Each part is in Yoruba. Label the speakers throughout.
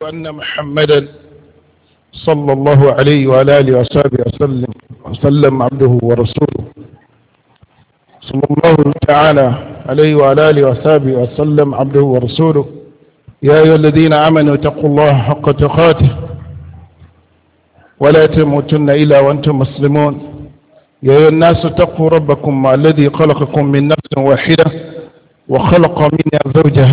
Speaker 1: أن محمدا صلى الله عليه وعلى آله وصحبه وسلم وسلم عبده ورسوله صلى الله تعالى عليه وعلى آله وصحبه وسلم عبده ورسوله يا أيها الذين آمنوا اتقوا الله حق تقاته ولا تموتن إلا وأنتم مسلمون يا أيها الناس اتقوا ربكم الذي خلقكم من نفس واحدة وخلق منها زوجها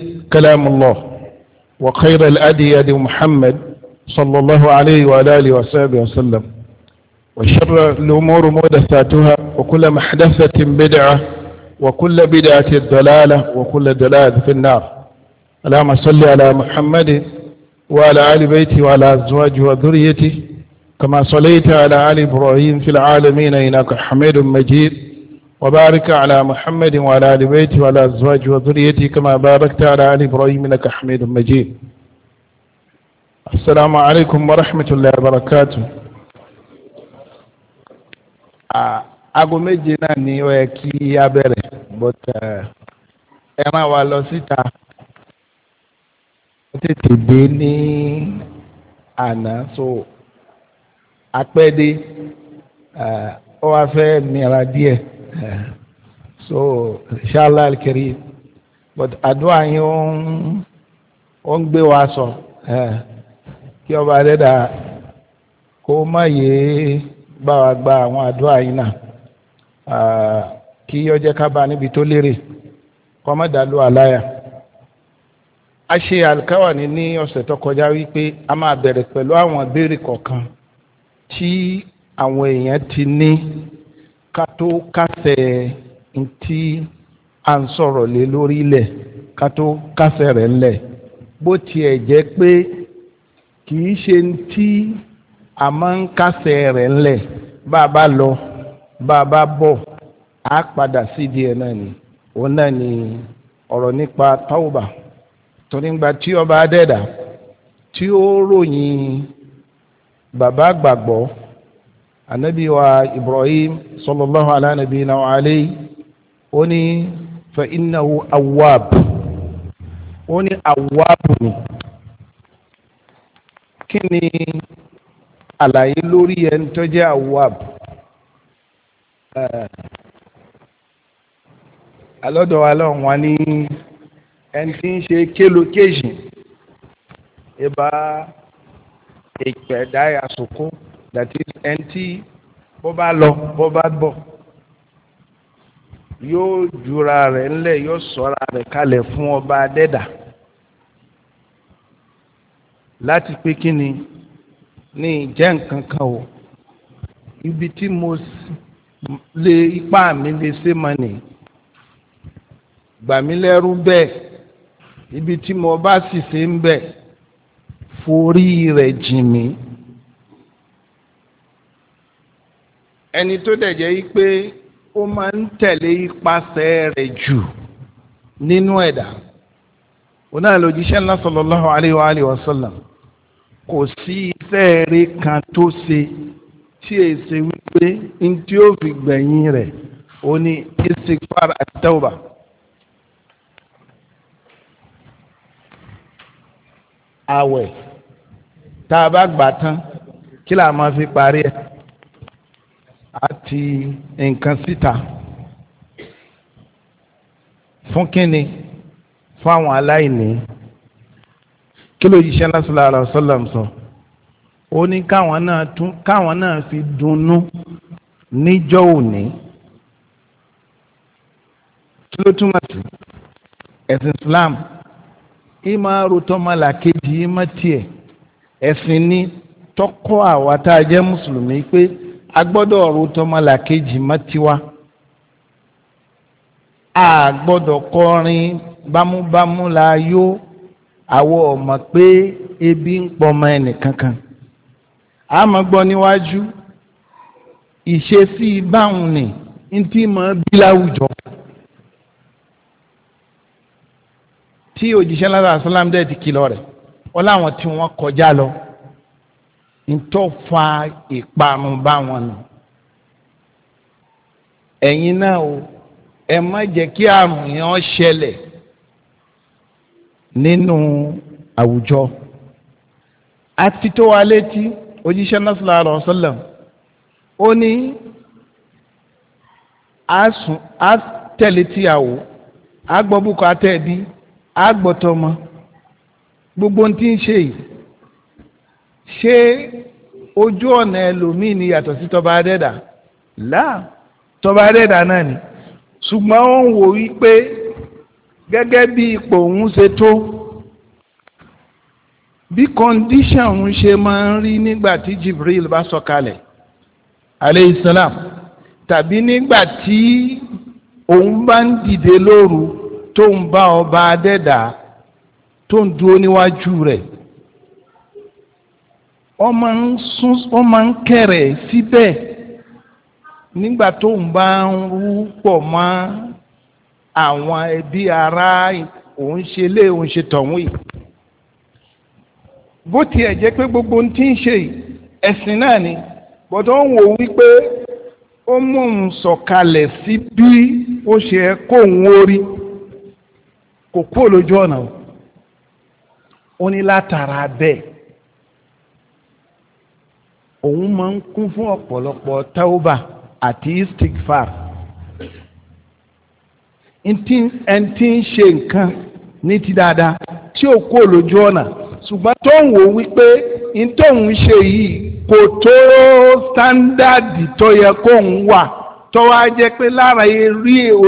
Speaker 1: كلام الله وخير الأدي يد محمد صلى الله عليه وآله وصحبه وسلم وشر الأمور مدثاتها وكل محدثة بدعة وكل بدعة الدلالة وكل دلالة في النار اللهم صل على محمد وعلى آل بيته وعلى أزواجه وذريته كما صليت على آل إبراهيم في العالمين إنك حميد مجيد وبارك على محمد وعلى آل بيته وعلى أزواجه وذريته كما باركت على آل إبراهيم إنك حميد مجيد السلام عليكم ورحمة الله وبركاته aago méje náà ni ó yẹ kí a bẹ̀rẹ̀ but ẹ máa wà lọ síta ó tètè dé ní àná so apẹ́ dé ó wá fẹ́ mìíràn díẹ̀. Eh. so inshallah al-karim but àdúrà yín ó wa sọ eh. kí ọba adẹ́dà kó má yé bá wa gba àwọn àdúrà yín náà ah, kí ọjẹ́ ká bá níbi tó lérè kọ́ má dàlú a ṣe alkawani ní ọ̀sẹ̀ tó kọjá wípé a máa bẹ̀rẹ̀ pẹ̀lú àwọn ìbéèrè kọ̀ọ̀kan tí àwọn èèyàn ti ní. ká tó kásẹ̀ ntí à ń sọ̀rọ̀ lé lórí lẹ̀ ká tó kásẹ̀ rẹ̀ lẹ̀ bó tiẹ̀ jẹ́ pé kì í ṣe ntí a máa ń kásẹ̀ rẹ̀ lẹ̀ bá a bá lọ bá a bá bọ̀ á padà sídìí ẹ̀ náà ni òun náà ni ọ̀rọ̀ nípa tọ́wọ́bà torí tí ọba adẹ́dà tí ó ròyìn bàbá gbàgbọ́ anabi wa ibrahim sallallahu ala nabiyina wa alayhi ó ní fa innahu awwab ó ní awwab ni kí ni àlàyé lórí ẹni tó jẹ́ awwab eh, alọ́dọ̀ wa lọ́n wa ní ẹni tí ń ṣe kélo kéjì ìbá ìpẹ̀dáyà that is ẹntì bó bá lọ bó bá bọ̀ yóò jura rẹ̀ ńlẹ̀ yóò sọra rẹ̀ kalẹ̀ fún ọba adẹ́dà láti pé kí ni ní ìjẹ́ nǹkan kan o ibi tí mo lè ipá mi lè ṣe mọ nìyí gbà mí lẹ́rú bẹ́ẹ̀ ibi tí mo bá sì ṣe ń bẹ̀ forí rẹ̀ jìn mí. ẹni tó dẹ̀ jẹ́ yí pé ó máa ń tẹ̀lé ipasẹ̀ rẹ̀ jù nínú ẹ̀dá òun náà ńlá sallallahu alaihi wa alihi wa sallam kò sí iṣẹ́ rẹ̀ kan tó ṣe tí è ṣe wípé n tí ó fi gbẹ̀yìn rẹ̀ ó ní istighfar àti àwẹ̀ tá a bá gbà tán kí làá máa fi parí ẹ̀ ti nǹkan síta fún kínni fún àwọn aláìní kí ló yí sẹ́lá sọ́lá àlọ́ sọ́lá sọ ó ní káwọn náà tún káwọn náà fi dunnú níjọ́ òní kí ló túmọ̀ sí ẹ̀sìn Islam ìmọ̀ arútọ́mọlà kejì ìmọ̀ tiẹ̀ ẹ̀sìn ni tọ́kọ́ àwa tá a jẹ́ mùsùlùmí pé agbọ́dọ̀ ọ̀rọ̀ tọmọlàkejì mọ́tiwá a gbọ́dọ̀ kọrin bámúbámú la yó àwọ ọ̀mọ̀ pé ebi ń pọmọ ẹnìkankan a mọ̀ gbọ́ níwájú ìṣesí báwọn ni ntí mọ̀ bí láwùjọ. tí òjíṣẹ́ lára àsálàm kìlọ̀ rẹ̀ wọ́n láwọn tí wọ́n kọjá lọ ntọ́ fa ìparun bá wọn nù ẹ̀yin náà o ẹ má jẹ́ kí àrùn yẹn ṣẹlẹ̀ nínú àwùjọ àti tó wa létí òjíṣẹ́ náà sallallahu alaihi wasallam ó ní a tẹ̀lé tíyàwó a gbọ́ bùkọ́ àtẹ̀bí a gbọ́ tọmọ gbogbo ohun tí ń ṣe yìí ṣé ojú ọ̀nà ẹlòmíì ni yàtọ̀ sí tọba adẹ́dà láà tọba adẹ́dà náà ni ṣùgbọ́n ó ń wò wípé gẹ́gẹ́ bí ipò òun ṣe tó bí kọ́ndíṣàn òun ṣe máa ń rí nígbà tí Jibril bá sọ̀kalẹ̀ aleyhisselam tàbí nígbà tí òun bá ń dìde lóru tó ń bá ọba adẹ́dà tó ń dúró níwájú rẹ̀ ó máa ń kẹ̀rẹ̀ síbẹ̀ nígbà tó ń bá ń rú pọ̀ mọ́ àwọn ẹbí ará òun ṣe lé òun ṣe tọ̀hún yìí bó tiẹ̀ jẹ́ pé gbogbo ohun tí ń ṣe ẹ̀sìn náà ni bọ́dọ̀ ń wò wípé ó mú un sọ̀kalẹ̀ sí bí ó ṣe kóun ó rí kò kúrò lójú ọ̀nà o ní látara bẹ́ẹ̀ òun máa ń kún fún ọ̀pọ̀lọpọ̀ tauba àti istikfar ẹni tí ń ṣe nǹkan ní ti dáadáa tí ò kó lójú ọ̀nà ṣùgbọ́n tó ń wò wípé n tó ṣe yìí kò tó sítándàdì tó yẹ kó wà tó wá jẹ́ pé lára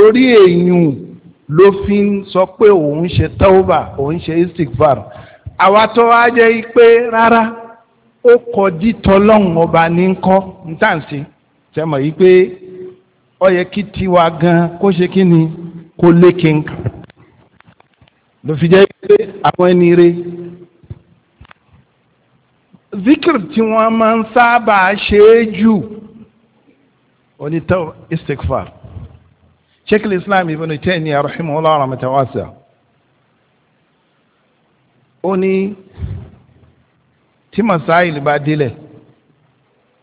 Speaker 1: orí èèyàn ló fi ń sọ pé òun ṣe tauba òun ṣe istikfar àwa tó wá jẹ́ pé rárá ó kọjí tọlọ́hún ọba ní kọ́ ní tàǹsí tẹmọ̀ yìí pé ó yẹ kí tiwa gan kó ṣe kí ni kó lékè nǹkan ló fi jẹ́ pé àwọn ẹni rè zikir tí wọ́n máa ń sábà ṣe é jù onítọ́ istikfar sheikh islam ibn Taymiyyah rahimahullah rahmatan wasi'a ó ní tí masáìlì bá délẹ̀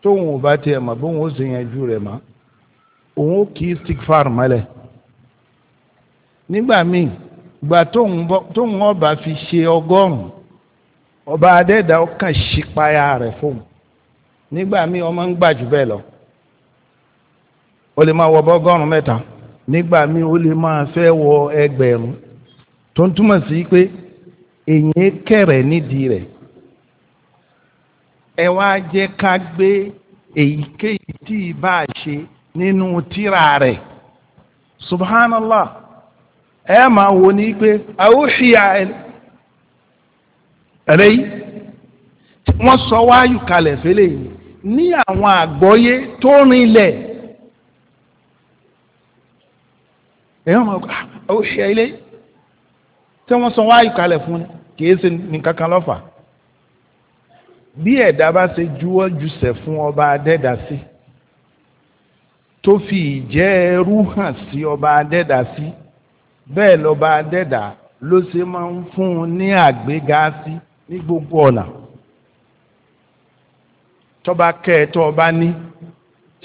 Speaker 1: tóun ò bá tiẹ̀ mọ̀ bóun ó sì yanjú rẹ̀ mọ́ òun ó kí stikfar mọ́lẹ̀ nígbà míì gbà tóun ọba fi ṣe ọgọ́rùn-ún ọba adẹ́dà ọkàn ṣípayà rẹ̀ fóun nígbà míì ọmọ ń gbà bẹ́ẹ̀ lọ ó lè máa wọ bọ́gọ́rùn mẹ́ta nígbà míì ó lè máa fẹ́ wọ ẹgbẹ̀rún tó ń túmọ̀ sí pé èyí kẹ̀rẹ̀ nídìí rẹ̀ ẹ wá jẹ́ ká gbé èyíkéyìí tí ì bá a ṣe nínú tírà rẹ subhanallah ẹ máa wo ni pé àwòṣìyà rẹ̀ yìí wọ́n sọ wáyù kalẹ̀ fẹ́lẹ̀ yìí ní àwọn àgbọ́yé tó rinlẹ̀ èèyàn máa gbà àwòṣìyà ah, ilé tí wọ́n sọ wáyù kalẹ̀ fún kì í ṣe kan bí ẹ̀dá bá ṣe juwọ́ jùsẹ̀ fún ọba adẹ́dà sí tó fi ìjẹ́ ẹrú hàn sí ọba adẹ́dà sí bẹ́ẹ̀ lọ́ba adẹ́dà ló ṣe máa ń fún un ní àgbéga sí ní gbogbo ọ̀nà tọ́ba kẹ́ẹ̀tọ́ ọba ní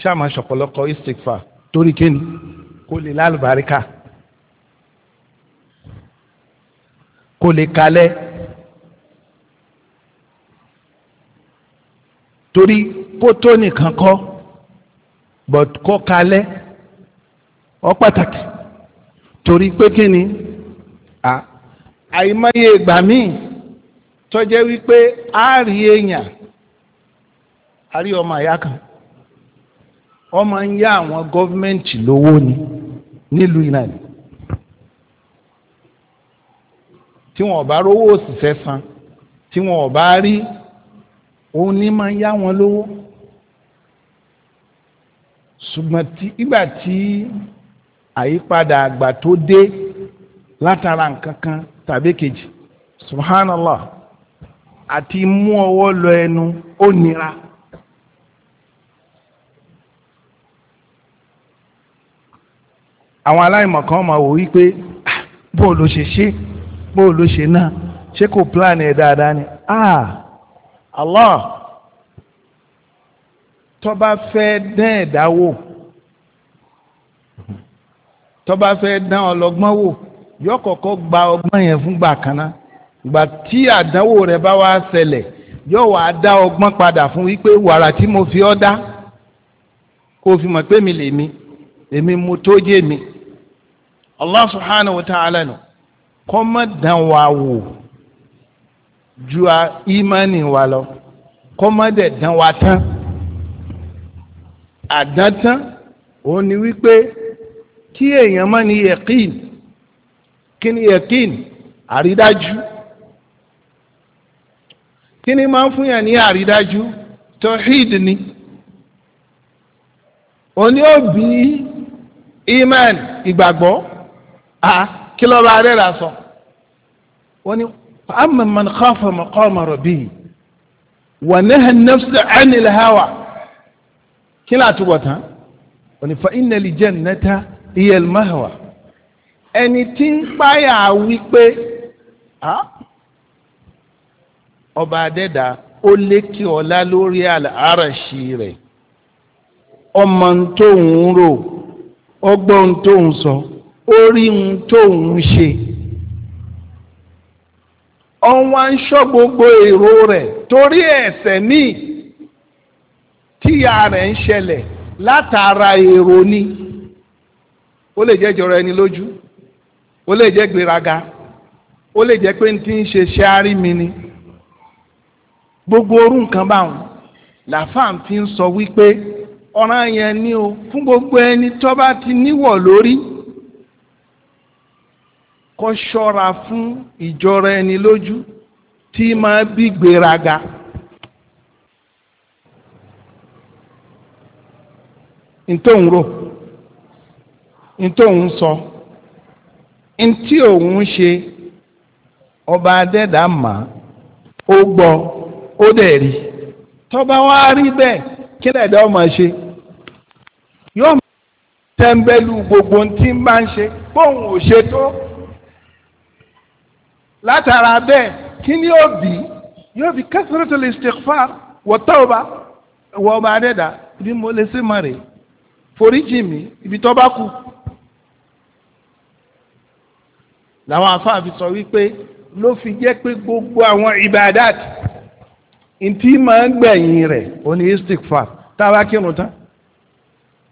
Speaker 1: ṣáàmà ṣọ̀pọ̀lọpọ̀ istikfa torí kíni kó lè lálùbáríkà kó lè kalẹ́. torí kó tó nìkan kọ́ but kọ́ kalẹ̀ ọ pàtàkì torí pé kí ni àìmọye ìgbà míì wípé a rí èèyàn a rí ọmọ àyá kan ọmọ ń yá àwọn gọọmenti lówó ni nílùú náà tí wọn bá rówó òṣìṣẹ́ san tí wọn bá rí òun ní máa ń yá wọn lówó ṣùgbọ́n ìgbà tí àyípadà àgbà tó dé látara nǹkan kan tàbí kejì subhanallah àti mú ọwọ́ lọ ẹnu ó nira. àwọn aláìmọ̀ kan máa wò wípé ah, bóòlù ṣe ṣe bóòlù ṣe náà ṣé kò plan ẹ̀ dáadáa ni ah Allah tọ́ba fẹ́ dán ẹ̀dá wò tọ́ba fẹ́ dán ọlọ́gbọ́n wò yóò kọ́kọ́ gba ọgbọ́n yẹn fúngbà kan náà ìgbà tí àdánwò rẹ̀ bá wá ṣẹlẹ̀ yóò wá dá ọgbọ́n padà fún wípé wàrà tí mo fi ọ́ dá kó o fi mọ̀ pé mi lè mi èmi mo tó jẹ́ mi Allah subhanahu wa ta'ala nù kọ́ mọ̀ dán wa wò ju ìmánì wa lọ kọ́mọ́dé dán wa tán àdántán òun ni wípé kí èèyàn má ní yẹ̀kín kí ni yẹ̀kín àrídájú kí ni máa ń fún yàn ní àrídájú tohid ni òní òbí iman ìgbàgbọ́ a kí lọ́ba rẹ̀ rà sọ wọ́n ní فأما من خاف مقام ربه ونهى النفس عن الهوى كلا تبوتها فإن الجنة هي المهوى ẹni tí ń páyà wípé ọba adẹ́dà ó lékè ọlá lórí àràṣì rẹ̀ ọmọ tóun rò ọgbọ́n tóun sọ orí tóun ṣe ọ̀n wá ń ṣọ́ gbogbo èrò rẹ̀ torí ẹ̀ṣẹ̀ míì tíya rẹ̀ ń ṣẹlẹ̀ látara èrò ni ó lè jẹ́ jọrọ ẹni lójú ó lè jẹ́ gbéraga ó lè jẹ́ pé ti ń ṣe ṣáárí mi ni gbogbo orú nǹkan báwọn làfáàm fi ń sọ wípé ọ̀ràn yẹn ni o fún gbogbo ẹni tó bá ti níwọ̀ lórí kó ṣọ́ra fún ìjọra ẹni lójú tí máa bí gbéraga. ntòun rò ntòun sọ ntí òun ṣe ọba adẹ́dà mà ó gbọ́ ó dẹ̀ rí tọ́ba wá rí bẹ́ẹ̀ kí lẹ́dọ̀ ọmọ ṣe yóò tẹ́ńbẹ́lú gbogbo ntí ń bá ń ṣe bóun ò ṣe tó látara bẹ́ẹ̀ kí ni yóò bí yóò bí kasratul istighfar wa tawba wọ ọba adẹ́dà ibi mo lè ṣe mọ̀ rẹ̀ foríjì mi ibi tó bá kù. làwọn afáà fi sọ wípé ló fi jẹ́ pé gbogbo àwọn ibadat ntí máa ń gbẹ̀yìn rẹ̀ òní istighfar tá kírun tán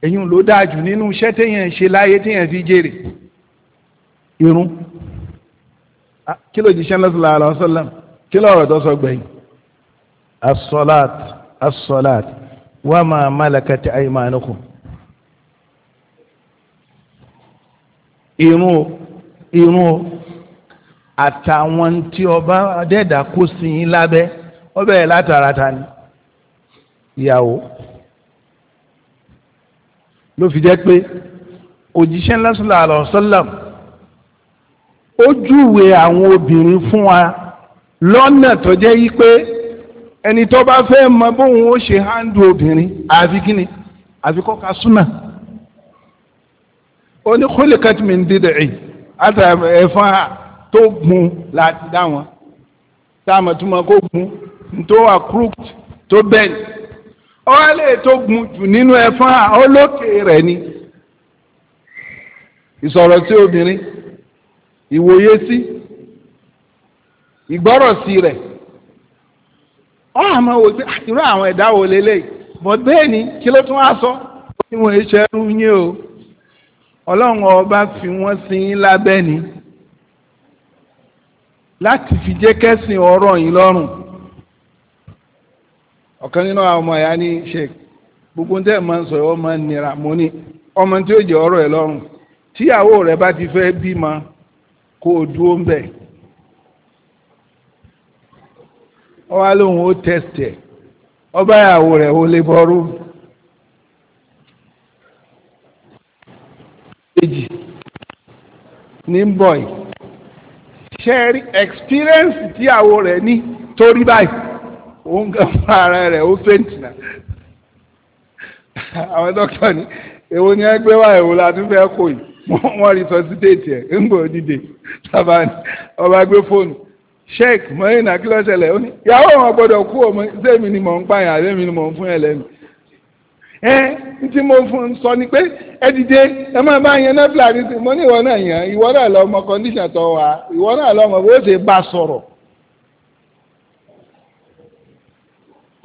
Speaker 1: èyí ló dáa jù nínú iṣẹ́ téèyàn ṣe láyé téèyàn fi jèrè irun Ah, kí ló jíṣẹ́ náà sallallahu alaihi wasallam kí ló ọ̀rọ̀ tó sọ gbẹ̀yìn as-salat as-salat wa ma malakat aymanukum irun irun àtàwọn tí ọba dẹ́dà kó sí yín lábẹ́ ọbẹ̀ yẹn látara ta ni ìyàwó ló fi jẹ́ pé òjíṣẹ́ ńlá sallallahu alaihi wasallam ó júwe àwọn obìnrin fún wa lọ́nà tó jẹ́ yí pé ẹni tó bá fẹ́ mọ bóun ó ṣe hándù obìnrin àfi kíni àfi kó ka súnà ó ní khuliqat min did'i àtàwọn ẹ̀fọn tó gun láti dá wọn táàmù tó kó gun tó wà crooked tó bend ọwọ́ lè tó gun jù nínú ẹ̀fọn olókè rẹ̀ ni ìsọ̀rọ̀ sí obìnrin ìwòye sí ìgbọ́rọ̀ sí rẹ̀ ọ́n àmọ́ wò pé ah, irú àwọn ẹ̀dá wo lélẹ̀ but bẹ́ẹ̀ ni kí ló tún wá sọ tí wọ́n ṣe ẹrú yín o ọlọ́run ọba fi wọ́n sí yín lábẹ́ ni láti fi jẹ́ kẹ́sìn ọ̀rọ̀ yín lọ́rùn ọ̀kan nínú àwọn ọmọ ẹ̀yà ní sheik gbogbo tẹ́ ẹ̀ máa ń sọ ọmọ nira mo ní ọmọ tí ó jẹ́ ọ̀rọ̀ ẹ̀ lọ́rùn tíyàwó rẹ̀ bá ti fẹ́ bímọ kó o dúró ń bẹ̀ ọ wá lóhun ó tẹ̀sítẹ̀ ọba ìyàwó rẹ̀ ó lè bọ́rú. kejì ní ń bọ̀ yìí ṣe rí experience rẹ̀ ní torí báyìí òun gan fún ara rẹ̀ ó fẹ́ǹtì náà àwọn dókítà ní èwo ni ẹgbẹ́ wa èwo la tún fẹ́ kó yìí. wọ́n resuscitate ẹ̀ ńgbò dìde sábà ní ọba gbé fóònù sheik mọ́yìnà kí ló ó ní ìyàwó wọn gbọ́dọ̀ kú ọmọ sẹ́mi ni mò ń pààyàn àbẹ́mi ni mò ń fún ẹ lẹ́nu ẹ tí mo fún sọ ni pé ẹ dìde ẹ máa bá yẹn náà mo ní ìwọ náà yàn ìwọ náà lọ ọmọ condition tó wà ìwọ náà lọ ọmọ bó ṣe bá sọ̀rọ̀.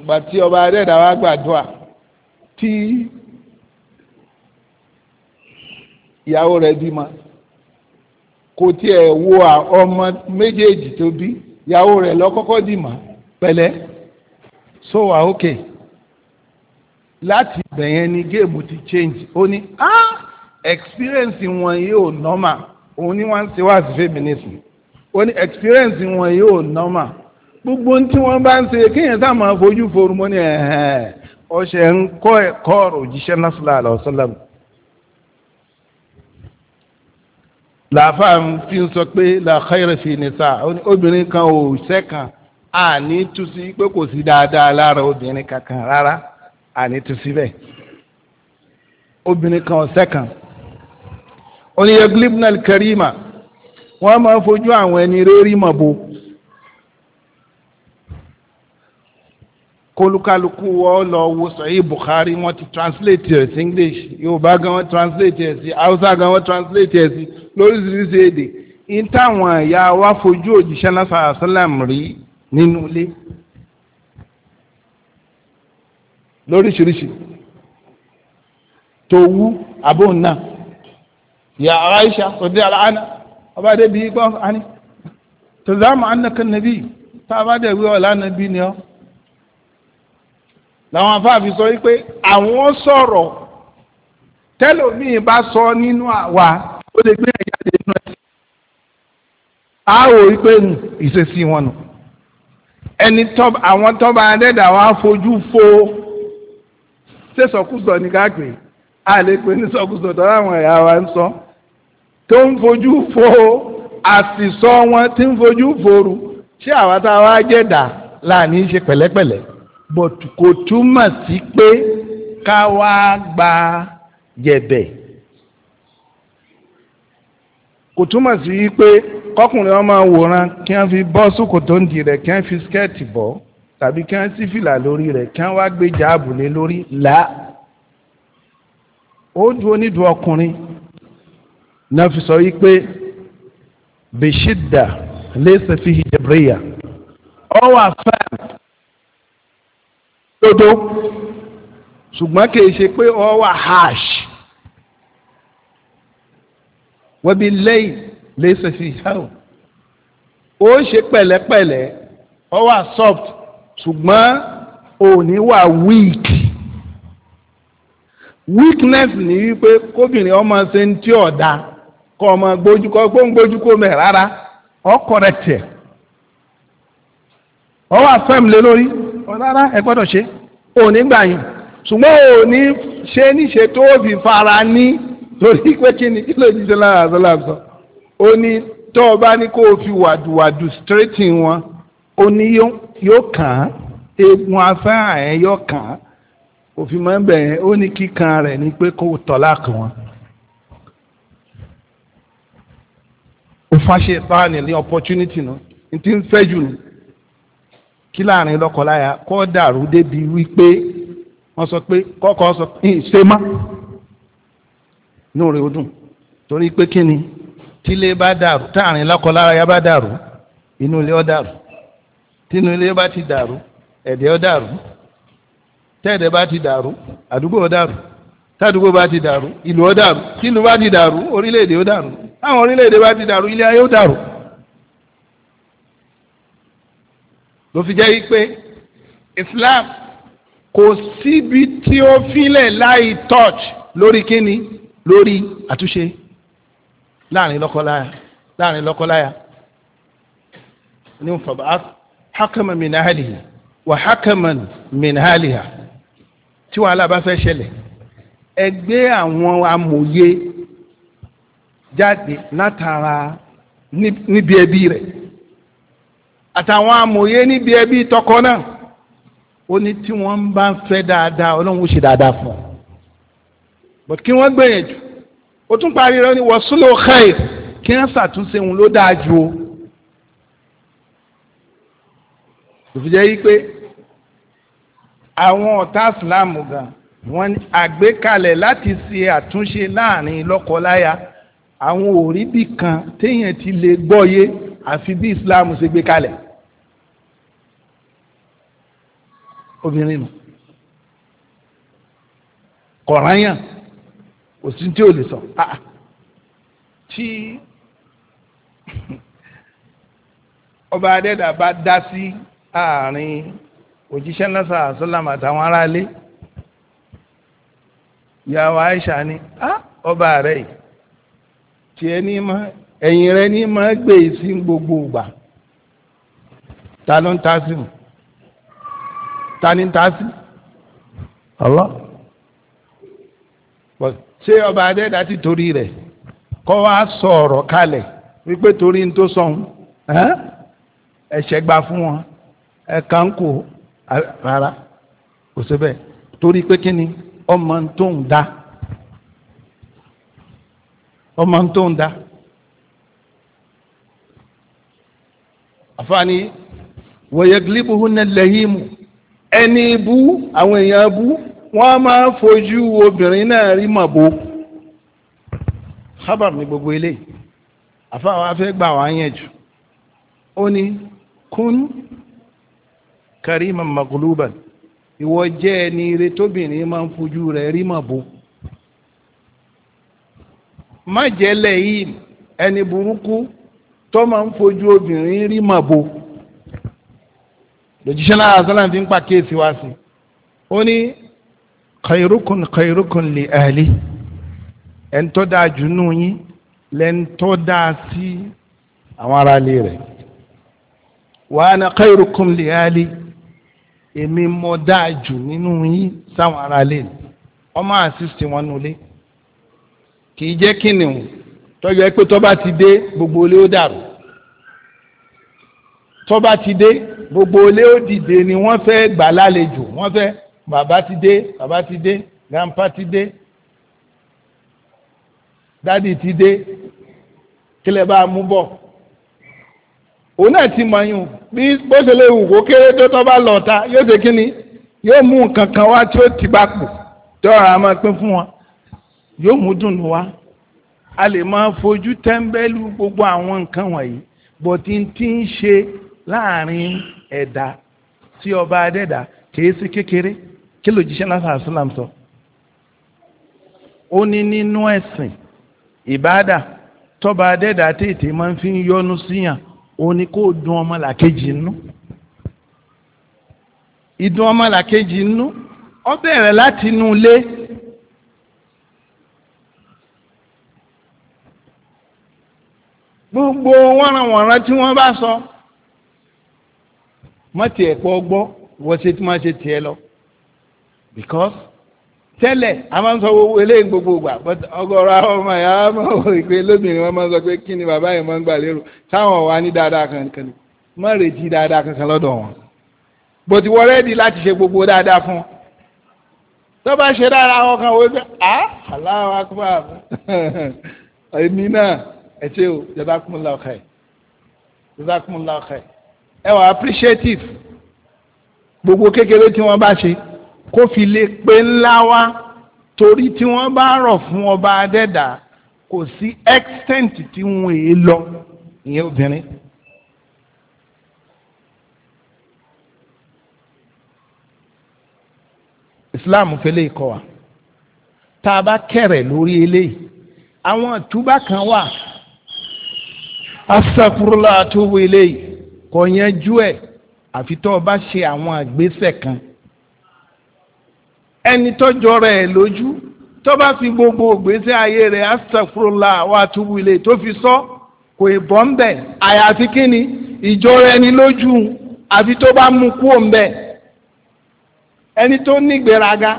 Speaker 1: ìgbà tí ọba adẹ́dàá gbàdúrà tí ìyàwó rẹ̀ bímọ kò tiẹ̀ wo ọmọ méjèèjì tó bí ìyàwó rẹ̀ lọ́kọ́kọ́ dìmọ̀ pẹ̀lẹ́ so wa ah, ok láti bẹ̀yẹn ni géèmù ti change ó ní ah experience wọn yóò normal òun ni wọ́n ń ṣe wáàsí feminism ó ní experience wọn yóò normal gbogbo tí wọ́n bá ń ṣe kéèyàn sáà máa fojú foru mọ́ ni ọ̀sẹ̀ ń kọ́ ẹ̀kọ́ ọ̀rọ̀ òjíṣẹ́ náà sallallahu alaihi wasallam làáfàá fi ń sọ pé la khayra fi nisa obìnrin kan ò sẹ́kàn àní tú sí pé kò sí dáadáa lára obìnrin kankan rárá àní tú bẹ́ẹ̀ obìnrin kan ò sẹ́kàn oníyẹ glibnal karima wọ́n máa fojú àwọn ẹni rẹ́rìmọ̀ bo. kólúkálukú wọ́n lọ wo sọ̀yí Bukhari wọ́n ti translate rẹ̀ sí English Yorùbá gan wọ́n translate rẹ̀ sí Hausa gan wọ́n translate rẹ̀ sí lóríṣiríṣi èdè in táwọn ẹ̀yà wa fojú òjíṣẹ́ náà sàásálàm rí nínú ilé lóríṣiríṣi tó wú àbóhùn náà ya Aisha òde àlàánà ọba débi gbọ́n ani tòzámù annakan nabi tá a bá dẹ̀ wí ọ̀la nabi ni ọ́ làwọn afáàfin sọ wípé àwọn sọ̀rọ̀ tẹ́lòmíì bá sọ nínú àwa ó lè gbé ẹ̀yà lè nù ẹ̀ á wò wípé ìṣesí wọn nù ẹni àwọn tọ́ba adẹ́dà wa fojú fo ṣé sọkúsọ ní ká pè á lè pè ní sọkúsọ tọ́lá àwọn ẹ̀yà wa ń sọ tó ń fojú fo àsìsọ wọn tí ń fojú foru ṣé àwa tá a wá jẹ́dà láàní ṣe pẹ̀lẹ́pẹ̀lẹ́ but kò túmọ̀ sí pé ká wá gba jẹ̀bẹ̀ kò túmọ̀ sí pé kọkùnrin ọmọ wòran kí wọ́n fi bọ́ sókòtò ń di rẹ̀ kí wọ́n fi skẹ́ẹ̀tì bọ́ tàbí kí wọ́n sí fìlà lórí rẹ̀ kí wọ́n wá gbé jáàbù lé lórí là ó dúró nídùú ọkùnrin náà fi sọ wípé bishidda lẹ́sẹ̀ fi hijabriya ọ wà fẹ́ẹ̀. dodo ṣùgbọ́n kì í ṣe pé ọ wà harsh wọ́n bí lẹ́yìn lẹ́sẹ̀ sí ìyáwó ó ṣe pẹ̀lẹ́pẹ̀lẹ́ ọ wà soft ṣùgbọ́n òní wà weak weakness ní wípé kóbìnrin ọmọ ṣe ń tí ọ̀dà kọ́ ọmọ gbójú kọ́ gbóngbójú kó mẹ́ rárá ọ correct ẹ̀ ọ wà firm lé lórí. rárá ẹ gbọ́dọ̀ ṣe òní gbà yàn ṣùgbọ́n òní ṣe níṣe tó fi fara ní lórí pé kí ni kí ló jíjẹ lára àzọ́là sọ ó ní tó o bá ní kó o fi wàdùwàdù straighti wọn ó ní yóò kàn án eegun afẹ́ràn ẹ̀ yóò kàn án òfin máa ń bẹ̀rẹ̀ ó ní kíkan rẹ̀ ni pé kó o tọ́lá kan wọn. ó fàṣẹ ìpáàní opportunity náà ní ti ń fẹ́ jù nù kí láàrin lọ́kọláya kọ́ dàrú débi wípé wọ́n sọ pé kọ́kọ́ sọ pé ṣe má inú rẹ̀ ó dùn torí pé kí ni tílé bá dàrú táàrin lọ́kọláya bá dàrú inú ilé ó dàrú tínú ilé bá ti dàrú ẹ̀dẹ̀ ó dàrú tẹ́ẹ̀dẹ̀ bá ti dàrú àdúgbò ó dàrú tádùgbò bá ti dàrú ìlú ó dàrú tílù bá ti dàrú orílẹ̀-èdè ó dàrú táwọn orílẹ̀-èdè bá ti dàrú ilé ayé ó dàrú. ló fi jẹ́ wípé Islam kò síbi tí ó filẹ̀ láì touch lórí kíni lórí àtúnṣe láàrin lọ́kọláya láàrin lọ́kọláya Ni fàbà hakaman min ahlihi wa hakaman min ahliha tí wàhálà bá fẹ́ ṣẹlẹ̀ ẹgbẹ́ àwọn amòye jáde látara níbi ẹbí rẹ̀ àtàwọn amòye níbi ẹbí tọkọ náà ó ní tí wọ́n ń bá ń fẹ́ dáadáa ọlọ́run ó ṣe dáadáa fún ọ but kí wọ́n gbìyànjú ó tún parí rẹ ní wọ́sùn ló khair kí wọ́n ṣàtúnṣe òun ló dáa ju o òfìjẹ́ yí pé àwọn ọ̀tá islam gan wọ́n àgbékalẹ̀ láti ṣe àtúnṣe láàrin lọ́kọláya àwọn òrí bì téèyàn ti lè gbọ́yé àfi bí islam ṣe gbé kalẹ̀ obìnrin nù kọ̀ọ̀ráyàn òsì tí ò lè sọ ah, ah. tí ọba adẹ́dà bá dá sí àárín òjíṣẹ́ lọ́sà àṣọlám àtàwọn aráalé ìyàwó Aisha ni ah, ọba rẹ̀ yìí tiẹ̀ ní mọ́ ẹ̀yìn rẹ ní máa gbé e sí gbogbo ìgbà ta ló ń ta sí mu ta ni ń ta sí ọlọ́ ṣé ọba adẹ́dá ti torí rẹ̀ kọ́ wá sọ ọ̀rọ̀ kalẹ̀ wípé torí ń tó sọ̀hún ẹ̀ṣẹ̀ gba fún wọn ẹ̀ka ń kò rárá kò síbẹ̀ torí pé kí ni ọmọ tó ń da ọmọ tó ń da. àfààní wọ̀yẹ̀gìlìbùhúnnà lẹ́yìnmù ẹni ibú àwọn èèyàn bú wọ́n a máa fojú obìnrin náà rí màbó habar ni gbogbo ilé àfàwọn afẹ́ gbà wá yẹn jù ó ní kún karima magluban ìwọ jẹ́ ẹni ire tóbìnrin máa ń fojú rẹ̀ rí màbó má jẹ́ lẹ́yìn ẹni burúkú tó máa ń fojú obìnrin rí màbo lójúṣẹ́ náà àzọ́là fi ń pa kéèsì wá sí ó ní khairukum khairukum li ahli ẹni tó dáa jù nù yín lẹ́ni dáa sí àwọn aráalé rẹ̀ wa ana khairukum li ahli èmi mo dáa jù nínú yín sáwọn aráalé ọmọ àṣìṣe wọn nulẹ̀ kì í jẹ́ kí nìhùn tọ́jọ́ pé tọ́ba ti dé gbogbo ilé ó dàrú tọ́ba ti dé gbogbo ilé ó dìde ni wọ́n fẹ́ gbà lálejò wọ́n fẹ́ bàbá ti dé bàbá ti dé grandpa ti dé dádì ti dé kílẹ̀ bá a mú bọ̀ òun náà ti mọ̀ yín bí bó ṣe lè wù kó kéré tó tọ́ lọ ta yóò ṣe kí ni yóò mú nǹkan kan wá tí ó ti bá pò tí ọ̀rọ̀ a pín fún wa yóò mú dùnú wá a lè máa fojú tẹ́ńbẹ́lú gbogbo àwọn nǹkan wọ̀nyí bọ̀tí tí ń ṣe láàrin ẹ̀dá tí ọba adẹ́dà kìí sí kékeré kí ló jíṣẹ́ náà sàásùlám sọ. ó ní nínú ẹ̀sìn ìbádà tọba adẹ́dà tètè máa ń fi yọnu síyàn ó ní kó dùn ọmọ làkejì nínú. ìdùn ọmọ làkejì nínú ó bẹ̀rẹ̀ láti inú ilé gbogbo wọ́nranwọ̀nran tí wọ́n bá sọ mọ́tì ẹ̀kọ́ gbọ́ wọ́n ṣe tí wọ́n ṣe tiẹ̀ lọ because tẹ́lẹ̀ a máa ń sọ owó eléyìí gbogbo ìgbà but ọgọ́rọ̀ àwọn ọmọ ìyá máa ń wọ ìpè lóbìnrin wọn máa ń sọ pé kí ni bàbá yìí máa ń gbà lérò táwọn wà ní dáadáa kankan ni má retí dáadáa kankan lọ́dọ̀ wọn but wọ́n rẹ́ẹ̀dì láti ṣe gbogbo dáadáa fún wọn tó bá ṣe dáadáa wọn gbé ah aláwọ̀ akọ́bà èmi náà ẹ ṣé o jazakumullahu khair jazakumullahu khair ẹ wà appreciative gbogbo kékeré tí wọ́n bá ṣe kó fi lè pé ńlá wá torí tí wọ́n bá rọ̀ fún ọba adẹ́dà kò sí extent tí wọ́n èé lọ ìyẹn obìnrin. Islam fẹlẹ ikọ wa tá a bá kẹrẹ lórí eléyìí àwọn ìtúbà kan wà astaghfirullah atubu ilayhi kò yanjú ẹ̀ àfi tó o bá ṣe àwọn àgbésẹ̀ kan ẹni tó jọra ẹ̀ lójú tó bá fi gbogbo ògbésẹ̀ ayé rẹ̀ astaghfirullah wa atubu ilayhi tó fi sọ kò ì bọ́ ń bẹ̀ àyàfi kíni ìjọra ẹni lójú àfi tó bá mú kú òun bẹ̀ ẹni tó ní gbéraga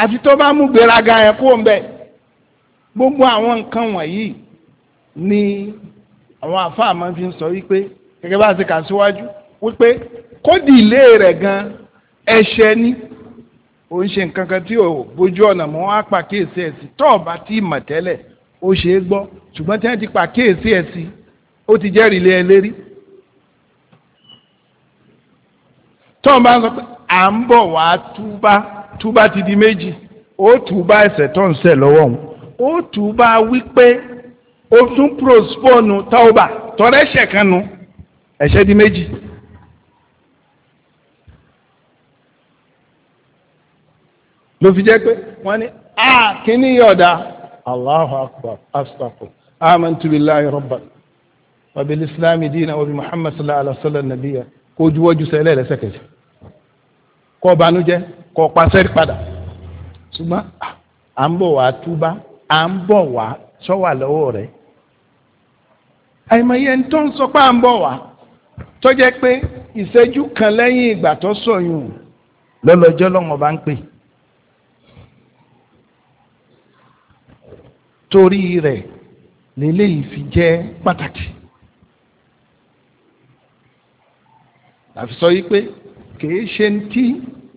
Speaker 1: àfi tó bá mú gbéraga yẹn kú òun bẹ̀ gbogbo àwọn nǹkan wọ̀nyí ni àwọn àfáà máa fi ń sọ wípé gẹ́gẹ́ bá a ṣe kà síwájú wípé kódì ilé rẹ̀ gan ẹ̀ṣẹ̀ ni ò ń ṣe nǹkan kan tí ò bójú ọ̀nà mọ́ á pàkíyèsí ẹ̀ sí tó bá ti mọ̀ tẹ́lẹ̀ ó ṣe é gbọ́ ṣùgbọ́n tí wọ́n ti pàkíyèsí ẹ̀ sí ó ti jẹ́rìí lé ẹ lérí. tó bá ń sọ pé à ń bọ̀ wá túbá túbá ti di méjì ó túbá ẹ̀ṣẹ̀ tó ń ṣẹ̀ lọ́wọ́ òun ó túbá wípé ó tún prospone tauba tọrẹ ẹ̀ṣẹ̀ kan nu ẹ̀ṣẹ̀ di méjì. ló fi jẹ́ pé wọ́n ní a kíní yọ̀dá Allahu akbar Amen amantu billahi rabban wa bil islam dinan wa muhammad sallallahu alaihi wasallam nabiya kó juwọ́jú sẹ́lẹ̀ lẹ́sẹ̀kẹsẹ̀ kó banújẹ́ kó pàṣẹ padà ṣùgbọ́n à ń bọ̀ wá túbá à ń bọ̀ wá sọ́wà lọ́wọ́ rẹ̀ àìmọye ń tó ń sọ pé à ń bọ̀ wá tó jẹ́ pé ìṣẹ́jú kan lẹ́yìn ìgbà tó sọ̀yún lọ́lọ́jọ́ lọ́wọ́ bá ń pè. torí rẹ̀ lélẹ́yìí fi jẹ́ pàtàkì. àfi sọ yìí pé kìí ṣe ń tí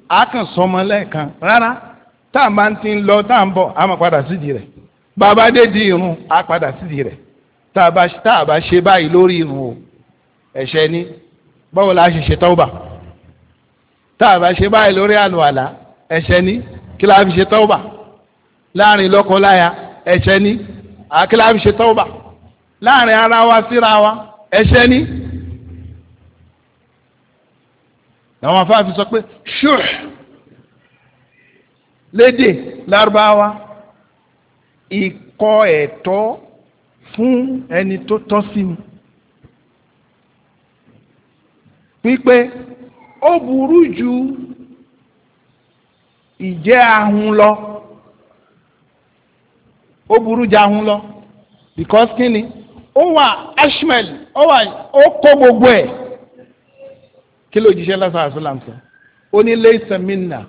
Speaker 1: a kàn sọmọ lẹ́ẹ̀kan rárá tá a máa ń ti lọ tá a ń bọ̀ a máa padà sídìí rẹ̀ bàbá dé di irun a padà sídìí rẹ̀ tá a bá ṣe báyìí lórí irun o ẹ̀ṣẹ̀ ni báwo la ṣe ṣe tọ́wọ́bà tá a bá ṣe báyìí lórí àlùwàlá ẹ̀ṣẹ̀ ni kí la fi ṣe tọ́wọ́bà láàrin lọ́kọ-láya ẹ̀ṣẹ̀ ni kí la fi ṣe tọ́wọ́bà láàrin ara wa síra wa ẹ̀ṣẹ̀ ni. àwọn afáàfi sọ pé ṣùr lédè lárúbáwá ikọ́ ẹ̀tọ́ fún ẹni tó tọ́ sí mi wípé ó burú ju ìjẹ́ ahun lọ ó burú ju ahun lọ because kí ni ó wà ashmel ó wà ó kó gbogbo ẹ̀ kí ló jíṣẹ́ lásán àṣìlám sọ ó ní laysa minna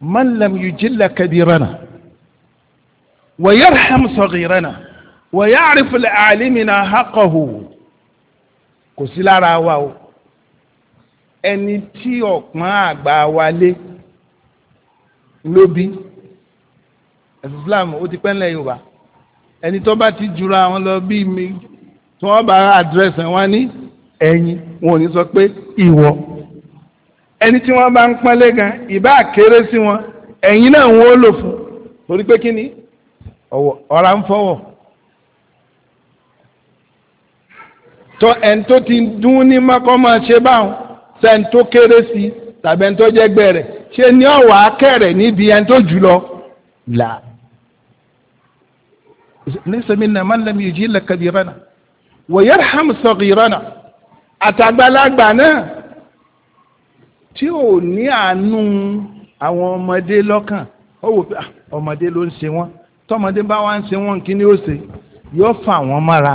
Speaker 1: man lam yujilla kabirana wa yarham saghirana wọ̀yá àrífilẹ̀ àlímìnà hákọ̀hù kò sí lára wa o ẹni tí ọ̀pọ̀n àgbà wa lé ló bí ẹ̀sìn Islam ó ti pẹ́ ńlẹ̀ Yorùbá ẹni tó bá ti jura wọn lọ bí mi tí wọ́n bá àdírẹ́sì wọn ní ẹ̀yin wọn ò ní sọ pé ìwọ ẹni tí wọ́n bá ń pọ́nlé gan ìbá kéré sí wọn ẹ̀yin náà wọ́n lò fún torí pé kí ni ọ̀rá ń fọwọ́. tó ẹni tó ti dún ní mọ́kọ́ máa ṣe báwọn sẹ́ni tó kéré sí tàbí ẹni tó jẹ́ gbẹ̀rẹ̀ ṣe ni ọ̀wà akẹ́rẹ̀ níbi ẹni tó jù lọ là. laysa minna man lam yujil kabirana wa yarham saghirana àtàgbàlagbà náà tí ò ní àánú àwọn ọmọdé lọ́kàn ó pé ọmọdé ló ń ṣe wọ́n tọmọdé bá wá ń ṣe wọ́n kí ni ó ṣe yóò fà wọ́n mára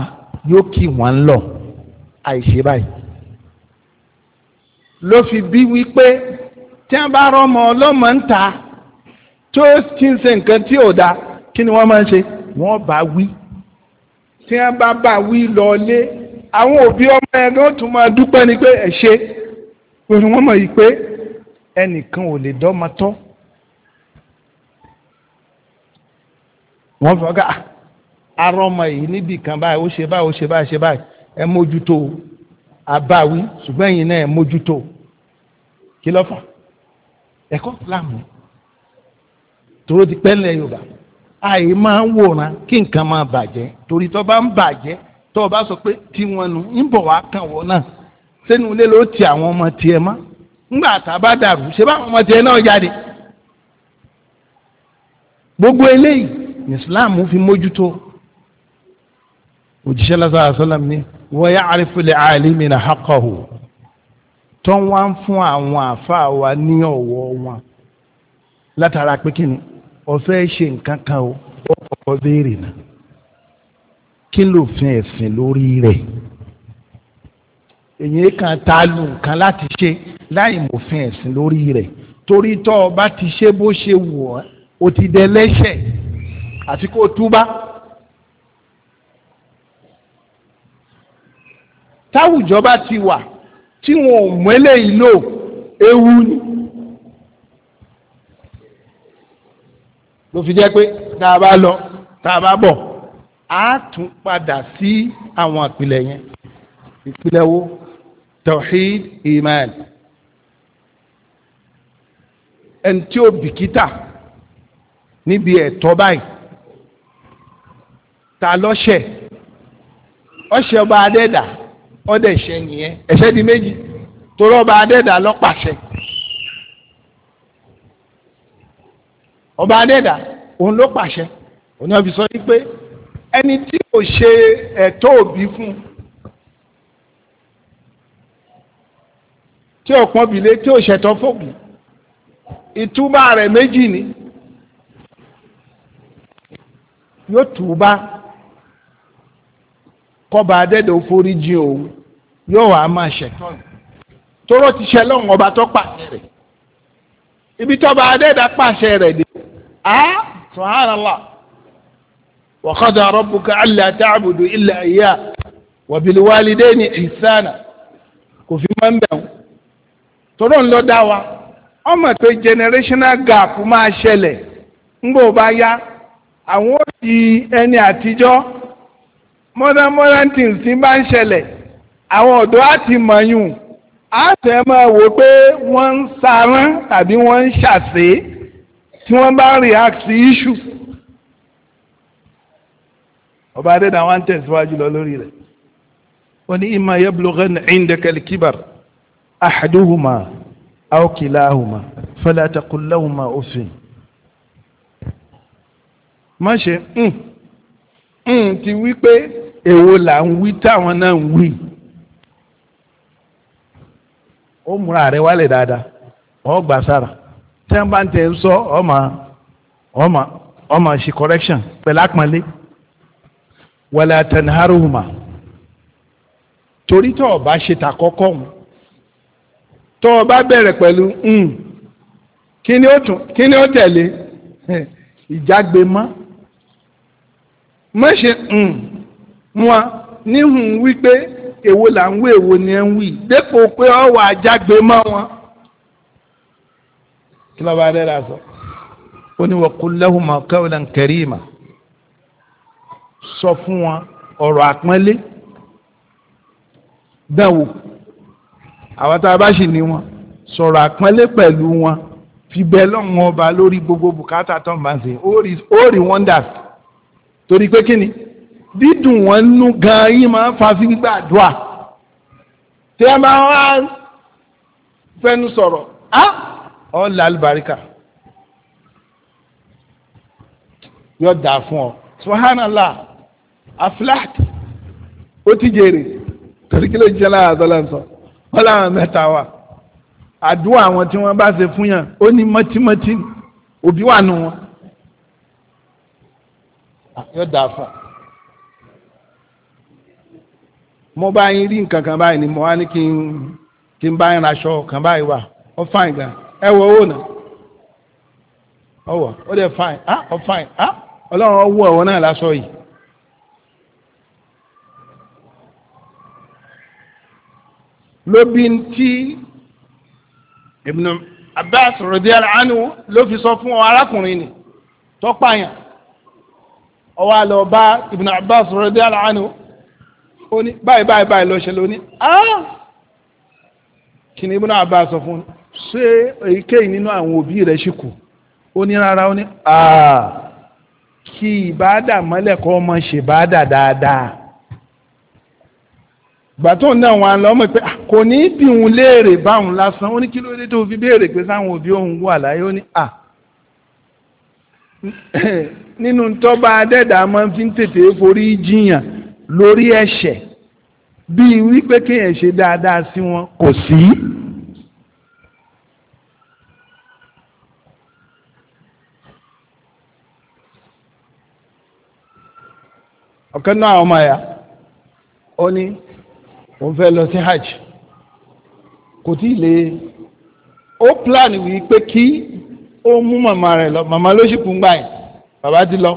Speaker 1: yóò kì wọ́n lọ àìṣe báyìí ló fi bí wípé tí wọ́n bá rọmọ ọlọ́mọ ń ta tó ti ń ṣe nǹkan tí ò da kí ni wọ́n máa ń ṣe wọ́n bá wí tí wọ́n bá bá wí lọlé àwọn òbí ọmọ ẹgbẹ́ ó tún máa dúpẹ́ ni pé ẹ̀ ṣe pẹ̀lú wọ́n mọ̀ yìí pé ẹnìkan ò lè dọ́mọ tọ́ wọ́n fọ́ ká arọ́mọ ah, yìí níbì báyìí ó ṣe báyìí ó ṣe báyìí ṣe báyìí ẹ mójútó àbáwí ṣùgbọ́n ẹ̀yin náà ẹ mójútó kí ló fà ẹ̀kọ́ láàmú tòró ti pẹ́lẹ̀ yorùbá àyè máa ń wòran kí nǹkan máa bàjẹ́ torí tó bá ń bàjẹ́ tó o bá sọ pé tí wọn ń bọ̀ wá kàn wọ́n náà sẹ́nu ilé ló ti àwọn ọmọ tiẹ̀ mọ́ ńgbà tá a bá dàrú ọmọ tiẹ̀ náà jáde gbogbo eléyìí Islam fi mójútó òjíṣẹ́ lásán àṣọlám ní wọ́n yá àrífilẹ̀ àìlímì nà hákọ̀hù tó ń wá ń fún àwọn àáfàá wa ní ọ̀wọ́ wọn látara pé kí ni ọ̀fẹ́ ṣe nǹkan kan o ó kọ́kọ́ béèrè náà kí ló fi ẹ̀sìn lórí rẹ̀ èyí kan ta lu nǹkan láti ṣe láì mòfin ẹ̀sìn lórí rẹ̀ torí tọ́ ọ bá ti ṣe bó ṣe wù ọ́ o ti dẹ lẹ́ṣẹ̀ àfi kó túbá. táwùjọ bá ti wà tí wọn ò mọ́lẹ̀ yìí lò ewu ni. ló fi jẹ́ pé tá a bá lọ tá a bá bọ̀ á tún padà sí àwọn ìpìlẹ̀ yẹn ìpìlẹ̀ wo tawhid iman ẹni tí ó bìkítà níbi ẹ̀tọ́ báyìí ta lọ́ṣẹ̀ ọ̀ṣẹ̀ ọba adẹ́dàá ọdẹ ẹ̀ṣẹ̀ nìyẹn ẹ̀ṣẹ̀ di méjì torí ọba adẹ́dà lọ́pàṣẹ ọba adẹ́dà òun ló pàṣẹ òun náà fi sọ wípé ẹni tí kò ṣe ẹ̀tọ́ òbí fún tí ọ̀pọ̀n bìlé tí ò ṣẹ̀tọ́ fòbí ìtúbà rẹ̀ méjì ni yóò tùbà. kọba adẹ́dọ̀ foríjì òun yóò wá máa ṣẹ̀tọ́nù tóró ti ṣe lọ́hùn ọba tó pàṣẹ rẹ̀ ibi tọ́ba adẹ́dà pàṣẹ rẹ̀ dé a subhanallah wa qada rabbuka alla ta'budu illa iyyah wa bil walidayni ihsana kò fi máa ń bẹ̀ wọ́n tóró ń lọ dá wa ọmọ pé generational gap máa ṣẹlẹ̀ bá yá àwọn modern modern things ti bá ń ṣẹlẹ̀ àwọn ọ̀dọ́ á ti mọ̀yún á tẹ̀ máa wò pé wọ́n ń sarán tàbí wọ́n ń ṣàṣe tí wọ́n bá ń react sí issue. ọba adéda wọn tẹ̀síwájú lọ lórí rẹ̀ ó ní imma yablughanna indaka al-kibar ahaduhuma aw kilahuma fala má ṣe. Hmm, n ti wí pé èwo là ń wí táwọn náà ń wí ó múra rẹ wálẹ̀ dáadáa ọ gbà sára tí wọ́n bá ń tẹ̀ ń sọ ọmọ ọmọ ọmọ ṣe correction pẹ̀lú àpọ́nlé wala tanharuhuma torí tó o bá ṣe tàkọ́kọ́ òun tọ ọba bá bẹ̀rẹ̀ pẹ̀lú kí ni ó tẹ̀lé ìjágbe mọ́. má ṣe mm, wọn níhùn wípé èwo là ń wí èwo ni ẹ ń wí dépò pé ọwọ́ àjágbe mọ́ wọn. kí ló bá dé la sọ ó ní wa qul lahuma qawlan karima sọ fún wọn ọ̀rọ̀ àpọ́nlé dánwò àwọn tá a bá sì ní wọn sọ̀rọ̀ àpọ́nlé pẹ̀lú wọn fi bẹ́ẹ̀ lọ́wọ́n ọba lórí gbogbo bùkátà tó ń bá ń ṣe ó rí wọ́ndà sí torí pé kí ni dídùn wọn nú gan yín máa ń fa sí gbàdúrà tí a máa wá fẹnu sọ̀rọ̀ á ọ là àlùbáríkà yóò dà fún ọ subhanallah aflat ó ti jèrè torí kí ló jẹ́ lára àtọ́lá ń sọ wọ́n láwọn àdúrà àwọn tí wọ́n bá ṣe fún yàn ó ní mọ́tímọ́tí òbí wà nù wọn yóò dáa fún ọ mo bá yín rí nǹkan kan báyìí ni mo wá ní kí n kí n bá yín raṣọ kan báyìí wà ó fáìn gan ẹ wọ owó náà ó wọ ó dẹ fáìn á ah, ó fáìn á ah, ọlọ́run ó wọ ẹ̀wọ̀n náà láṣọ yìí. lóbi tí Ibn Abbas radiyallahu anhu ló fi sọ fún ọ arákùnrin ni tọ́pàyàn ọwọ́ àlọ́ bá Ibn Abbas radiyallahu anhu ó ní báyìí báyìí báyìí lọ ṣe lóní ah! kí ni Ibn Abbas sọ fún un èyíkéyìí nínú àwọn òbí rẹ̀ ṣì ó ní rárá ó ní ah! kí ìbáàdà mọ́lẹ̀ nínú tọ́ba adẹ́dà máa fi ń tètè forí jiyàn lórí ẹ̀ṣẹ̀ bíi wípé kéèyàn ṣe dáadáa sí wọn kò sí. ọ̀kan náà ọmọ ẹ̀yà ó ní òun fẹ́ lọ sí hajj kò tí ì lè ó plan wípé kí ó mú màmá rẹ̀ lọ màmá ló ṣì gbà yìí. Baba ti lọ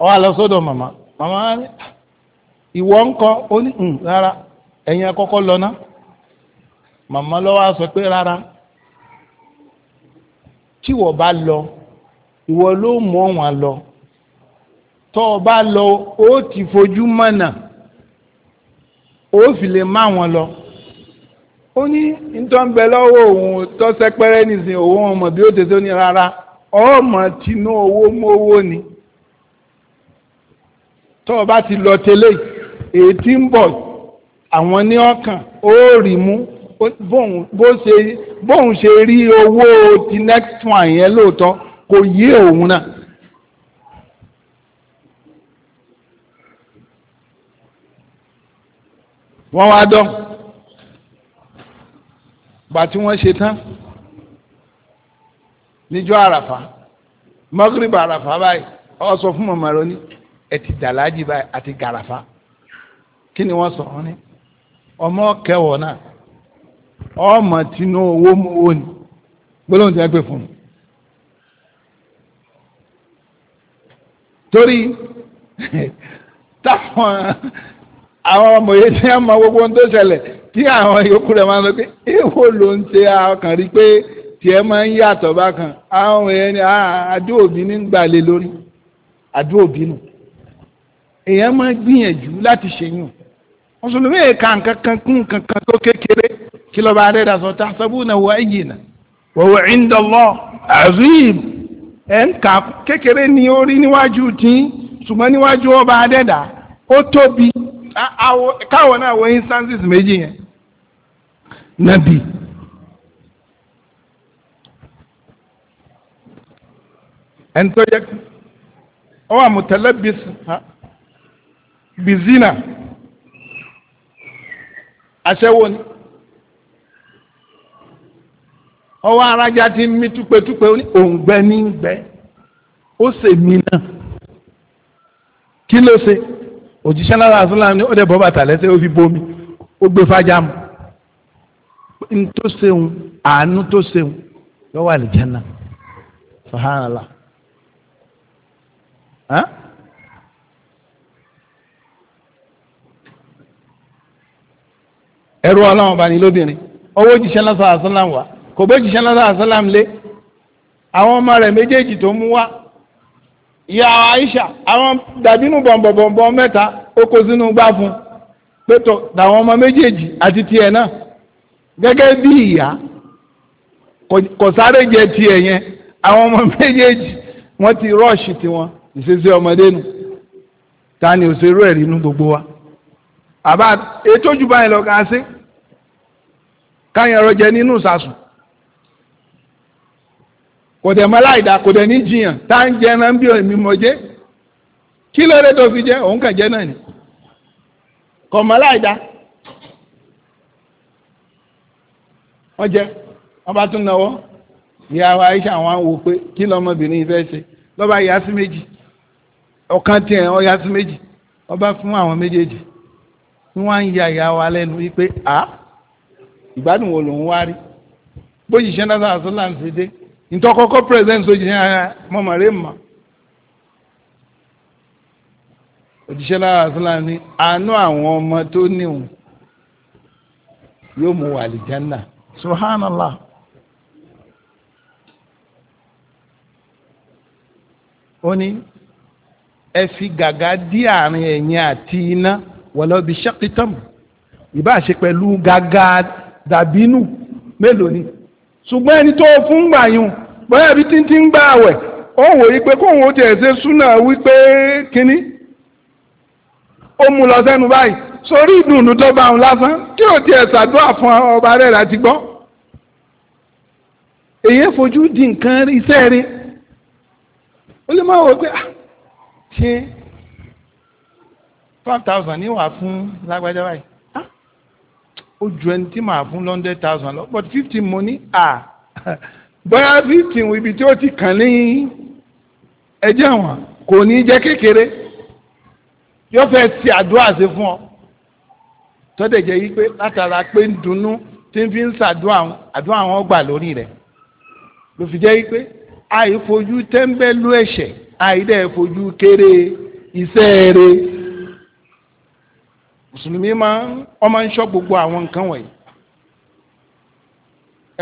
Speaker 1: ọ wà lọ sọ́dọ̀ mama, màmá ní ìwọ ńkọ́ ó ní rárá ẹ̀yin àkọ́kọ́ lọ ná màmá lọ wá sọ pé rárá tíwọ bá lọ ìwọ ló mú ọwọn lọ tọ́ ọ bá lọ ó ti fojú mọ̀nà ó fi lè má wọn lọ ó ní nítorí ń bẹ lọ́wọ́ òun tọ́sẹ́pẹ́rẹ́ nìsín òun ọmọ bí ó tẹ̀sẹ̀ ní rárá ọmọ tinú owó mówó ni tó o bá ti lọ tẹ́lẹ̀ èyí tí ń bọ̀ àwọn ní ọkàn ó rí mú bóun ṣe rí owó ti next one yẹn lóòótọ́ kò yé òun náà. wọ́n wá dán gbà tí wọ́n ṣe tán níjọ́ àràfà mọ́gírìbà àràfà báyìí ọ sọ fún mọ̀mọ́ rẹ ní ẹtì dàlájì báyìí àti gàràfà kí ni wọ́n sọ wọn ni ọmọ kẹwọ̀ náà ọmọ owó mú owó ni gbólóhùn tí wọ́n fún torí táwọn àwọn ọmọ tí wọ́n mọ gbogbo ohun tó ṣẹlẹ̀ tí àwọn yòókù rẹ̀ máa ń pé èèwọ̀ ló tiẹ̀ máa ń yàtọ̀ bákan àwọn èèyàn ni ah, òbí ní gbàlẹ̀ lórí àdó òbí nù èèyàn máa gbìyànjú láti mùsùlùmí kan kún kan tó kékeré kí ló bá rẹ̀ dàsọ̀ tá sabúna wà yìí nà wọ̀wọ̀ ìndọ̀lọ́ azim ẹ̀ kékeré ni ó rí níwájú níwájú ọba adẹ́dà ó tóbi káwọn náà méjì ẹni tó yẹ ọ wà mùtẹ́lẹ́ bizina aṣẹ́wó ni ọwọ́ arájá ti ń mí túpẹ́túpẹ́ òǹgbẹ ní gbẹ ó ṣe mí náà kí ló ṣe òjíṣẹ́ ni ó dẹ̀ bọ́ bàtà lẹ́sẹ̀ ó fi bomi ó gbé fájá mu n tó ṣeun àánú tó yọ wà lè náà sọ̀hánàlá ẹrú ọlọ́run bá ní lóbìnrin owó jíṣẹ́ lọ́sọ̀ àṣálàm wá kò bó jíṣẹ́ lọ́sọ̀ àṣálàm lé àwọn ọmọ rẹ̀ méjèèjì tó mú wá ìyá Aisha àwọn dàbínú bọ̀m̀bọ̀m̀bọ̀ mẹ́ta ó kó sínú gbá fún pétọ̀ làwọn ọmọ méjèèjì àti tiẹ̀ náà gẹ́gẹ́ bí ìyá kò sáré jẹ tiẹ̀ yẹn àwọn ọmọ méjèèjì wọ́n ti rọ́ọ̀ṣì tiwọn ìṣesí ọmọdé nu ta ni òṣèrú ẹ̀rí inú gbogbo wa àbá ètòjú báyìí lọ ká sí káyìn ọ̀rọ̀ jẹ nínú sàsùn kò dẹ̀ mọ́ láìda kò dẹ̀ ní jiyàn tá ń jẹ náà ń bí èmi mọ̀ jẹ́ kí lóore tó fi jẹ́ òun kàn náà ni kò mọ́ láìda wọ́n jẹ wọ́n bá tún náwó ìyá wa Aisha àwọn wo pé kí lọ́mọbìnrin fẹ́ ṣe lọ́ba ìyá sí méjì ọ̀kan tiẹ̀ ọ̀yà sí méjì ọba fún àwọn méjèèjì wọ́n wá ń ya ìyá wa lẹ́nu wípé a ìgbádùn wo lòun wá rí bóyì sẹ́ńdá sáà sọ́là ń fi dé ntọ́kọ́kọ́ president sojìṣẹ́ ara mọ́mọ́ rẹ̀ mọ́ òjíṣẹ́ lára sọ́là ní àánú àwọn ọmọ tó níhùn yóò mú wà lìjánà subhanallah. ó ní ẹ fi gàgà dí àárín ẹ̀yìn àti iná wọ̀lọ́ bí ṣẹ́kítọ́mù ìbá ṣe pẹ̀lú gàgà dàbínú mélòó ni ṣùgbọ́n ẹni tó fún gbà yun bóyá bí títí ń gbà àwẹ̀ ó wò yí pé kóhun ó tiẹ̀ ṣe súnà wípé kínní ó mú lọ sẹ́nu báyìí sórí ìdùnnú tó bá òun lásán kí ó tiẹ̀ ṣàdúrà fún ọba rẹ̀ láti gbọ́ èyí fojú di nǹkan iṣẹ́ rẹ̀ ó lè má wọ pé ah ṣé five thousand ní wàá fún lágbájá báyìí ó ju ẹni tí màá fún hundred thousand lọ but fifty mo ní à bóyá fifty ibi tí ó ti kàn ní ẹjẹ wọn kò ní jẹ́ kékeré yóò fẹ́ ti àdúrà sí fún ọ tọ́dẹ̀ jẹ́ yí pé látara pé ń dunnú tí ń fi ń ṣàdúrà àwọn àdúrà àwọn gbà lórí rẹ̀ ló fi jẹ́ yí pé àìfojú tẹ́ńbẹ́lú ẹ̀ṣẹ̀ àìdẹ́ fojú kéré iṣẹ́ rẹ̀ mùsùlùmí máa ń ọmọ ń ṣọ́ gbogbo àwọn nǹkan wọ̀nyí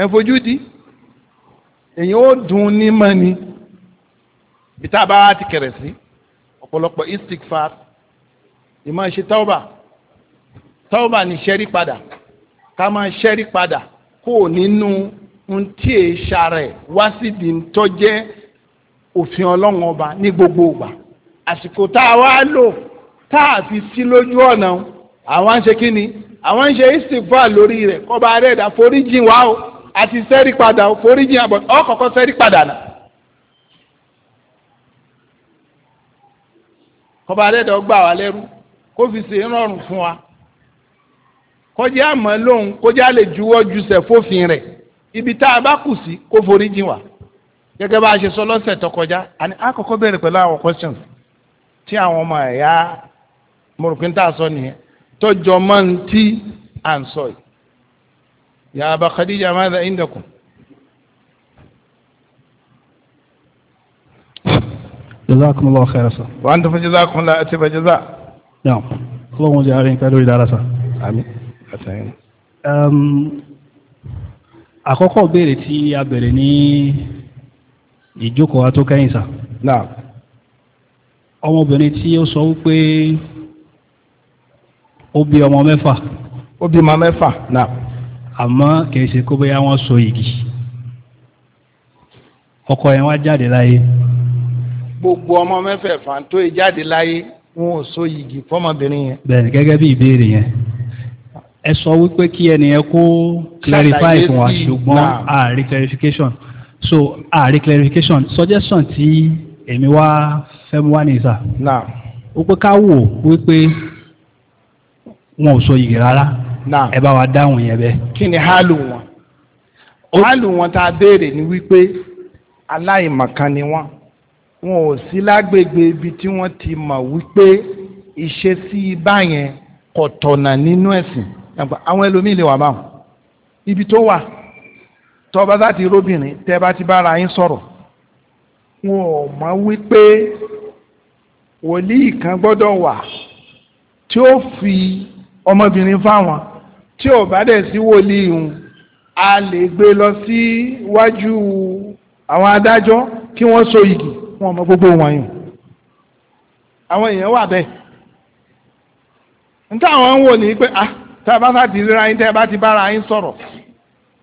Speaker 1: ẹ̀ fojú di èyí ó dùn ní mọ́ni bí tá bá ti kẹ̀rẹ̀ sí ọ̀pọ̀lọpọ̀ istikfar ìmọ̀ ṣe tọ́ba tọ́ba ní ṣẹ́rí padà ká máa ṣẹ́rí padà kó nínú ntí èé ṣàrẹ̀ wá síbi ntọ́jẹ́ òfin ọlọ́run ọba ní gbogbo ìgbà àsìkò tá a wá lò tá a fi sí lójú ọ̀nà àwọn ń ṣe kí ni àwọn ń ṣe istighfar lórí rẹ̀ kọ́ba arẹ́dà foríjìn wá o àti sẹ́rí padà o foríjìn àbọ̀ ọ̀kọ̀ọ̀kọ̀ sẹ́rí padà náà. kọba alẹ́dọ̀ gbà wá lẹ́rú kó fi ṣe rọrùn fún wa kọjá àmọ́ lóhùn kọjá lè juwọ́ jùsẹ̀ fófin rẹ̀ ibi tá a bá kù sí kó forí jìn gẹ́gẹ́ bá a ṣe sọ lọ́sẹ̀ tó kọjá àní àkọ́kọ́ bẹ̀rẹ̀ pẹ̀lú àwọn questions tí àwọn ọmọ ẹ̀yà mọ̀rùkún tá a sọ nìyẹn tọ́jọ́ máa ń tí à ń sọ yìí ya Aba Khadija madha indakum.
Speaker 2: jazakumullahu khairan sa.
Speaker 1: wa anta fa jazakumullahu ati fa jaza.
Speaker 2: naam ọlọ́run jẹ́ àárín pẹ̀lú ìdára sa.
Speaker 1: àmín àtàyìn.
Speaker 2: àkọ́kọ́ béèrè tí a béèrè ní ìjókòó wa tó kẹ́yìn sà. náà. ọmọbìnrin tí ó sọ wípé ó bí ọmọ mẹ́fà. ó bí ọmọ mẹ́fà náà. àmọ́ kì í ṣe kó bóyá wọ́n so igi. ọkọ yẹn wá jáde láyé.
Speaker 1: gbogbo ọmọ mẹ́fẹ̀ẹ̀fà tó yẹ jáde láyé wọn ò so igi fọmọbìnrin yẹn.
Speaker 2: bẹ́ẹ̀ni gẹ́gẹ́ bí ìbéèrè yẹn ẹ sọ wípé kí ẹnìyẹn kó clarify fún wa ṣùgbọ́n àárí clarification so ààrẹ clarification suggestion tí èmi wá fẹ́ mú wá ní ìsà. náà. ó pé ká wò wípé wọn ò sọ yìí rárá. náà. ẹ bá wa dáhùn yẹn bẹ́ẹ̀.
Speaker 1: kí ni hálù wọn. hálù wọn tá a béèrè ni wípé aláìmọ̀kan ni wọ́n wọn ò sí lágbègbè ibi tí wọ́n ti mọ̀ wípé ìṣesí báyẹn kò tọ̀nà nínú ẹ̀sìn àwọn ẹlòmíì lè wà báwọn ibi tó wà tọba láti róbìnrin tẹ bá ti bára yín sọ̀rọ̀ wọn ò mọ̀ wípé wòlíì kan gbọ́dọ̀ wà tí ó fi ọmọbìnrin fáwọn tí ò bá dẹ̀ sí wòlíì hun a lè gbé lọ sí wájú àwọn adájọ́ kí wọ́n so igi wọn mọ gbogbo wọn àwọn èèyàn wà bẹ́ẹ̀ n táwọn ń wò ní pé ah tá a bá sá ti ríra yín tẹ́ ẹ bá ti bára yín sọ̀rọ̀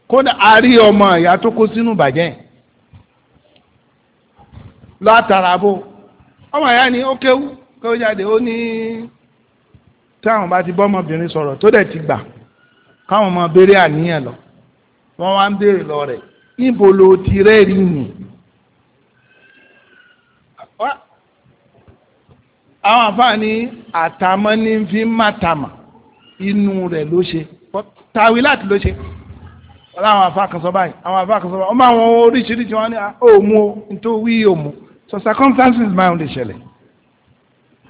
Speaker 1: kódà a rí ọmọ ìyá tó kó sínú bàjẹ́ látara bó ọmọ ìyá ni ó kéwú kéwú jáde ó ní táwọn bá ti bọ́mọbìnrin sọ̀rọ̀ tó dẹ̀ ti gbà káwọn ọmọ béèrè àníyàn lọ wọ́n wá ń béèrè lọ rẹ̀ níbo lo ti rẹ́ẹ̀rí yìn àwọn àfààní àtàmọ́ ní fi ń mátàmà inú rẹ̀ ló ṣe tàwí láti ló ṣe. ala afa afọ báyìí àwọn afa báyìí ọmọ àwọn oríṣiríṣi wọn ni ah, o nítorí wí so circumstances máa ń lè ṣẹlẹ̀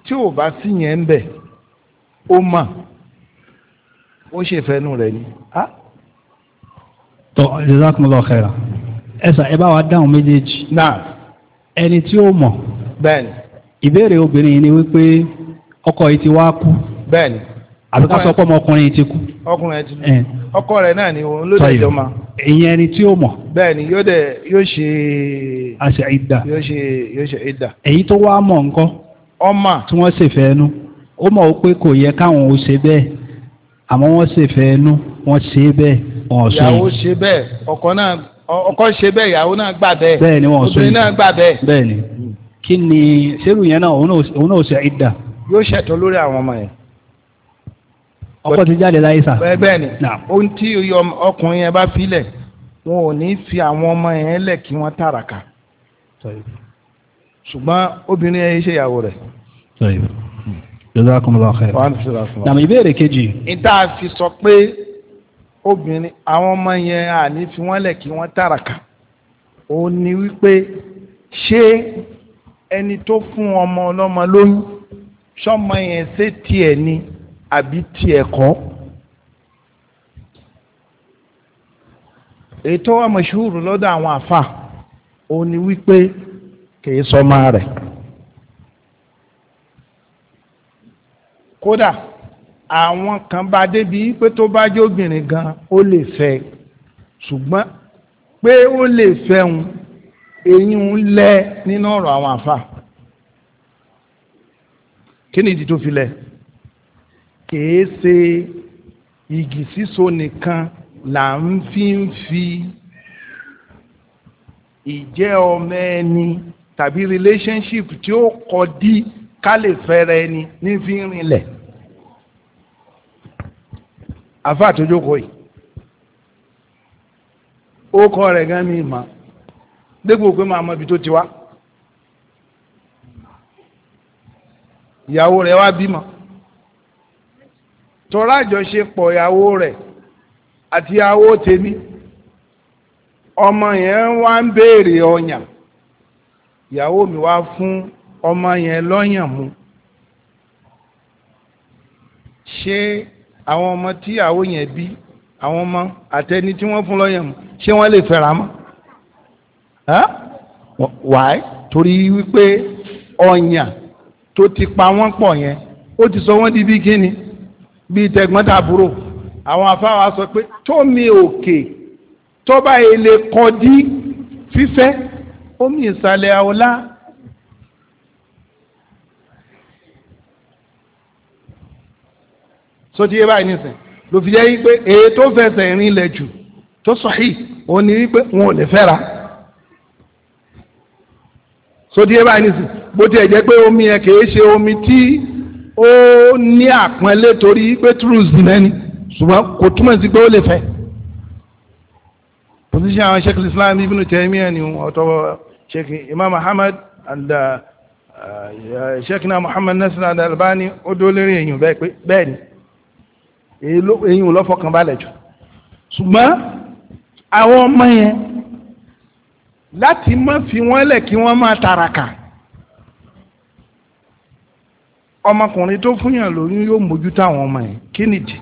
Speaker 1: tí ò bá sí yẹn ń bẹ̀ ó mà ó ṣe fẹ́nu rẹ̀ ni.
Speaker 2: tọ́ jazakumullahu khaira eni ẹ bá wa dáhùn méjèèjì. náà ẹni tí ọkọ yìí ti àbí ká sọ pé ọmọkùnrin ti kú.
Speaker 1: ọkùnrin ti kú ọkọ rẹ̀ náà ni òun ló dẹjọ ma.
Speaker 2: ìyẹn ni tí ó mọ̀.
Speaker 1: bẹ́ẹ̀ni yóò dẹ yóò ṣe. àṣà ìdà. yóò ṣe yóò ṣe ìdà.
Speaker 2: èyí tó wá mọ̀ ńkọ́. ọmọ. tí wọ́n ṣe fẹ́ nu ó mọ̀ pé kò yẹ káwọn ò ṣe bẹ́ẹ̀ àmọ́ wọ́n ṣe fẹ́ nu wọ́n ṣe bẹ́ẹ̀ wọ́n sọ yìí. ìyàwó
Speaker 1: ṣe bẹ́ẹ̀ ọkọ náà ọkọ ṣe bẹ́ẹ̀ ìyàwó náà gbà bẹ́ẹ̀. bẹ́ẹ̀ni wọ́n sọ yìí obìnrin náà gbà bẹ́ẹ̀. bẹ́ẹ̀ni
Speaker 2: kí ni sẹ́rù ọkọ ti jáde láyé sà. bẹ́ẹ̀
Speaker 1: ni ohun tí ọkùnrin yẹn bá filẹ̀ wọn ò ní fi àwọn ọmọ yẹn lẹ̀ kí wọ́n tàràkà ṣùgbọ́n obìnrin yẹn ṣe ìyàwó rẹ̀.
Speaker 2: jazakumullahu khair. nàmì ìbéèrè kejì.
Speaker 1: níta fi sọ pé obìnrin àwọn ọmọ yẹn à ní fi wọ́n lẹ̀ kí wọ́n tàràkà ó ní wípé ṣé ẹni tó fún ọmọ ọlọ́mọ lóyún ṣọ́mọ yẹn ṣe tiẹ̀ ni àbí ti ẹ̀kọ́ ètò àmọ̀ṣúrù lọ́dọ̀ àwọn àfà ó ní wípé kìí sọmọ rẹ̀ kódà àwọn kan bá débi pé tó bá jẹ́ obìnrin gan ó lè fẹ́ ṣùgbọ́n pé ó lè fẹ́ òun ń lẹ nínú ọ̀rọ̀ àwọn àfà kí ni ìdí tó fi lẹ̀ kèé ṣe igi síso nìkan là ń fi ń fi ìjẹ́ ọmọ ẹni tàbí relationship tí ó kọ dí ká lè fẹ́rẹ̀ ẹni ní fi ń rinlẹ̀ àfa àtòjókòó yìí ó kọ rẹ̀ gan mi mà dégbò pé màá mọ ibi tó ti wá ìyàwó rẹ̀ wá bímọ tọ́ra àjọṣepọ̀ ìyàwó rẹ̀ àti ìyàwó tèmi ọmọ yẹn wá ń béèrè ọyàn ìyàwó mi wá fún ọmọ yẹn lọ́yàn mu ṣé àwọn ọmọ tí ìyàwó yẹn bí àwọn ọmọ àtẹni tí wọ́n fún lọ́yàn mu ṣé wọ́n lè fẹ́ra mọ́ wàá torí wípé ọyàn tó ti pa wọ́n pọ̀ yẹn ó ti sọ wọ́n di bí kíni bíi tẹ̀gbọ́ntàbúrò àwọn afáwa sọ pé tómi òkè tọ́ba èlé kọdí fífẹ́ omi ìsàlẹ̀ àwòlá. sóti yé báyìí nìsín ló fi jẹ́ pé èyí tó fẹsẹ̀ rinlẹ̀ jù tó sọ̀hí òun ni wípé wọn ò lè fẹ́ra sóti yé báyìí nìsín bó tiẹ̀ jẹ́ pé omi yẹn kì í ṣe omi tí ó ní àpọ́nlé torí pé truth mẹ́ni ṣùgbọ́n kò túmọ̀ sí pé ó lè fẹ́ position àwọn sheikh islam ibn taymiyyah ni ọ̀tọ̀ sheikh imam Muhammad and uh, uh, sheikh na muhammad nasir and albani ó dó lérí èyàn bẹ́ẹ̀ ni èyàn ló fọkàn balẹ̀ jù ṣùgbọ́n àwọn ọmọ yẹn láti má fi wọ́n lẹ̀ kí wọ́n máa tàràkà ọmọkùnrin tó fún yàn lóyún yóò mójútó àwọn ọmọ yẹn kí nìdí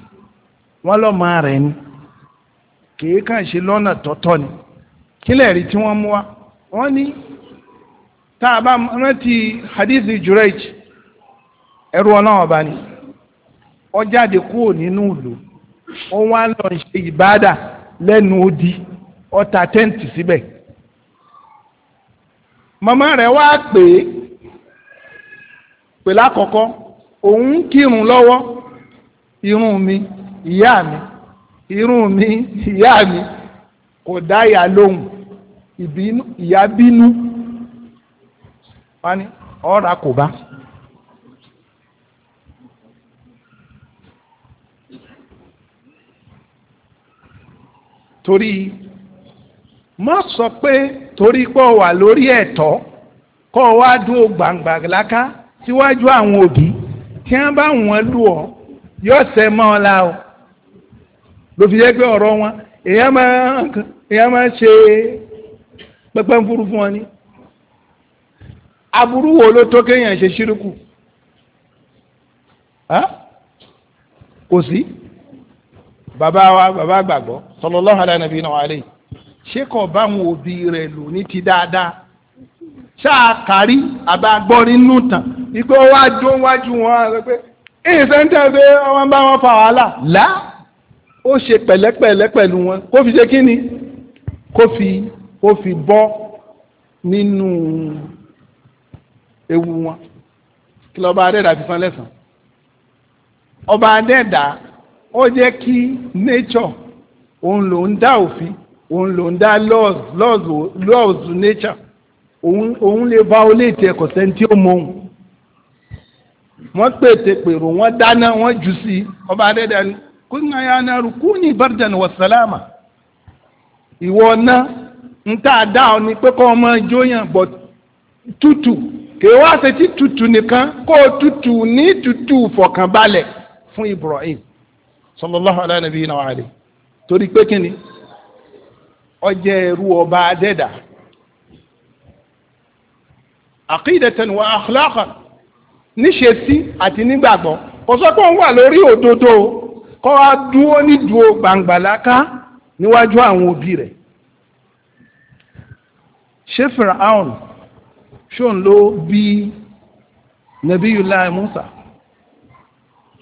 Speaker 1: wọ́n lọ́mọ rẹ̀ ni kìí kàn ṣe lọ́nà tọ́tọ́ ni kí lẹ́ẹ̀rí tí wọ́n mú wa wọ́n ní tá a bá rántí hadith jurej ẹrú ọlọ́run ọba ni ó jáde kúrò nínú ìlú ó wá lọ ṣe ìbádà lẹ́nu odi ó ta tẹ́ǹtì síbẹ̀ màmá rẹ̀ wá pè é pẹ̀lú àkọ́kọ́ òun kírun lọ́wọ́ irun mi ìyá mi irun mi ìyá mi kò dá ìyá lóhùn ìbínú ìyá bínú wani ọ̀rá kò bá. torí má sọ pé torí pé wà lórí ẹ̀tọ́ kọ́ wá dúró gbàǹgbà láká síwájú àwọn òbí tí wọ́n bá wọn lù ọ́ yóò sẹ́ mọ́ ọ la o ló fi jẹ́ pé ọ̀rọ̀ wọn èèyàn máa èèyàn máa ṣe pẹpẹ fúru fún ọ ní aburú wo ló tó kéèyàn ṣe ṣírùkù kò sí bàbá wa bàbá gbàgbọ́ sallallahu ala nabiyina wa alayhi ṣé kò bá àwọn òbí rẹ̀ lò ní ti dáadáa ṣáà kárí àbágbọ́rí nù tán ìpé ó wá jó wájú wọn rẹ pé ìṣẹ́ńtẹ́ pé wọ́n bá wọn fa wàhálà là ó ṣe pẹ̀lẹ́pẹ̀lẹ́ pẹ̀lú wọn kó fi ṣe kí ni kó fi bọ́ nínú ewu wọn kí lọ́ba adẹ́dà fi san lẹ́sàn ọba adẹ́dà ó jẹ́ kí nature òun ló ń dá òfin òun ló dá laws laws laws nature òun lè bá olè tí ẹkọ̀ sẹ́ni tí ó mọ òun wọ́n pètè pèrò wọ́n dáná wọ́n jù sí ọba adẹ́dà ni kó ní ayé anáru kú ní bardan wa salama ìwọ ná ń tà dá ọ ní pé kọ́ ọmọ jóyàn bọ̀ tútù kèé wá ṣe tí tútù nìkan kó tútù ní tútù fọ̀kànbalẹ̀ fún Ibrahim sallallahu ala nabiyina wa ali torí pé kíni ọjẹ́ ẹrú ọba adẹ́dà àkídẹ̀tẹ̀n wa àkùlákàn níṣe sí àti nígbàgbọ́ kò sọ pé òun wà lórí òdodo kó wá dúró ní dúró gbàǹgbàláká níwájú àwọn òbí rẹ̀ ṣé Firaun ṣóun ló bí Nabiyullah Musa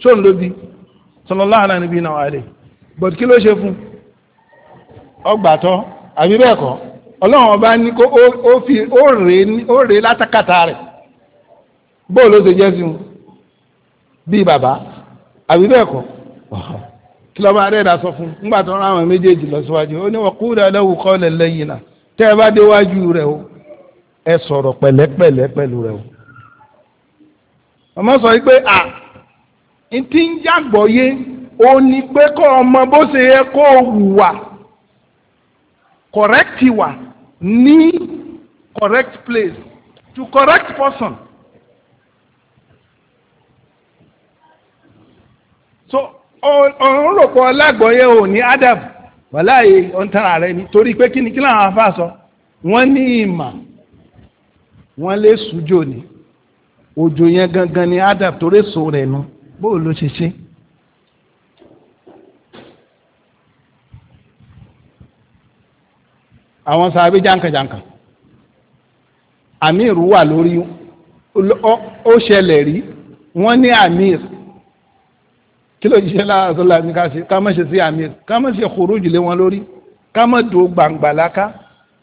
Speaker 1: ṣóun ló bí sallallahu alaihi wa alihi bọ̀dù kí ló ṣe fún ọgbàtọ́ àbí ọlọ́run ọba ní kó ó fi ó rèé látàkàtà rẹ̀ bóò ṣe jẹ́ sí un bàbá àbí bẹ́ẹ̀ kọ́ kí lọ́ba sọ fún nígbà tó rán méjèèjì lọ síwájú ó ní wọ́n kú kọ́ náà tẹ́ ẹ bá déwájú rẹ̀ o ẹ sọ̀rọ̀ pẹ̀lẹ́pẹ̀lẹ́ pẹ̀lú rẹ̀ o ọmọ sọ pé à ń ní pé kọ́ ọmọ bó ṣe yẹ kó ní correct place to correct person. so òun rò pọ̀ lágbọ̀ọ́yẹ ò ní adab wàláyé ọ̀ntara rẹ ni torí pé kí ni kí làwọn afá sọ wọ́n ní ìmà wọ́n lé sùjò ni òjò yẹn gangan ni adab torí èso rẹ̀ nu bóòlù ṣe ṣe. àwọn sàbí jàǹkàjàǹkà amir wà lórí ó ṣẹlẹ̀ rí wọ́n ní amir kí ló jíṣẹ́ láàzọ́lá ní ká ṣe ká má ṣe sí amir ká má ṣe khuruj lé wọn lórí ká má dò gbàǹgbà láká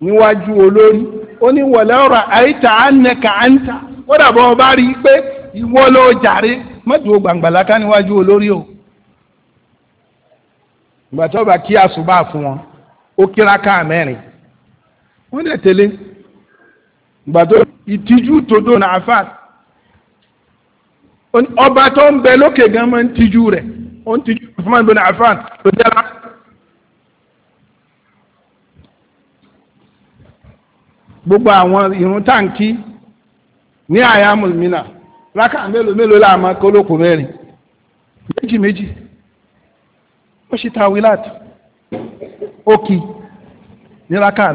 Speaker 1: níwájú olórí ó ní wọ̀lẹ́ ọ̀rọ̀ àìta ànẹ́ka àǹta ó dàbọ̀ ọba rí i pé ìwọ ló jàre má dò níwájú olórí o ìgbà tí ọba kí àsùbà fún wọn ó kíra ká mẹ́rin wọ́n dẹ̀ tẹ̀lé tó ìtìjú tòdó nà àfáà ọba tó ń bẹ lókè gan máa ń tìjú rẹ̀ ó ń tìjú fún gbogbo àwọn irun ní àyà mùsùlùmínà rákà mélòó mélòó láàmà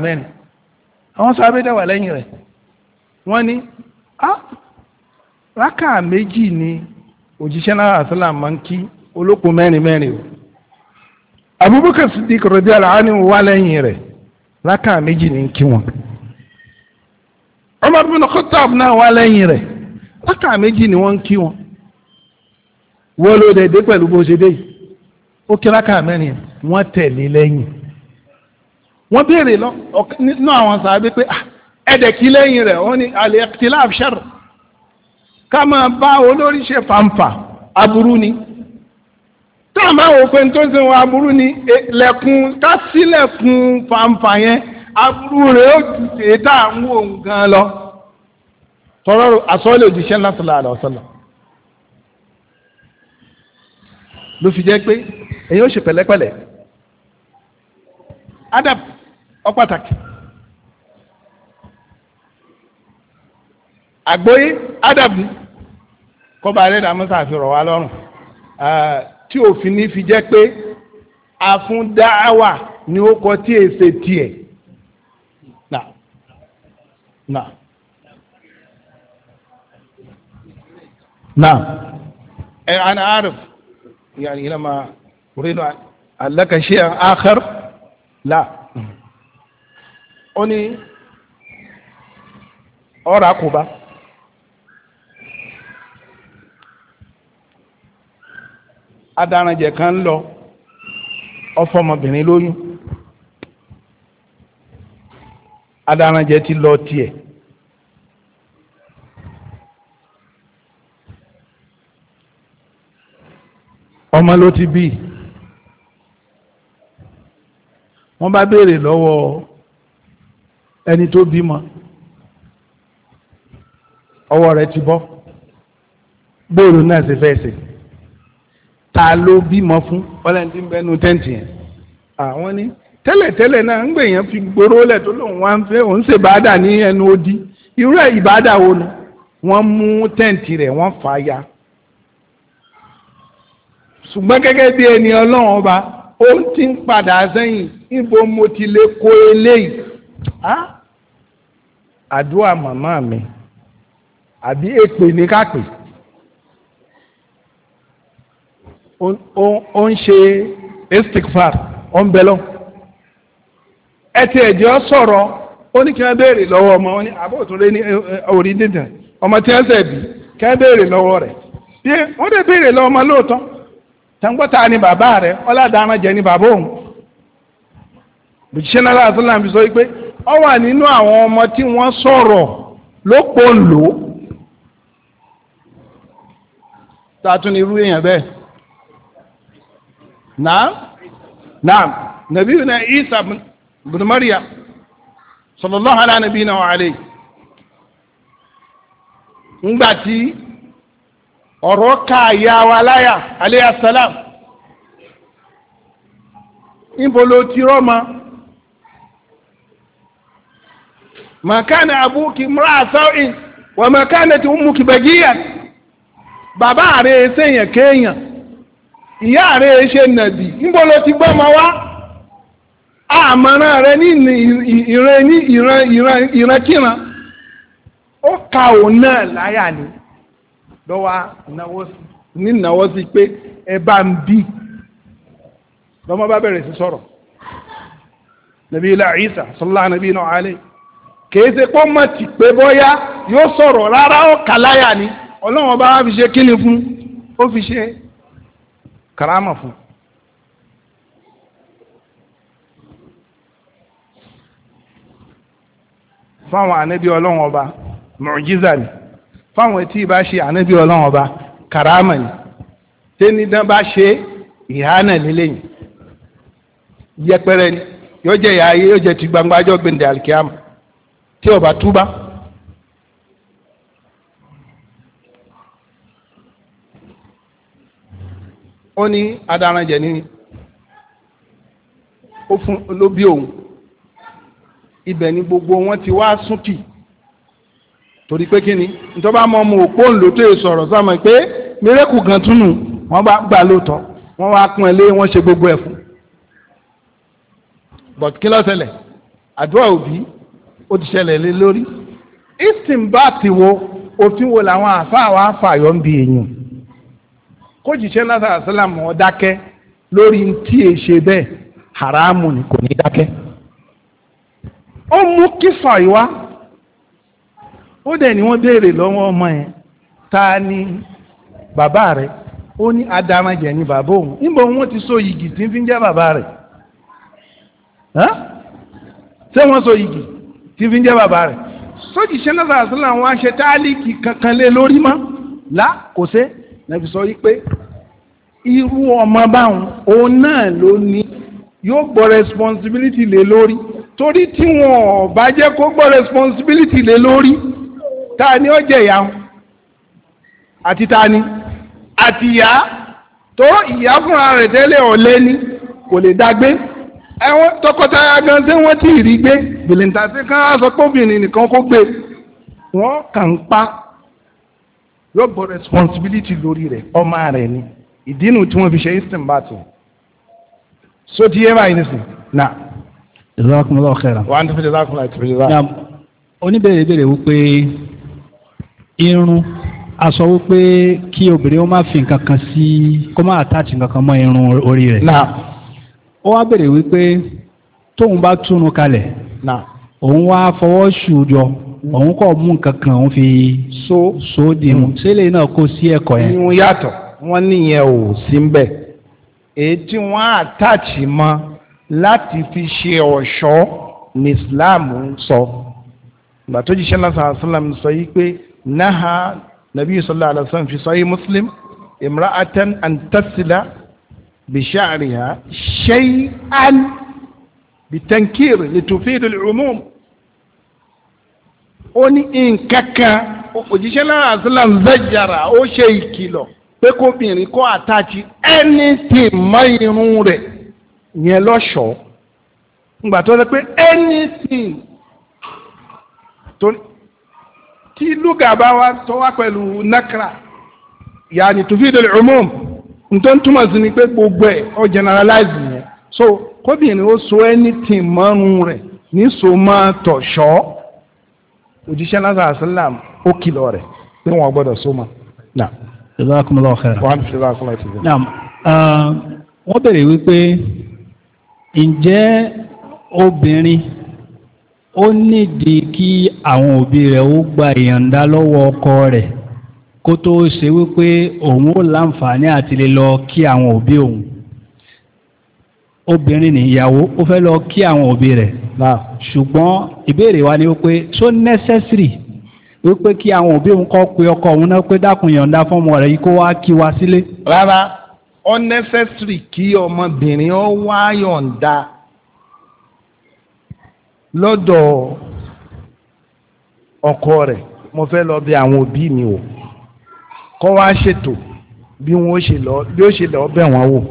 Speaker 1: mẹ́rin àwọn sábẹ́ dẹ̀ wà lẹ́yìn rẹ̀ wọ́n ní rákà méjì ni òjíṣẹ́ náà àṣìlá máa ń kí olókùn mẹ́rin mẹ́rin o Abubakar Siddiq radiyallahu anhu wà lẹ́yìn rẹ̀ ni ń kí wọn Umar bin Khattab náà wà lẹ́yìn rẹ̀ rákà méjì ni wọ́n ń kí wọn wọ́n ló dẹ̀ pẹ̀lú bó ṣe dé ó kí rákà mẹ́rin wọ́n tẹ̀lé wọ́n béèrè lọ nínú àwọn sàábé pé ah, ẹ̀dẹ̀ kí lẹ́yìn rẹ̀ wọ́n ní al-ikhtilaf sharr ká máa bá olórí ṣe fàǹfà aburú ni tá a máa wò pé tó ń sẹ́wọ̀n aburú ni e, lẹ́kùn ká sílẹ̀kùn fàǹfà yẹn aburú rẹ̀ ó ju tètè àwọn òun gan lọ tọrọ àsọ́lẹ̀ òjíṣẹ́ ńlá sallallahu ló fi jẹ́ pé èyí ó ṣe pẹ̀lẹ́pẹ̀lẹ́ adab ọpàtàkì àgbóyé adab ni kọba alẹ́dàá musa fi rọ̀ wá lọ́rùn tí òfin ní fi jẹ́ pé afúndáwà ni ó kọ tí èsè tiẹ̀ náà náà náà ẹ̀ ana arif yani ilama uridu la ó ní akụba àkùbá adaranjẹ kan ń lọ ọfọmọbìnrin lóyún adaranjẹ ti lọ tiẹ̀. ọmọ ló ti bí wọ́n bá béèrè lọ́wọ́ ẹni tó bímọ ọwọ́ rẹ̀ ti bọ́ bóòlù náà ṣe fẹ́ ṣe ta ló bímọ fún ọlẹ́ni tí ń bẹnu tẹ́ǹtì yẹn àwọn ní tẹ́lẹ̀tẹ́lẹ̀ náà ń gbèyàn fi gbòòrò lẹ̀ tó lóun wá ń fẹ́ òun ṣe bàádà ní ẹnu odi irú ẹ̀ ìbàdà wo nu wọ́n mú tẹ́ǹtì rẹ̀ wọ́n fà á ya ṣùgbọ́n gẹ́gẹ́ bí ẹni ọlọ́run ọba ó ti ń padà sẹ́yìn ibo mo ti lè kó a àdúrà màmá mi àbí èpè ní kápè ó ń ṣe istikfar ó ń bẹ lọ ẹ ti ẹ̀jẹ̀ sọ̀rọ̀ ó ní kí wọ́n béèrè lọ́wọ́ ọmọ wọn ní àbóòtúndé ní orí dídàn ọmọ tí wọ́n sẹ̀ bí kí wọ́n béèrè lọ́wọ́ rẹ̀ bí wọ́n lè béèrè lọ́wọ́ ọmọ lóòótọ́ tẹ́ńgbọ́ta ni bàbá rẹ̀ ọ̀làdáná ni bàbá òun bùjíṣẹ́ náà láti náà fi sọ wípé ọ wà nínú àwọn ọmọ tí wọ́n sọ̀rọ̀ lópòǹlò tààtún ní irú èèyàn bẹ́ẹ̀ náà náà nàbí na Isa bin Maryam ala nabiyina wa alayhi ọ̀rọ̀ káàyà wa láyà alayhi assalam ìbò ló ti rọ́ makana kana abuki mra sa'in wa makana kana ti ummuki bagiyan baba re seye kenya iya re se nabi nbo lo ti gba ma a mara re ni ire iran iran iran kina o ka na la ya ni do ni nawo si pe e ba nbi do ma ba bere si soro nabi la isa sallallahu alaihi kìí ṣe pé mọ̀ tì pé bọ́yá yóò sọ̀rọ̀ rárá ó kàláyà ni ọlọ́run bá fi ṣe kíni fún ó fi ṣe karama fún. fáwọn ànábì ọlọ́run ọba mọ̀jíza ni fáwọn etí bá ṣe ànábì ọlọ́run ọba karama ni tẹ́nidán bá ṣe ìhánà lélẹ́yìn yẹpẹrẹ ni yóò jẹ ìyá ayé yóò jẹ ti gbangba ọjọ́ gbẹ̀ndẹ̀ alikiyama tí ó bá túbá ó ní adaranjẹ ní ó fún ló bí òun ibẹ̀ ni gbogbo wọn ti wá súnkì torí pé kíni nítorí bá mọ ọmọ òpó ńlò tó yẹ sọ̀rọ̀ sọmọ pé mírẹ́kù kan túnú wọ́n bá gbà lóòótọ́ wọ́n wá pọn ilé wọ́n ṣe gbogbo ẹ̀ fún but kí ló ṣẹlẹ̀ àdúrà òbí ó ti ṣẹlẹ̀ lé lórí istinbati wo òfin wo làwọn àfáà wa fàyọ ń bi èèyàn kó jìṣẹ́ lásàrà sálàmù ó dákẹ́ lórí tí è ṣe bẹ́ẹ̀ haramu ni kò ní dákẹ́ ó mú kísọ̀ ìwá ó dẹ̀ ni wọ́n béèrè lọ́wọ́ ọmọ yẹn ta ni bàbá rẹ̀ ó ní adamajẹ ni bàbá òun níbo wọn ti so yìgì tí ń fi ń jẹ́ bàbá rẹ̀ ṣé wọ́n so yìgì tí fi ń jẹ́ bàbá rẹ̀ sójì ṣe náà sàrásí làwọn aṣẹ táálíkì kankan lé lórí mọ́ là kò sé nàbí sọ wípé irú ọmọ báwọn òun náà ló ní yóò gbọ́ responsibility lé lórí torí tí wọn ò bá jẹ́ kó gbọ́ responsibility lé lórí ta ni ó jẹ ìyá àti ta ni àti ìyá tó ìyá fúnra rẹ̀ tẹ́lẹ̀ ọ̀lẹ́ ni kò lè dágbé ẹ̀wọ́n tọkọtaya gan tí wọ́n ti rí gbé bìlìntàsí kan á sọ pé obìnrin nìkan kó gbé wọ́n kàn ń pa yóò gbọ́ responsibility lórí rẹ̀ ọmọ rẹ̀ ni ìdínú tí wọ́n fi ṣe eastern battle so ti yé báyìí nísìn náà.
Speaker 2: jazakumullahu khairan.
Speaker 1: wà á ní fìdí lákùnrin àti fìdí lákùnrin.
Speaker 2: oníbèrè ìbèrè wípé irun a sọ wípé kí obìnrin ó má fi nǹkan kan sí kó má attach nǹkan kan mọ́ irun orí rẹ̀. náà ó wá bèrè wípé tóun bá túnú kalẹ̀ òun wá fọwọ́ ṣùjọ mm. òun kọ̀ mú nǹkan kan òun fi so so dìmú mm. sílẹ̀ náà kó sí ẹ̀kọ́ yẹn. ìyún yàtọ̀ wọ́n níyẹn ò sí ń bẹ̀
Speaker 1: èyí tí àtàtì mọ́ láti fi ṣe ọ̀ṣọ́ ní Islam ń sọ ìgbà tó jíṣẹ́ náà sàn sílám sọ yìí pé náà nàbí sallallahu alaihi fi sọ yìí Muslim imra'atan an tasila bisha'riha شيئا بالتنكير لتفيد العموم ó ní nǹkankan òjíṣẹ́ lára àṣìlám zẹ́jàrà ó ṣe ìkìlọ̀ pé kóbìnrin kó àtàtì anything mọ́ irun rẹ̀ yẹn lọ́ṣọ̀ọ́ ngbà tó lọ pé anything tí lúgà bá wá tó wá pẹ̀lú nakra yàní tufidul umum nítorí túmọ̀ sí ni gbogbo ẹ̀ ó generalize yẹn so kóbìnrin ó so anything mọ́rùn rẹ̀ ní so máa tọ̀ṣọ́ òjíṣẹ́ náà sàlám ó kìlọ̀ rẹ̀ pé wọ́n gbọ́dọ̀ so ma. na jazakumullahu khairan. wọ́n fi jazakumullahu khairan. naam
Speaker 2: wọ́n béèrè wípé ǹjẹ́ obìnrin ó nídìí kí àwọn òbí rẹ̀ ó gba ìyọ̀ǹda lọ́wọ́ ọkọ rẹ̀ kó tó ṣe wípé òun ó láǹfààní àti lè lọ kí àwọn òbí òun obìnrin nìyàwó ó fẹ́ lọ kí àwọn òbí rẹ̀ ṣùgbọ́n ìbéèrè wa ni wípé so necessary wípé kí àwọn òbí òun kọ́ pe ọkọ òun náà pé dákun yọ̀ǹda fọ́mọ rẹ̀ yìí kó wá kí wa sílé.
Speaker 1: rárá unnecessary kí ọmọbìnrin ó wá yọ̀ǹda lọ́dọ̀ ọkọ rẹ̀ mo fẹ́ lọ bí àwọn òbí mi o kọ́ wá ṣètò bí wọ́n ṣe lọ bí ó ṣe lọ bẹ̀ wọ́n wò.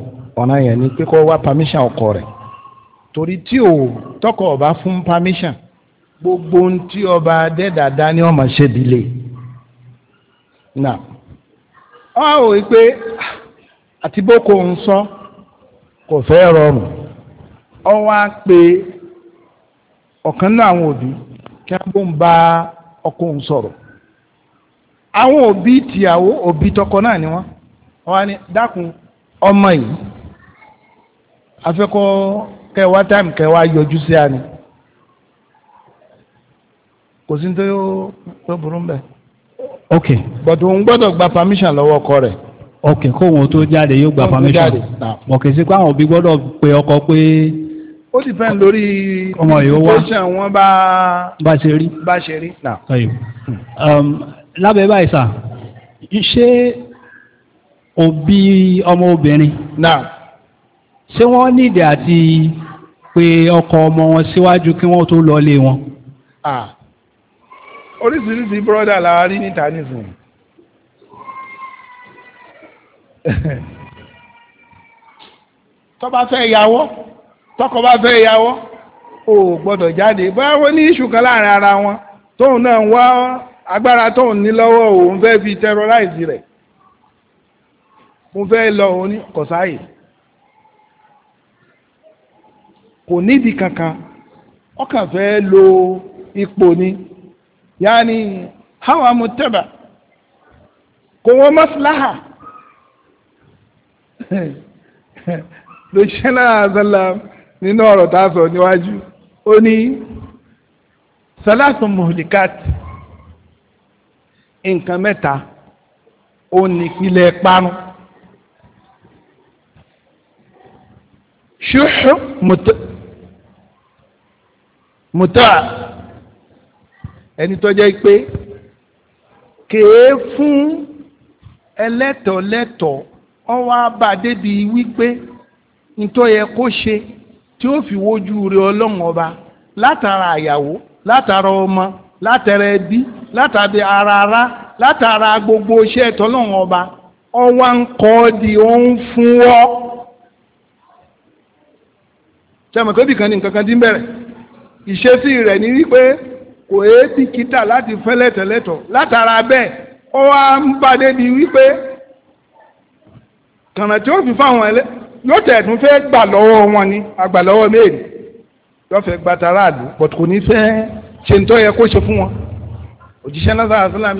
Speaker 1: ọ̀nà yẹn ni pé wá permission ọkọ rẹ̀ torí tí o tọkọ ọba fún permission gbogbo ohun tí ọba adẹ́dàdá ni ọmọ ṣe dìlé náà ọ ò rí pé àti boko ń sọ kò fẹ́ rọrùn ọ wá pé ọ̀kan náà àwọn òbí kí wọ́n bó ń bá ọkọ ń sọ̀rọ̀ àwọn òbí tìyàwó òbí tọkọ náà ni wọ́n wọ́n á ní dákun ọmọ yìí afẹ́kọ́ kẹwàá time kẹwàá yọjú sí àná kò sí tó tó burú mbẹ. ok but òun gbọ́dọ̀ gba permission lọ́wọ́ ọkọ rẹ̀.
Speaker 2: ok kó wọn tó jáde yóò gba permission ok sí pé àwọn òbí gbọ́dọ̀ pe ọkọ pé.
Speaker 1: ó ti fẹ́ lórí ọmọ wọn bá bá ṣe rí bá ṣe rí. Um,
Speaker 2: lábẹ́ báyìí sà ṣé òbí ọmọ náà ṣé wọ́n nídìí àti pé ọkọ ọmọ wọn síwájú kí wọ́n tó lọ lé wọn.
Speaker 1: oríṣiríṣi bírọ́dà la rí níta nísìnyí. tọ́ba fẹ́ yàwó tọkọ bá fẹ́ yàwó ò gbọ́dọ̀ jáde báyà wọ́n ní iṣu kan láàrin ara wọn tóun náà ń wá agbára tóun ní lọ́wọ́ òun fẹ́ fi terrorize rẹ̀ mo fẹ́ lọ òun ní kọ̀sáyìí. kò nídìí kankan ọkàn fẹ́ lo ipò ni yaani hawa mutaba kò wọ́n maslaha lóṣìṣẹ́ náà àzọ́là nínú ọ̀rọ̀ tá a sọ níwájú ó ní salasun muhlikat nǹkan mẹ́ta ó ní ìpìlẹ̀ parun ṣùṣù mùtẹ́. mùtọ́ ẹni tó jẹ́ pé kèé fún ẹlẹ́tọ̀ọ́lẹ́tọ̀ọ́ ọwọ́ abá débi wípé nítorí yẹ kó ṣe tí ó fi wojú rẹ ọlọ́run ọba látara àyàwó látara ọmọ látara ẹbí látara ara látara gbogbo iṣẹ́ tọ́lọ́run ọba ọwọ́ ń kọ́ di fún ọ. ìṣesí rẹ̀ ni wípé kò é bìkítà láti fẹ́ lẹ́tọ̀lẹ́tọ̀ látara bẹ́ẹ̀ ó wá ń bá débi wípé kànà tí ó fi fáwọn ẹlẹ́ yóò tẹ̀ tún fẹ́ gbà lọ́wọ́ wọn ni àgbà lọ́wọ́ méèlì lọ́fẹ̀ẹ́ gbàtàrà àdùn but kò ní fẹ́ ṣe ń tọ́ yẹ kó ṣe fún wọn òjíṣẹ́ náà sáà sílám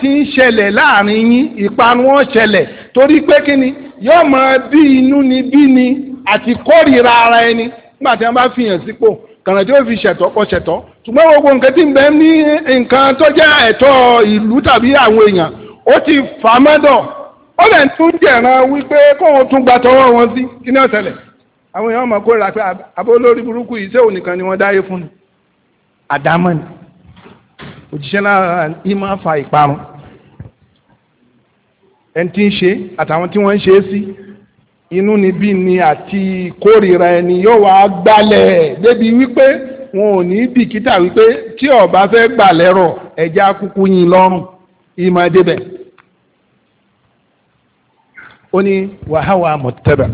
Speaker 1: ti ń ṣẹlẹ̀ láàrin yín ìparun wọn ṣẹlẹ̀ torí pé kí ni yóò mọ bí inú ni bí ni àti kórìíra ara ẹni nígbà tí wọn bá fìyàn sípò ọ̀nà tí ó fi ṣẹ̀tọ́ pọ̀ ṣẹ̀tọ́ gbogbo nǹkan tí ń ní nǹkan tó jẹ́ ẹ̀tọ́ ìlú tàbí àwọn èèyàn ó ti fà mọ́dọ̀ ó lẹ̀ tún jẹ̀ràn wípé tún gba tọwọ́ wọn sí kí ní ọ̀sẹ̀lẹ̀ àwọn èèyàn ọmọ pé fa ìparun ẹni tí ń ṣe àtàwọn inú níbí ni àti kórìíra ẹni yóò wá gbalẹ̀ débi wípé wọn ò ní bìkítà wípé tí ọba fẹ́ gbà lẹ́rọ̀ ẹja kúkú yín lọ́rùn ìmọ̀ débẹ̀ ó ní wàháwà mọ̀tẹ́bà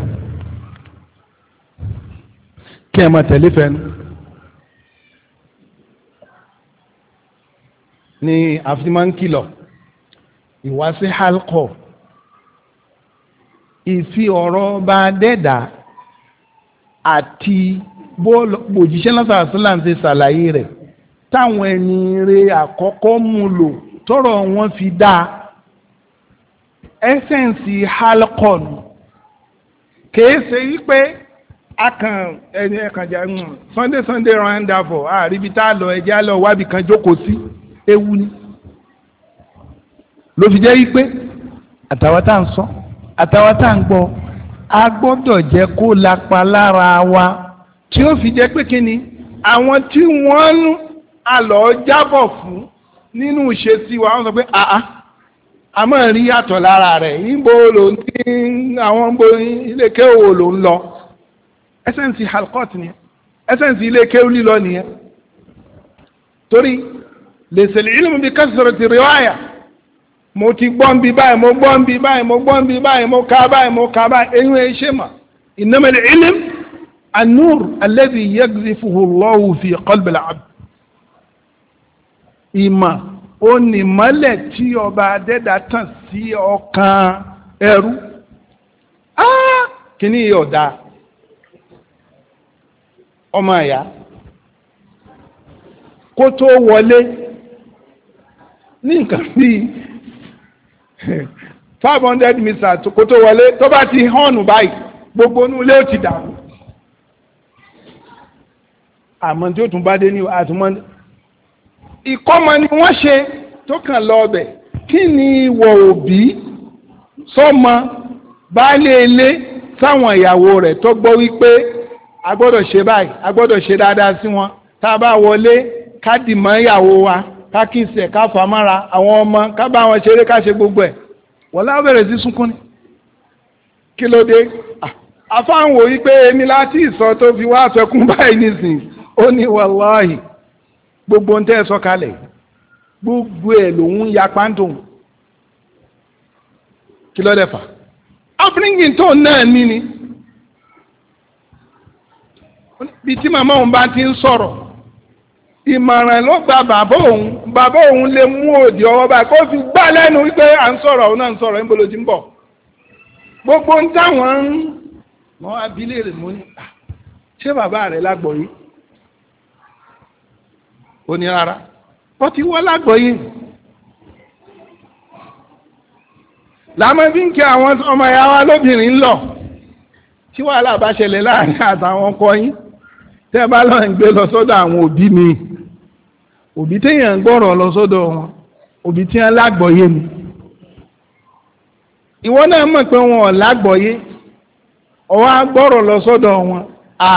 Speaker 1: kí ẹ máa tẹ̀lé fẹ́nu. ni àfi máa ń kìlọ̀ ìwá sí ìfi ọ̀rọ̀ bá dẹ́dà àti bó òjíṣẹ́ lọ́sàá sílám ṣe ṣàlàyé rẹ̀ táwọn ẹni rẹ̀ àkọ́kọ́ mú lò tọrọ wọn fi dá ẹsẹ̀nsì halcon kìí ṣe wípé akàn ẹni ẹkànjá hmm, sunday sunday roundafọ àríbi tá a lọ ẹjẹ á lọ wábì kan jókòó sí ewu ni ló fi jẹ́ wípé àtàwọn tá à ń sọ. So àtàwọn tá à ń gbọ́ a gbọ́dọ̀ jẹ́ kó lapa lára wa tí ó fi jẹ́ pé kí ni àwọn tí wọ́n ń alọ̀ jábọ̀ fún nínú ìṣesí wa wọ́n sọ pé àá ah, ah, a máa rí yàtọ̀ lára rẹ̀ níbo ló ní àwọn bo ilé kéwò ló ń lọ ẹsẹ̀nsì halkot nìyẹn ẹsẹ̀nsì ilé lílọ nìyẹn torí lèsèlè ilmu bí kásìrò ti rí wáyà. mo ti gbọ́ ń bi báyìí mo gbọ́ ń bi báyìí mo gbọ́ ń bi báyìí mo ka báyìí mo ka báyìí eyín ẹ ṣe mà innamal ilm an-nur alladhi yaqdhifuhu fi qalbi al-abd ìmọ̀ tí ọba adẹ́dà tàn sí ọkàn ẹrú ah! kíní yìí ọ̀dà ọmọ àyà kó tó wọlé ní nǹkan bíi. five hundred mita kó tó wọlé tó bá ti hàn báyìí gbogbo inú ilé ó ti dàrú àmọ́ tí ó tún bá dé ní àtúmọ́ ìkọ́mọ ni wọ́n ṣe tó kàn lọ ọbẹ̀ kí ni ìwọ òbí sọmọ baálé ilé sáwọn ìyàwó rẹ̀ tó gbọ́ wípé a gbọ́dọ̀ ṣe báyìí a gbọ́dọ̀ ṣe dáadáa sí wọn tá a bá wọlé ká dìmọ́ ìyàwó wa ká kíìsì ẹ̀ ká fà mára àwọn ọmọ ká bá wọn ṣeré ká gbogbo ẹ̀ wọ́n láwọn sí sunkún ni kí ló dé afáwọn ah, wò yí pé èmi láti ìsọ tó fi wá àfẹkún báyìí nísìnyí ó ní wàláhì gbogbo ń tẹ́ ẹ sọ kalẹ̀ gbogbo ẹ̀ lòun ya pàǹtò kí ló dé fà upbringing tó náà ní ni bí tí màmá òun bá ti ń sọ̀rọ̀ ìmọ̀ràn ló gba bàbá òun bàbá òun lè mú òdì ọwọ́ báyìí kó fi gbá lẹ́nu wípé à ń sọ̀rọ̀ òun náà ń sọ̀rọ̀ níbo ló ti ń bọ̀ gbogbo ń táwọn ń mọ abilé rẹ̀ mọ́ ní ṣé bàbá rẹ̀ lágbọ̀ yìí ó ní rárá ó ti wọ́ lágbọ̀ yìí làmọ́ bí ń kí àwọn ọmọ ìyá wa lóbìnrin lọ tí wàhálà bá ṣẹlẹ̀ láàrin àtàwọn ọkọ tẹ́ bá lọ́n gbé lọ sọ́dọ̀ àwọn òbí mi. òbí téèyàn ń gbọ́rọ̀ lọ sọ́dọ̀ wọn òbí tí wọ́n lágbọ̀ọ́yé ni ìwọ náà mọ̀ pé wọn ò lágbọ̀ọ́yé ọwọ́ agbọ́rọ̀ lọ sọ́dọ̀ wọn à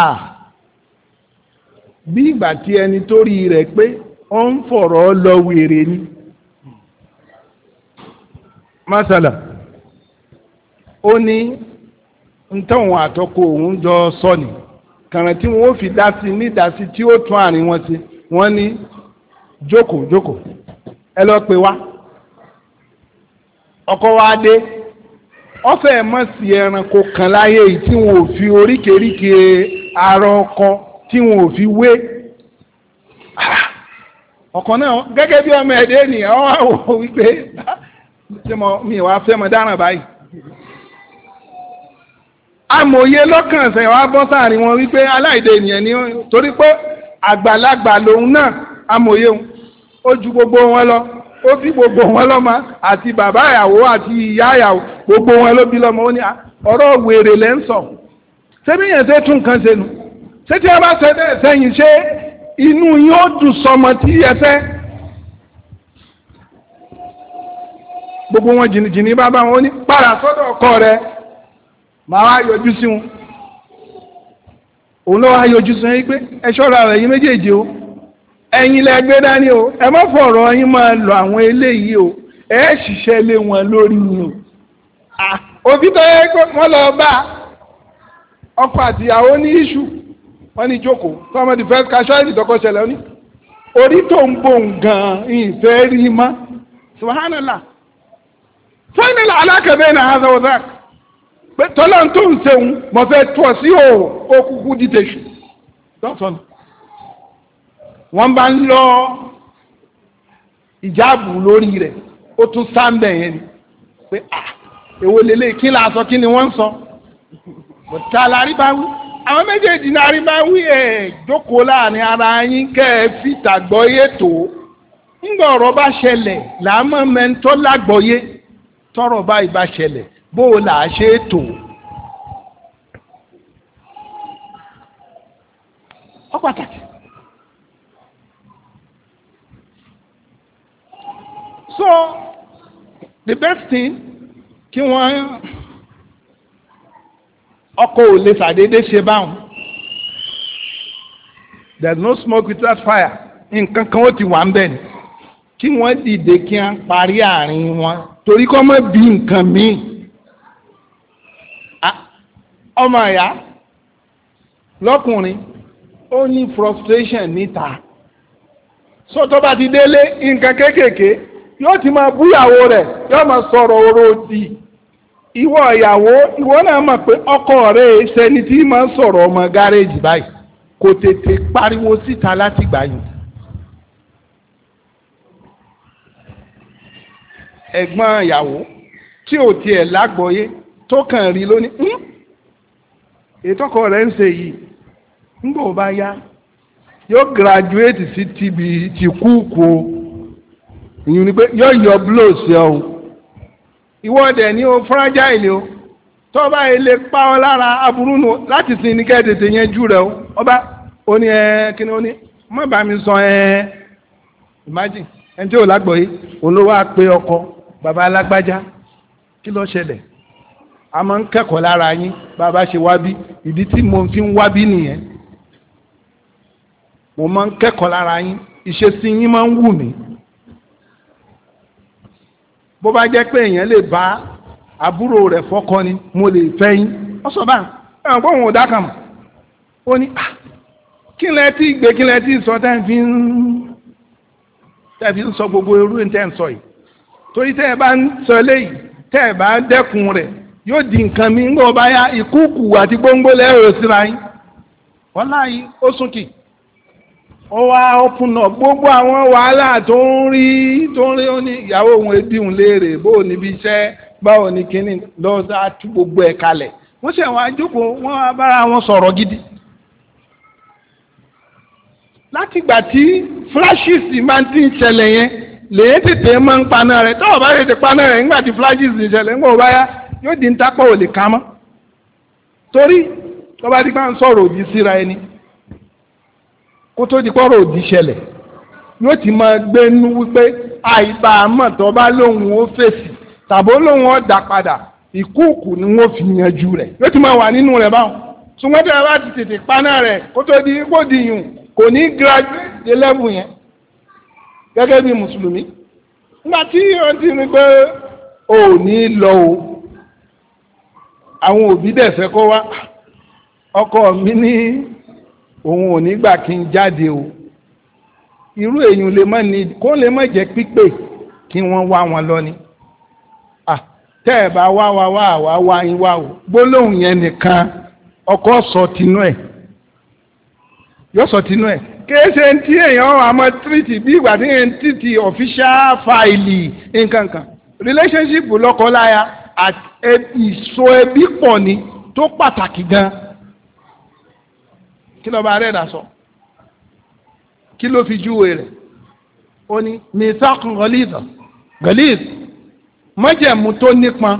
Speaker 1: bí ìgbà tí ẹni tó rí rẹ̀ pé ó ń fọ̀rọ̀ lọ wèrè ni masala ó ní ntọ́hún àtọ́kọ òun jọ sọ ni kàràn tí wọ́n fi dá sí nídásí tí ó tún àárín wọn sí ní Joko, Joko, ẹ lọ pè wá ọkọ wa dé ọfẹ mọ sí ẹranko kan láyé yìí tí wọn ò fi oríkèéríkèé ara ọkọ tí wọn ò fi wé ah! ọkọ náà gẹ́gẹ́ bí ọmọ ẹdẹ ènìyàn wọn ah! wá wò wípé mi wàá fẹ́ mọ dáràn báyìí amòye lọ́kàn ṣe wàá bọ́ sáàrin wọn wípé aláìdè ènìyàn ni torí pé àgbàlagbà lòun náà amòye òun ó ju gbogbo wọn lọ ó bí gbogbo wọn lọ́mọ àti bàbá ìyàwó àti ìyá ìyàwó gbogbo wọn ló bí lọ́mọ ó ní ah, ọ̀rọ̀ wèrè lẹ́ ń sọ sẹ́míyàn tẹ́ tún kan sẹ́nu ṣé tí a bá ṣe bẹ́ẹ̀ sẹ́yìn ṣé inú yín ó dùn sọmọ tí ẹ fẹ́ gbogbo wọn jìnnìjìnnì bá bá wọn ó ní padà sọ́dọ̀ ọkọ rẹ màá wá yọjú sí wọn òun lọ́wọ́ á yọjú sí wọn yí pé ẹ ṣọ́ra rẹ̀ yín méjèèjì o. ẹ̀yin lẹ gbé dání o ẹ má fọ̀rọ̀ yín máa lọ àwọn eléyìí o ẹ ṣiṣẹ lé wọn lórí yín o òbí tó yẹ lọ bá ọkọ àtìyàwó ní iṣu wọn ní jókòó tọmọ the first casualty tọkọ ṣẹlẹ̀ orí tó ń bò gan ìfẹ́ rí mọ́ subhanallah náà pé tọ́lá tó ń sẹ́wọ̀n wọ́n bá ń lọ ìjáàbù lórí rẹ̀ ó tún sáńbẹ̀ yẹn ni pé à èwo lélẹ̀ kí n sọ kí ni wọ́n ń sọ bọ̀tà lárí bá wí àwọn méjèèjì bá wí ẹ̀ jókòó láàrin ara yín kẹ́ tàgbọ́yé tó ńgbà bá ṣẹlẹ̀ làámọ̀ mẹ́ńtọ́ lágbọ́yé báyìí bá ṣẹlẹ̀ o là á ṣe so the best thing kí wọ́n ọkọ̀ ò lè fàdédé ṣe báwọn there is no smoke without fire nǹkan kan ó ti wà ń bẹ̀ ni kí wọ́n dìde kí wọ́n parí àárín wọn torí kọ́ mọ́ bí nǹkan míì ọmọ ìyá lọ́kùnrin ó ní frustration níta so tó bá ti délé nǹkan kéékèèké yóò ti máa búyàwó rẹ̀ yóò máa sọ̀rọ̀ oró ti ìwọ ìyàwó ìwọ náà mọ̀ pé ọkọ rẹ̀ e ṣẹni tí máa ń sọ̀rọ̀ ọmọ gáréèjì báyìí kò tètè pariwo síta láti gbà yín. ẹ̀gbọ́n ìyàwó tí ò tiẹ̀ lágbọ́yé tó kàn rí lónìí ètòkọ rẹ̀ ń ṣe yìí ńgbò bá yá yóò graduate sí ti kúùkù o. ìyún ni pé yọ yọ blow sí ọ̀hún ìwọ́dẹ̀ ni o fragile o tọ́ba ilé pa ọ lára aburú nu láti sin ní kẹ́ẹ̀tẹ̀tẹ̀ yẹn jù rẹ o ọba ó ní ẹ kí ni ó ní má bàa mi sọ ẹ imagine ẹni tí ò lágbọ̀ọ́yé òun ló wáá pe ọkọ bàbá alágbájá kí ló ṣẹlẹ̀ a máa ń kẹ́kọ̀ọ́ lára yín bàbá ṣe wá bí ìdí tí mo fi ń wá bí nìyẹn mo máa ń kẹ́kọ̀ọ́ lára yín ìṣesí yín máa ń wù mí bó bá jẹ́ pé èèyàn lè bá àbúrò rẹ̀ fọ́kọ ni mo lè fẹ́ yín ó sọ báyìí ẹ̀wọ̀n pé òun ò dákà mọ̀ ó ní à ah, kí lẹ tí gbé kí lẹ tí sọ tẹ́ fi ń tẹ́ fi ń sọ gbogbo irú tẹ́ ń sọ yìí torí tẹ́ ẹ bá ń sọ eléyìí tẹ́ ẹ bá dẹ́kun rẹ̀ yóò di nǹkan mi ń gbọ́ bá ìkúùkù àti gbóngbó lẹ́rọ̀ síra yín wọ́n láàyè ó sún kìí ó wá ọkùnà gbogbo àwọn wàhálà tó ń rí tó ń rí ó ní ìyàwó òun ẹbí òun léèrè bó o níbi iṣẹ́ báwo ni kíní lọ́sà tú gbogbo ẹ̀ kalẹ̀ wọ́n ṣe àwọn àjókòó wọ́n wá bára wọn sọ̀rọ̀ gidi. látìgbà tí flashes máa ti ń ṣẹlẹ̀ yẹn lèyìn tètè máa ń paná rẹ̀ tọ́wọ́ bá tètè paná rẹ̀ nígbà tí flashes ń ṣẹlẹ̀ ńgbà wọ́n bá yá yóò di ń tápọ̀ ò lè ká mọ́ torí tọ́ba ti bá ń sọ̀rọ̀ òdì síra ẹni kó tó di kọ́rọ̀ òdì ṣẹlẹ̀ yóò ti máa gbénú wípé àìbá àmọ̀tọ́ bá lóun ó fèsì tàbó lóun ó dà padà ìkúùkù ni wọ́n fi yanjú rẹ̀ yóò ti máa wà nínú rẹ̀ báwọn ṣùgbọ́n tí bá ti tètè paná rẹ̀ kó tó di kó di kò ní graduate level yẹn gẹ́gẹ́ bí mùsùlùmí nígbà tí wọ́n ti rí pé ò ní lọ o àwọn òbí dẹ̀ fẹ́ kó wá ọkọ mi ní òun ò ní gbà kí n jáde o irú èyàn lè má ní kó lè má jẹ́ pípé kí wọ́n wá wọn lọ ni tẹ́ ẹ̀ bá wá wá wá wá wá yín wá o gbólóhùn yẹn nìkan ọkọ sọ tinú ẹ̀ yóò sọ tinú ẹ̀ kéèsè tí èèyàn àmọ́ tírìtì bí ìgbà tí èèyàn tírìtì official fáìlì nǹkan kan relationship lọ́kọ láya àti ìsọ ẹbí pọ̀ ni tó pàtàkì gan kí lọ́ba rẹ̀ dà sọ kí ló fi júwe rẹ̀ ó ní mìtákùn gọlíìtàn gọlíìt májẹ̀mú tó nípọn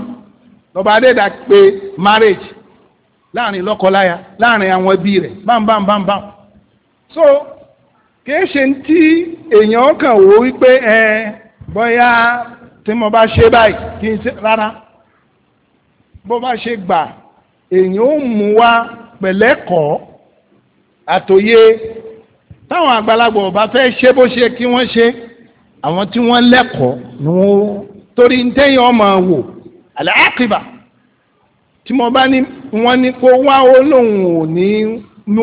Speaker 1: lọ́ba rẹ̀ dà pé marriage láàrin lọ́kọláya láàrin àwọn ẹbí rẹ̀ bámbámbámbám so kìí ṣe tí èèyàn kàn wò wípé ẹ bóyá tí mo bá ṣe báyìí kì í ṣe rárá bó bá ṣe gbà èèyàn ó mú wa pẹ̀lẹ́kọ̀ọ́ àtòyé táwọn àgbàlagbà ọba fẹ́ ṣe bó ṣe kí wọ́n ṣe àwọn tí wọ́n lẹ́kọ̀ọ́ ni wọ́n torí ń tẹ́yìn ọmọ wò àlàákìbà tí mo bá ní wọ́n ní kó wá olóhùn ò ní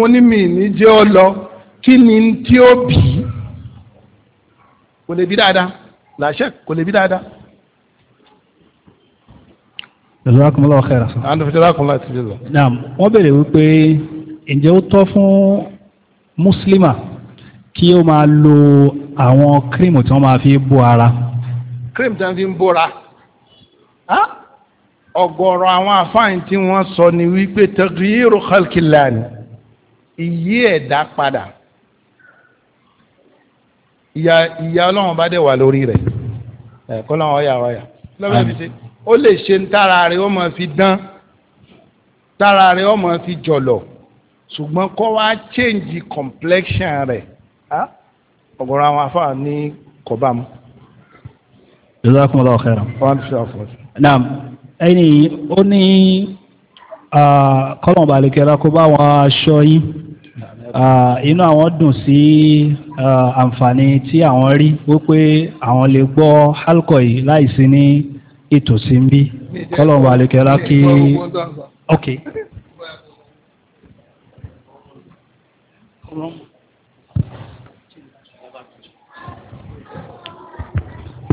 Speaker 1: onímì ní jẹ́ ọ lọ kí ni tí ó bì í kò lè bí dáadáa làṣẹ kò lè bí dáadáa.
Speaker 2: Jazakumullahu khairan.
Speaker 1: Àwọn ọ̀fẹ́ jazakumullahu khairan.
Speaker 2: Naam, wọ́n béèrè wípé ǹjẹ́ ó tọ́ fún mùsùlùmá kí ó máa lo àwọn kírímù tí wọ́n máa fi bó ara.
Speaker 1: kírímù tí wọ́n fi ń bóra ọ̀gọ̀rọ̀ àwọn àfáàyàn tí wọ́n sọ ni wípé tagyiru khalqillah ni ìyí ẹ̀dá padà ìyá ọlọ́run bá dẹ̀ wà lórí rẹ̀ ẹ̀ kọ́ ọ̀yà ọ̀yà ó lè ṣe ń tára rẹ̀ ó máa fi dán tára rẹ̀ ó máa fi jọ̀lọ̀ ṣùgbọ́n kọ́ wá change complexion rẹ̀ ọ̀gọ̀rọ̀ àwọn afáà ní kọ̀bámu.
Speaker 2: jazakumullahu khairan. one two four. naam ẹni ó ní kọ́lọ̀mù balùkẹ́lá kó bá wọn aṣọ yín inú àwọn dùn sí àǹfààní tí àwọn rí wípé àwọn lè gbọ́ alcohol yìí láìsí ní ìtòsí ń bí kọ́lọ̀mù balùkẹ́lá kí. ok.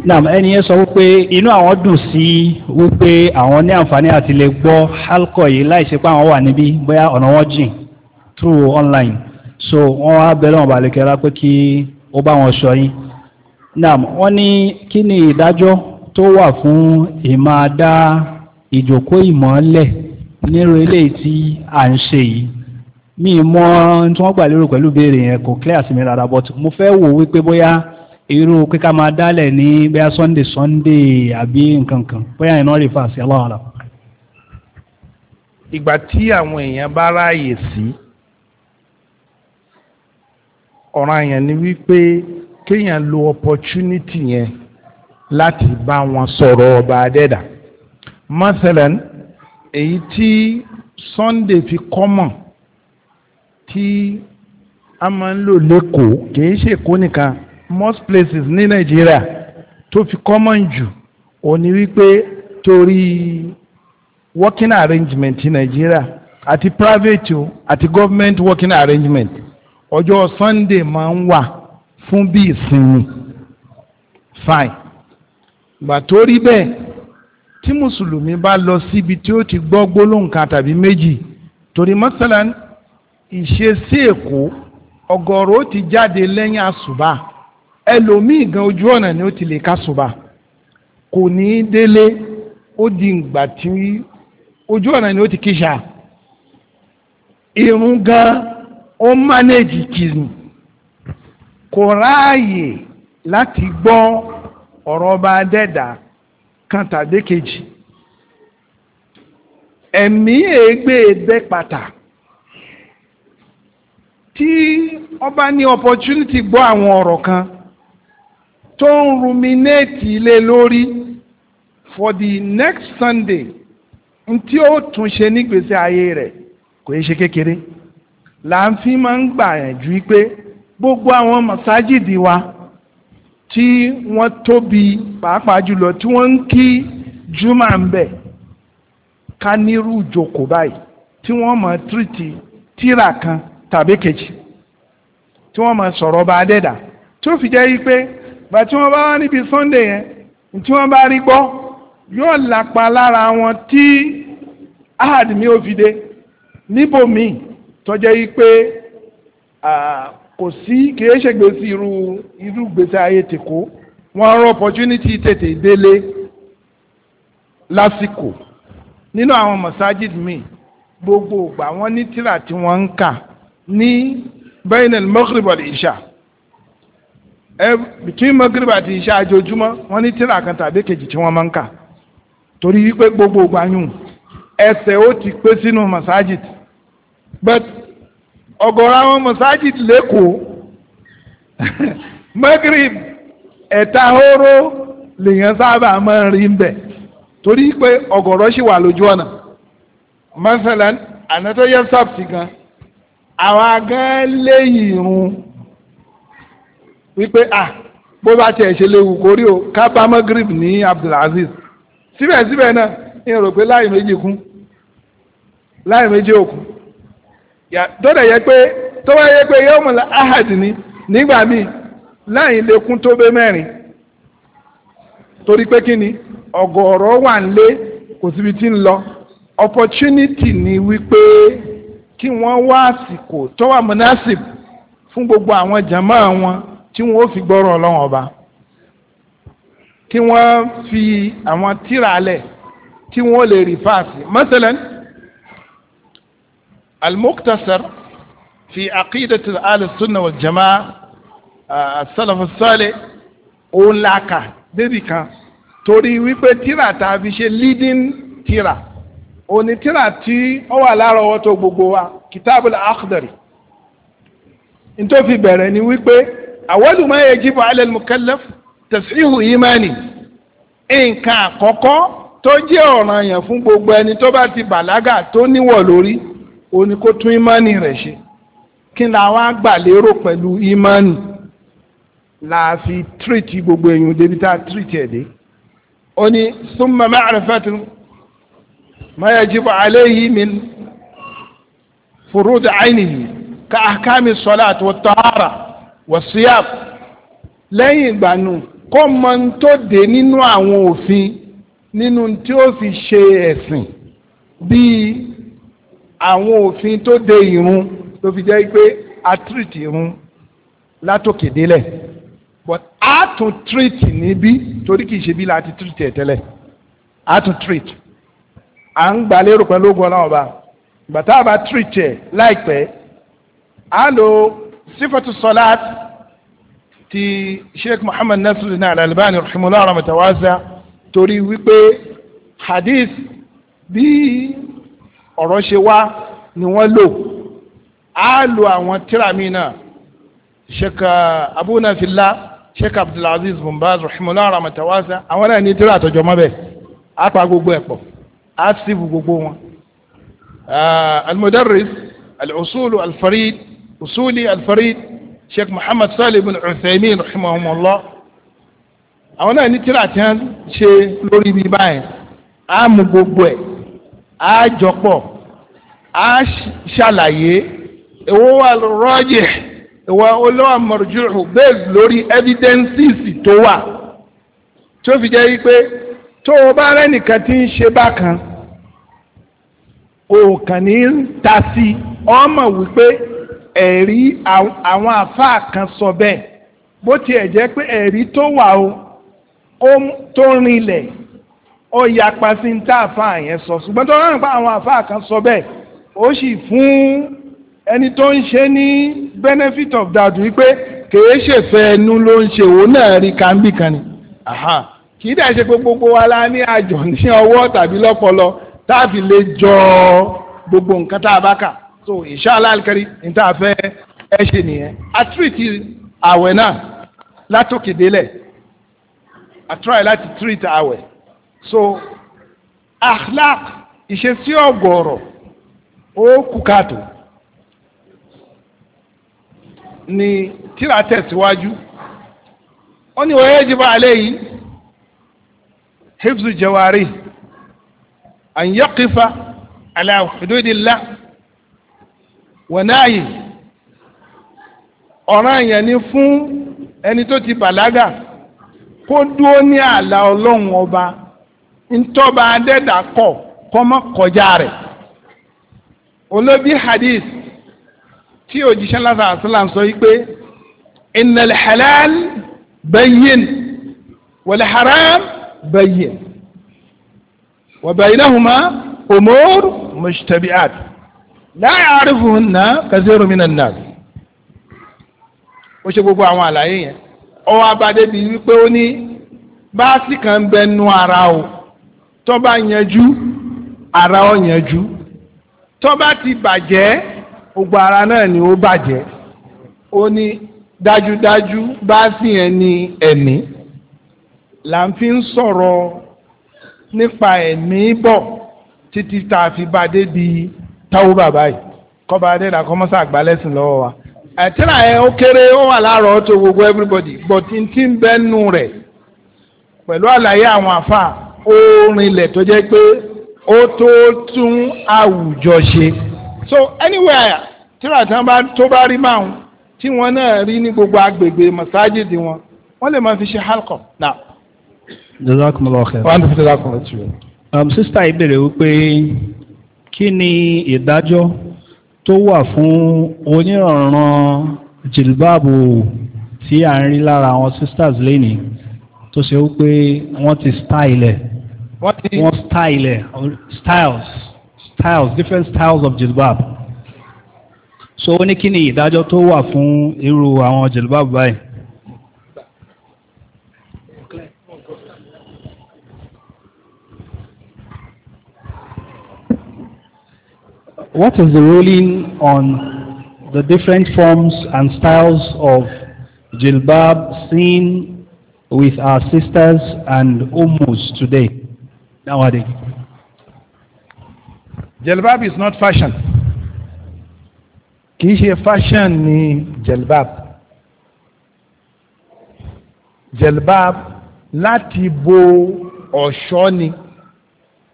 Speaker 2: naam ẹni yẹn sọ wípé inú àwọn dùn sí wípé àwọn ní àǹfààní àti lè gbọ́ alcohol yìí láìsí pé àwọn wà níbí bóyá ọ̀nà wọn jìn through online so wọ́n wá bẹ̀rẹ̀ wọn balẹ̀ kẹ́ra pé kí ó bá wọn sọ yín naam wọ́n ní kí ni ìdájọ́ tó wà fún ìmáa dá ìjòkó ìmọ̀ọ́lẹ̀ nírú eléyìí tí à ń ṣe yìí mi mọ tí wọ́n gbà lérò pẹ̀lú béèrè yẹn kò clear sí mi rárá but mo fẹ́ wò wípé bóyá irú kíkà máa dálẹ̀ ní bóyá sunday sunday àbí nǹkan kan bóyá iná rí fàṣẹ aláwọ̀lá.
Speaker 1: ìgbà tí àwọn èèyàn bá ráàyè sí ọ̀ràn àyàn ni wípé kéèyàn lo opportunity yẹn láti bá wọn sọ̀rọ̀ ọba adẹ́dà. masalan èyí tí sunday fi kọ́mọ̀ tí a máa ń lò lẹ́kọ̀ọ́ kìí ṣe èkó nìkan most places ní nàìjíríà tó fi common jù ò wípé torí working arrangement ti nàìjíríà àti private o àti government working arrangement ọjọ́ sunday máa ń wà fún bí ìsinmi fine gbà tó rí bẹ́ẹ̀ tí mùsùlùmí bá lọ síbi tí ó ti gbọ́ gbólóǹkan tàbí méjì torí mọ́sálà ìṣesí èkó ọ̀gọ̀rọ̀ ó ti jáde lẹ́yìn àṣùbà ẹlòmíì gan ojú ọ̀nà ni ó ti lè kásùbà kò ní í délé ó di ìgbà tí ojú ọ̀nà ni ó ti kíṣà irun gan ó mánéjì kìnnì kò ráàyè láti gbọ́ ọ̀rọ̀ ọba adẹ́dà kan ẹ̀mí èégbé dẹ́ pàtàkì. tí ọba ní opportunity gbọ́ àwọn ọ̀rọ̀ kan tó ń ruminate ilé lórí for the next Sunday tí ó tún ṣe nígbèsè ayé rẹ̀ kò yẹ ṣe kékeré là ń fi máa ń gbàyànjú pé gbogbo àwọn masajidi wa tí wọ́n tóbi pàápàá jùlọ tí wọ́n ń kí juma ń bẹ̀ ká nírú ìjókòó báyìí tí wọ́n máa tìrìtì tíra kan tàbí kejì tí wọ́n máa sọ̀rọ̀ bá dẹ́dà tí ó fi jẹ́ yí pé gbà tí wọ́n bá wá níbi Sunday yẹn tí wọ́n bá rí gbọ́ yóò lápa lára wọn tí ahad mi ò fi dé níbòmíì tó jẹ́ yí pé kò sí kìí ṣègbèsí irú irú gbèsè ayé tèkó wọ́n rọ opportunity tètè délé lásìkò nínú àwọn masajid mi gbogbo ìgbà wọ́n ní tírà tí wọ́n ń kà ní bainal maghrib wal isha between maghrib àti isha àjòjúmọ́ wọ́n ní tíra kan tàbí kejì tí wọ́n máa ń kà torí wípé gbogbo gbanyun ẹsẹ̀ ó ti pé sínú masajid but ọ̀gọ̀rọ̀ àwọn masajid lẹ́kọ̀ọ́ maghrib ẹ̀ta hóró lèèyàn sábà máa ń rí ń bẹ̀ torí pé ọ̀gọ̀rọ̀ ṣì wà lójú ọ̀nà masalan ànátọ́yẹ́ sábà sí gan-an. àwọn agán léyìn irun wípé à ah, bó bá tiẹ̀ ṣe léwu kórí o kábàámọ́ grip ní Abdulaziz síbẹ̀síbẹ̀ náà ní rò pé láì méjì kún láì méjì òkun tó dẹ̀ yẹ pé tó bá yẹ pé yóò mú ahad ní nígbà míì láì lè kún tó bẹ́ mẹ́rin torí pé kí ni ọ̀gọ̀ọ̀rọ̀ wà ń lé kò síbi tí ń lọ opportunity ni wípé tí wọ́n wá àsìkò tó wà mọ́násìb fún gbogbo àwọn jàmá wọn tí wọ́n fi gbọ́rọ̀ ọlọ́run ọba tí wọ́n fi àwọn tíra alẹ̀ tí wọ́n lè rí fáàsì masalan al-muqtasar fi aqidati al-sunna wal òun làkà débì kan torí wípé tíra tàbí ṣe leading tíra onítìrà tí ó wà lárọ̀ọ́wọ́tó gbogbo wa kitabul akhdari nítorí bẹ̀rẹ̀ ni wípé awwalu ma yajibu ala al-mukallaf tasihu imani nǹkan àkọ́kọ́ tó jẹ́ ọ̀ranyàn fún gbogbo ẹni tó bá ti bàlágà tó níwọ̀ lórí òní kó tún imani rẹ̀ ṣe kí la wá gbà lérò pẹ̀lú imani la fi tírìtì gbogbo èèyàn débi tá a tírìtì ẹ̀ dé ó ní summa ma'rifatul ما يجب عليه من فروض عينه كأحكام الصلاة والطهارة والصيام lẹ́yìn ìgbà náà kó mọ ń tó dé nínú àwọn òfin nínú tí ó fi ṣe ẹ̀sìn bíi àwọn òfin tó dé ìrun tó fi jẹ́ pé a treat ìrun látòkè délẹ̀ but a tún treat níbí torí kìí ṣe bí la ti treat a tún treat à ń gbà lérò pẹ̀lú ogun ọlọ́run ọba gbàtà bá treat ẹ̀ láìpẹ́ á lo sífẹ̀tù sọlát ti sheikh muhammad nasiruddin al-albani rahimahullah rahmatawasa torí wípé hadith bí ọ̀rọ̀ ṣe wá ni wọ́n lò á lo àwọn tíramì náà sheikh uh, abunafillah sheikh abdulaziz bumbaz rahimahullah rahmatawasa àwọn náà ní tíra àtọ̀jọ́ mọ́bẹ̀ á pa gbogbo ẹ̀ pọ̀ àṣìbù gbogbo wọn. Ah, almudarris al'usulu alfarid usuli alfarid sheikh muhammad salih bin uthaymin rahimahumullah àwọn náà ní tíra tí wọ́n ṣe lórí ibi báyìí á mú gbogbo ẹ̀ á jọpọ̀ á ṣàlàyé èwo wà rọ́jẹ̀ ìwà olówó marjuhu bẹ́ẹ̀ lórí evidences tó wà tí ó fi jẹ́ wípé tó o bá rẹ́nìkan tí ń ṣe bákan òkàn ní ń ta sí ọmọ wípé ẹ̀rí àwọn àfáà kan sọ bẹ́ẹ̀ bó tiẹ̀ jẹ́ pé ẹ̀rí tó wà o tó rinlẹ̀ ó yapa sí ń tá àfáà yẹn sọ ṣùgbọ́n tó rán pa àwọn àfáà kan sọ bẹ́ẹ̀ ó sì fún ẹni tó ń ṣe ní benefit of doubt wípé kèé ṣèfẹ́ ẹnu ló ń ṣe òun náà rí kánbì kan ni. Aha kì í dẹ̀ ṣe pé gbogbo wa la ní àjọ ní ọwọ́ tàbí lọ́pọlọ tá a fi lè jọ gbogbo nǹkan tá a bá kà so inshallah alikari n tá a fẹ́ ẹ ṣe nìyẹn a treat àwẹ̀ náà látòkè délẹ̀ try láti treat àwẹ̀ so akhlaq ìṣesí ọ̀gọ̀ọ̀rọ̀ ó kú káàtó ni tíra tẹ̀síwájú ó ní wọ́n yẹ́ jìbá àlẹ́ yìí hifzu jawari an yaqifa ala hududillah wa nayi ọ̀ràn yẹn ni fún ẹni tó ti bàlágà kó dúó ní ààlà ọlọ́run ọba ntọ́ba adẹ́dà kọ̀ kọ́mọ kọjá rẹ̀ olóbi hadith tí òjíṣẹ́ lásán àṣìlám sọ wípé innal halal bayyin wal haram bayyin wa bainahuma umur mushtabihat la ya'rifuhunna kathiru minan nas ó ṣe gbogbo àwọn àlàyé yẹn ọwọ́ abadé bíi wípé ó ní báàsì kan bẹ nu ara o tó bá yanjú ara ó yanjú tó bá ti bàjẹ́ gbogbo ara náà ni ó bàjẹ́ ó ní dájúdájú báàsì yẹn ní ẹ̀mí. E là ń fi ń sọ̀rọ̀ nípa ẹ̀mí bọ̀ títí tá a fi bá a dé di táwọn bàbá yìí kọ́ba adéda kọ́mọ́sá àgbálẹ́sìn lọ́wọ́ wa ẹ̀tíra ẹ̀ ó kéré ó wà láàárọ̀ tó gbogbo everybody but n ti ń bẹ́nu rẹ̀ pẹ̀lú àlàyé àwọn àfa ó rinlẹ̀ tó jẹ́ pé ó tó tún àwùjọ ṣe so anywhere tíra tán bá tó bá rí máa ń tí wọ́n náà rí ní gbogbo agbègbè masajidi wọn wọ́n lè máa fi ṣe halkọ̀ náà
Speaker 2: jazakumullahu khair. wọ́n á fi
Speaker 1: jazakumullahu khair.
Speaker 2: sísá ìbéèrè wípé kí ni ìdájọ́ tó wà fún onírànràn jìlbáàbù tí à ń rí lára àwọn sisters lénìí se ṣe wípé wọ́n ti style ẹ̀ wọ́n style ẹ̀ styles styles different styles of jilbab so ó ní kí ni ìdájọ́ tó wà fún irú àwọn jilbab báyìí. What is the ruling on the different forms and styles of jilbab seen with our sisters and ummus
Speaker 1: today, nowadays? Jilbab is not fashion. Kì ṣe fashion ni jilbab. Jilbab láti bo ọ̀ṣọ́ ni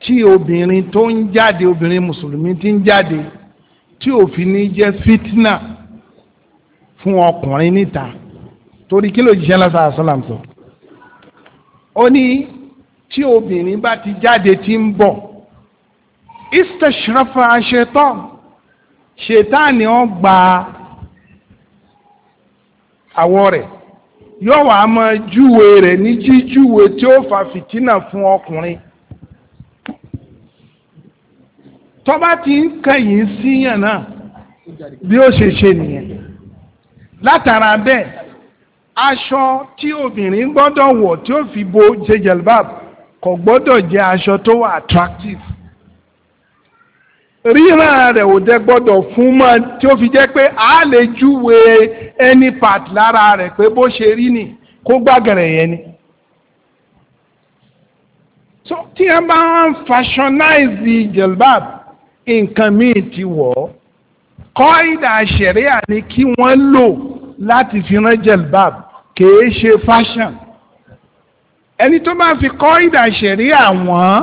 Speaker 1: tí obìnrin tó ń jáde obìnrin mùsùlùmí ti ń jáde tí òfin ní jẹ́ fitna fún ọkùnrin níta torí kí ló jíṣẹ́ lásán àṣọlám sọ. ó ní tí obìnrin bá ti jáde ti ń bọ̀ istashrafa ṣetán ṣetán ni wọ́n gba àwọ̀ rẹ̀ yóò wá máa júwe rẹ̀ ní jíjúwe tí ó fa fitina fún ọkùnrin. tọ́ba ti ń kẹ̀yìn síyàn náà bí ó ṣe ṣe nìyẹn látara bẹ́ẹ̀ aṣọ tí obìnrin gbọ́dọ̀ wọ̀ tí ó fi bo ṣe kò gbọ́dọ̀ jẹ́ aṣọ tó wà attractive ríran rẹ̀ ò dẹ gbọ́dọ̀ fún mọ́ tí ó fi jẹ́ pé a lè júwe any part lára rẹ̀ pé bó ṣe rí ni kó gbàgẹ̀rẹ̀ yẹn ni. so tí a bá ń fashionize jilbab nǹkan míì ti wọ̀ ọ́ kọ́ìdà ṣẹ̀ríà ni kí wọ́n lò láti fi rán jẹ̀lbáb kìí ṣe fashion ẹni tó máa fi kọ́ìdà ṣẹ̀ríà wọ́n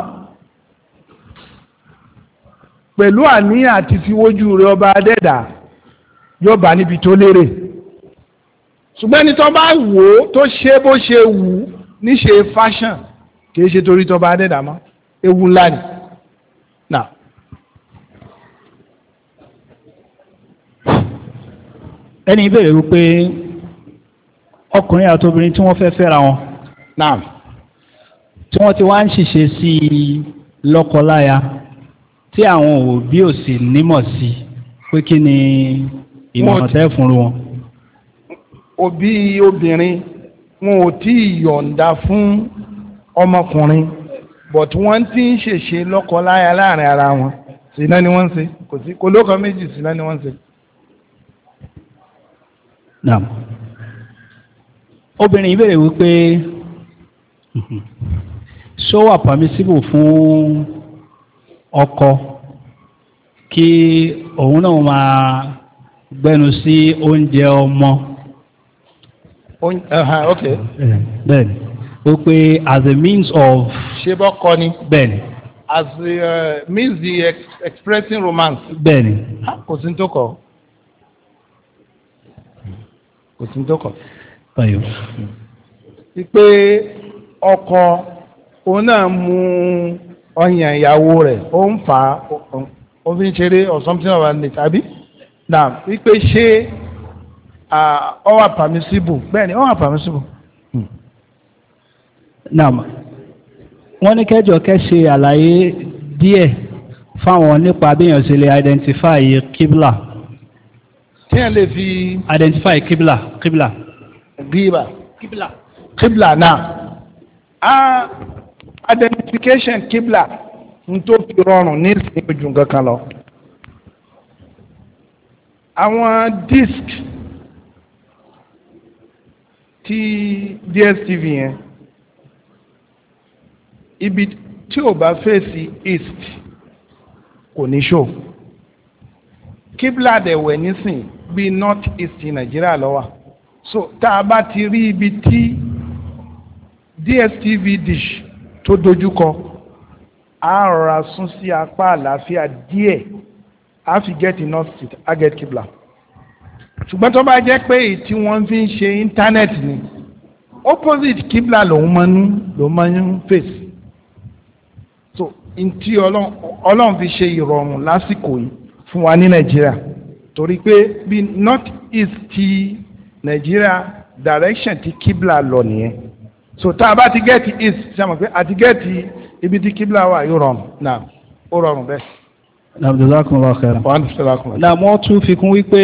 Speaker 1: pẹ̀lú àníyàn àti fiwójú rẹ ọba adẹ́dà yóò bá níbi tó lérè ṣùgbọ́n ẹni tó bá wò ó tó ṣe bó ṣe wù ú níṣe fashion kìí ṣe torí tọba adẹ́dà mọ́ ewu ńlá ni. ẹni ìbéèrè wípé
Speaker 2: ọkùnrin àti obìnrin tí wọ́n fẹ́ fẹ́ra wọn náà tí wọ́n ti wá ń ṣìṣe sí i lọ́kọláya tí àwọn òbí ò sì nímọ̀ sí pé kí ni ìmọ̀ràn tẹ́ fún wọn.
Speaker 1: òbí obìnrin wọn ò tí ì yọ̀ǹda fún ọmọkùnrin but wọ́n ti ń ṣèṣe lọ́kọláya láàrin ara wọn ṣìnà ni wọ́n ń ṣe kò sí kò lóko méjì ṣìnà ni wọ́n ń ṣe.
Speaker 2: naam obìnrin ìbéèrè wípé ṣó wà permissible fún ọkọ kí òun náà máa gbẹnu sí oúnjẹ ọmọ. ok. bẹ́ẹ̀ni pé as a means of.
Speaker 1: ṣé bọ́kọ ni. bẹ́ẹ̀ni as a uh, means the ex expressing romance. bẹ́ẹ̀ni. Ah, kò sí ní tó kọ. kò sí tókọ̀. pé ọkọ òun náà mú ọyàn ìyàwó rẹ̀ ó ń fà ó fi ń ṣeré or something of that nature àbí na wípé ṣé ó permissible bẹ́ẹ̀ ni ó permissible. Hmm. naam
Speaker 2: wọ́n ní kẹjọ kẹ́ ṣe àlàyé díẹ̀ fáwọn nípa bí lè identify kibla tí a lè fi. identify kibla kibla.
Speaker 1: Kibla. kibla kibla náà ah, identification kibla n tó fi rọrùn ní ìsinmi ju nǹkan lọ. àwọn disc ti DSTV yẹn ibi tí ò bá fèsì east kò ní ṣó kibla dẹ̀ wẹ̀ nísìnyí bíi north east Nàìjíríà lọ́wọ́ so tá a bá ti rí ibi tí DSTV dish tó dojúkọ a rọra sún sí apá àlàáfíà díẹ̀ a fi get in north street a get kibla ṣùgbọ́n tó bá jẹ́ pé èyí tí wọ́n fi ń ṣe íńtánẹ́ẹ̀tì ni opposite kibla lòun máa ń lòun máa ń fèsì so ntí ọlọ́run fi ṣe ìrọ̀rùn lásìkò yìí fún wa ní Nàìjíríà torí pé bí north east ti Nàìjíríà direction ti kibla lọ nìyẹn so tá a bá ti gẹ́ẹ̀tì east ṣe mọ̀ pé àti gẹ́ẹ̀tì ibi tí kibla wà yóò rọrùn náà ó rọrùn bẹ́ẹ̀.
Speaker 2: Abdullahi Khairan. Na wọ́n tún fi kún wípé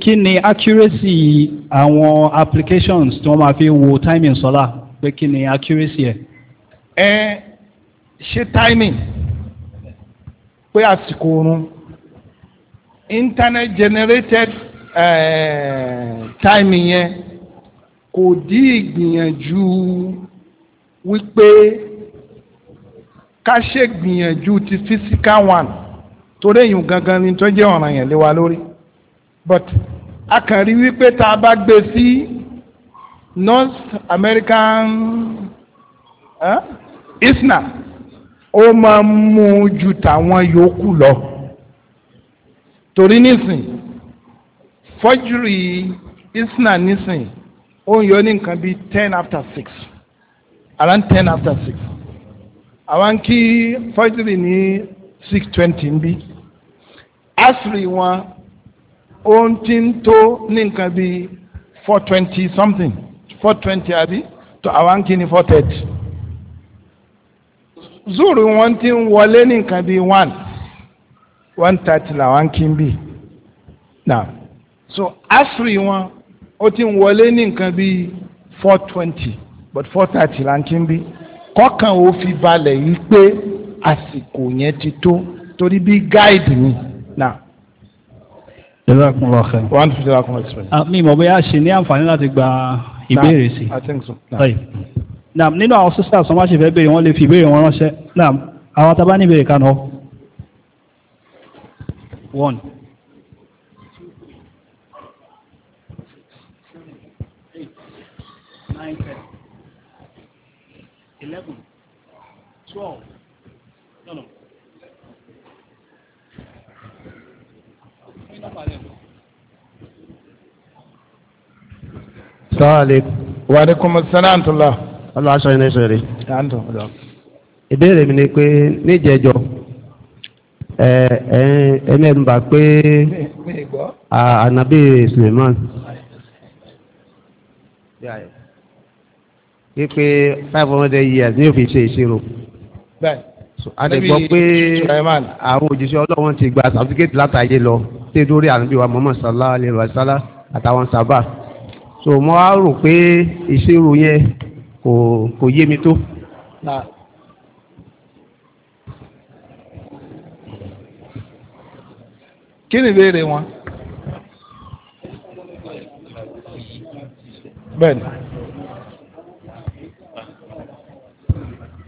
Speaker 2: kí ni accuracy àwọn applications tí wọ́n máa fi wo timing sọ́lá pé kí ni accuracy ẹ̀?
Speaker 1: Ẹ ṣe timing pé àsìkò oorun internet generated uh, time yẹn kò dí ìgbìyànjú wípé ká ṣe gbìyànjú ti physical one torí èyí gangan ni tó jẹ́ ọ̀ràn yẹn lé wa lórí but a kàn rí wípé tá a bá gbé sí North American huh? Eh, isna ó máa ń mú ju tàwọn yòókù lọ torí nísìn fọ́júrì isna nísìn ó ń yọ ní nǹkan bíi ten after six around ten after six àwọn kí fọ́júrì ní six twenty ń bí asiri wọn ó ń ti ń tó ní nǹkan bíi four twenty something four twenty àbí tó àwọn kí ní four thirty zuru wọn ti ń wọlé ní nǹkan bíi one one thirty làwọn kí now so asiri wọn ó ti ń wọlé ní nǹkan bíi four twenty but four thirty là ń kí n bì kọ́kàn ó fi balẹ̀ yìí pé àsìkò yẹn ti tó torí bí gáìdì mi now.
Speaker 2: Jazakumullah khair. Wọ́n
Speaker 1: tún jazakumullah khair.
Speaker 2: Ah, mi mọ̀ bóyá ṣe ní àǹfààní láti gba
Speaker 1: ìbéèrè sí. I think so.
Speaker 2: Naam nínú àwọn sisters wọn bá ṣe fẹ́ béèrè wọn lè fi ìbéèrè wọn ránṣẹ́. Naam àwọn tá a bá ní ìbéèrè kan náà one. Nine, ten, eleven, twelve. No, no.
Speaker 3: Sọ́ọ̀lẹ̀.
Speaker 1: Wa alaikum assalam ntọ́lá.
Speaker 3: Ọlọ́ aṣọ iná ìṣòro. Ìbéèrè mi ni pé níjẹ̀jọ́ ẹlẹ́mbà pé ànábì Suleiman wípé five hundred years ní òfin ṣe ìṣirò
Speaker 4: a lè gbọ́ pé
Speaker 3: àwọn òjíṣẹ́ Ọlọ́run ti gba sàfikẹ́tì látàyè lọ tí dórí ànábì wa Muhammad sallallahu alaihi wasallam àtàwọn sábà so mo á rò pé ìṣirò yẹn kò yé mi tó.
Speaker 1: kí ni ìbéèrè wọn. bẹ́ẹ̀ni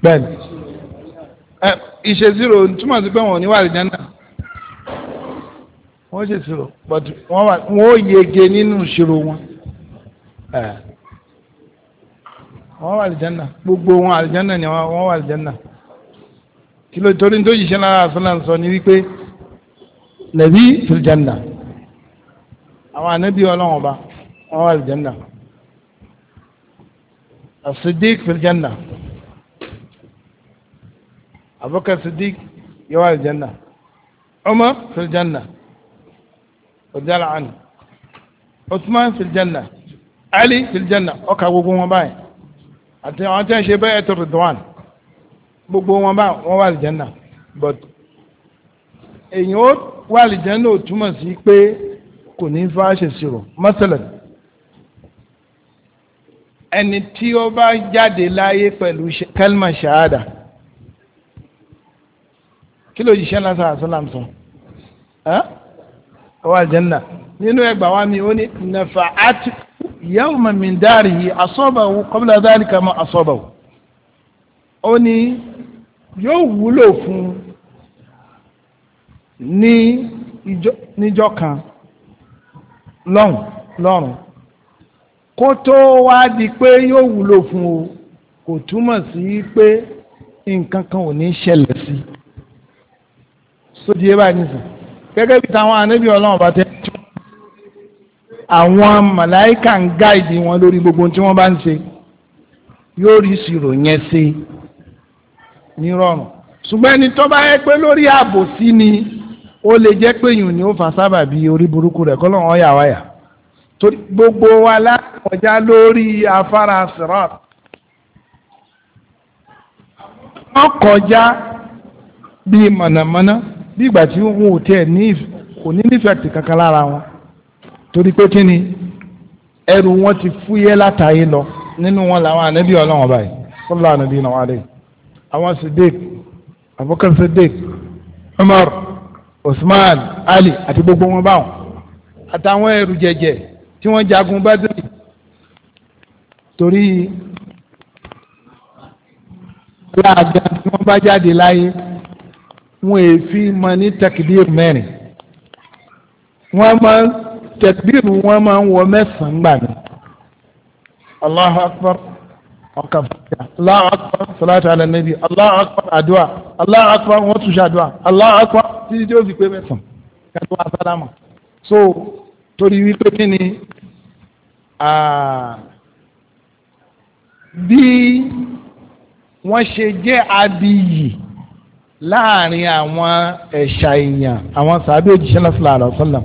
Speaker 1: bẹ́ẹ̀ni ẹ ìṣèṣirò túmọ̀ sí pé wọn ò ní wà lè jẹ́nà wọ́n ṣèṣirò but wọ́n ò yege nínú ìṣirò wọn wọ́n wà lìjánà gbogbo wọn àlìjánà ni wọ́n wà lìjánà kí ló torí tó yìí ṣe lára àfúnà sọ ni wípé nàbí fìlìjánà àwọn ànábì ọlọ́run ọba wọn wà fìlìjánà asidik fìlìjánà abubakar sidik yóò wà fìlìjánà umar fìlìjánà ọjàlá àná usman fìlìjánà ali fìlìjánà ọkà gbogbo wọn báyìí àti àwọn tí wọn ṣe bẹ́ẹ̀ tó rìdwan gbogbo wọn báyìí wọn wà fìlìjánà but èyí ó wà àlìjẹ́nà ò túmọ̀ sí pé kò ní fa ṣèṣirò mọ́sálẹ̀ ẹni tí ó bá jáde láyé pẹ̀lú kẹlma ṣáádà kí ló yìí ṣẹlẹ̀ sáà sọ́làm sọ ọ wà àlìjẹ́nà nínú ẹgbàá wa mi ó ní nàfà àti yawma min darihi asọ́bàwò qabla dhalika ma asọ́bàwò ó ní yóò wúlò fún un ní níjọ́ kan lọ́rùn lọ́rùn kó tó wá di pé yóò wúlò fún o kò túmọ̀ sí pé nǹkan kan ò ní ṣẹlẹ̀ sí i sódìé báyìí nìsín gẹ́gẹ́ bí táwọn anábì ọlọ́run bá tẹ́ tí àwọn màláìkà ń gáìdì wọn lórí gbogbo tí wọ́n bá ń ṣe yóò rí ìṣirò yẹn ṣe nírọ̀rùn ṣùgbọ́n ẹni tó bá yẹ pé lórí ààbò ni ó lè jẹ́ pé yùn ni ó fà sábà bí orí burúkú rẹ̀ kọ́ lọ́wọ́ yà wáyà torí gbogbo wa lákọjá lórí afárá sirat wọ́n kọjá bíi mọ̀nàmọ́ná bí ìgbà tí wọn ò tiẹ̀ ní kò ní nífẹ̀ẹ́ kankan lára wọn torí pé kí ni ẹrù wọn ti fúyẹ́ látàyè lọ nínú wọn làwọn ànábì ọlọ́wọ́n báyìí sallallahu alaihi wa sallam àwọn Siddiq Abubakar Siddiq Umar. Usman Ali àti gbogbo wọn báwọn àtàwọn ẹrù jẹjẹ tí wọ́n jagun Badri torí láàgbà tí wọ́n bá jáde láyé wọn èéfì mọ ní takbir mẹ́rin wọ́n máa takbir wọ́n máa wọ mẹ́sàn gbà ní Allahu Akbar ọkà fàtà Allahu akbar salatu ala nabi Allahu akbar àdúrà Allahu akbar wọ́n tún ṣe àdúrà Allahu akbar títí tí fi pé mẹ́sàn-án kẹ́tù sálámà so torí wípé kí ni bí wọ́n ṣe jẹ́ abiyì láàrin àwọn ẹ̀ṣà èèyàn àwọn sàbí òjíṣẹ́ náà sallallahu alaihi wasallam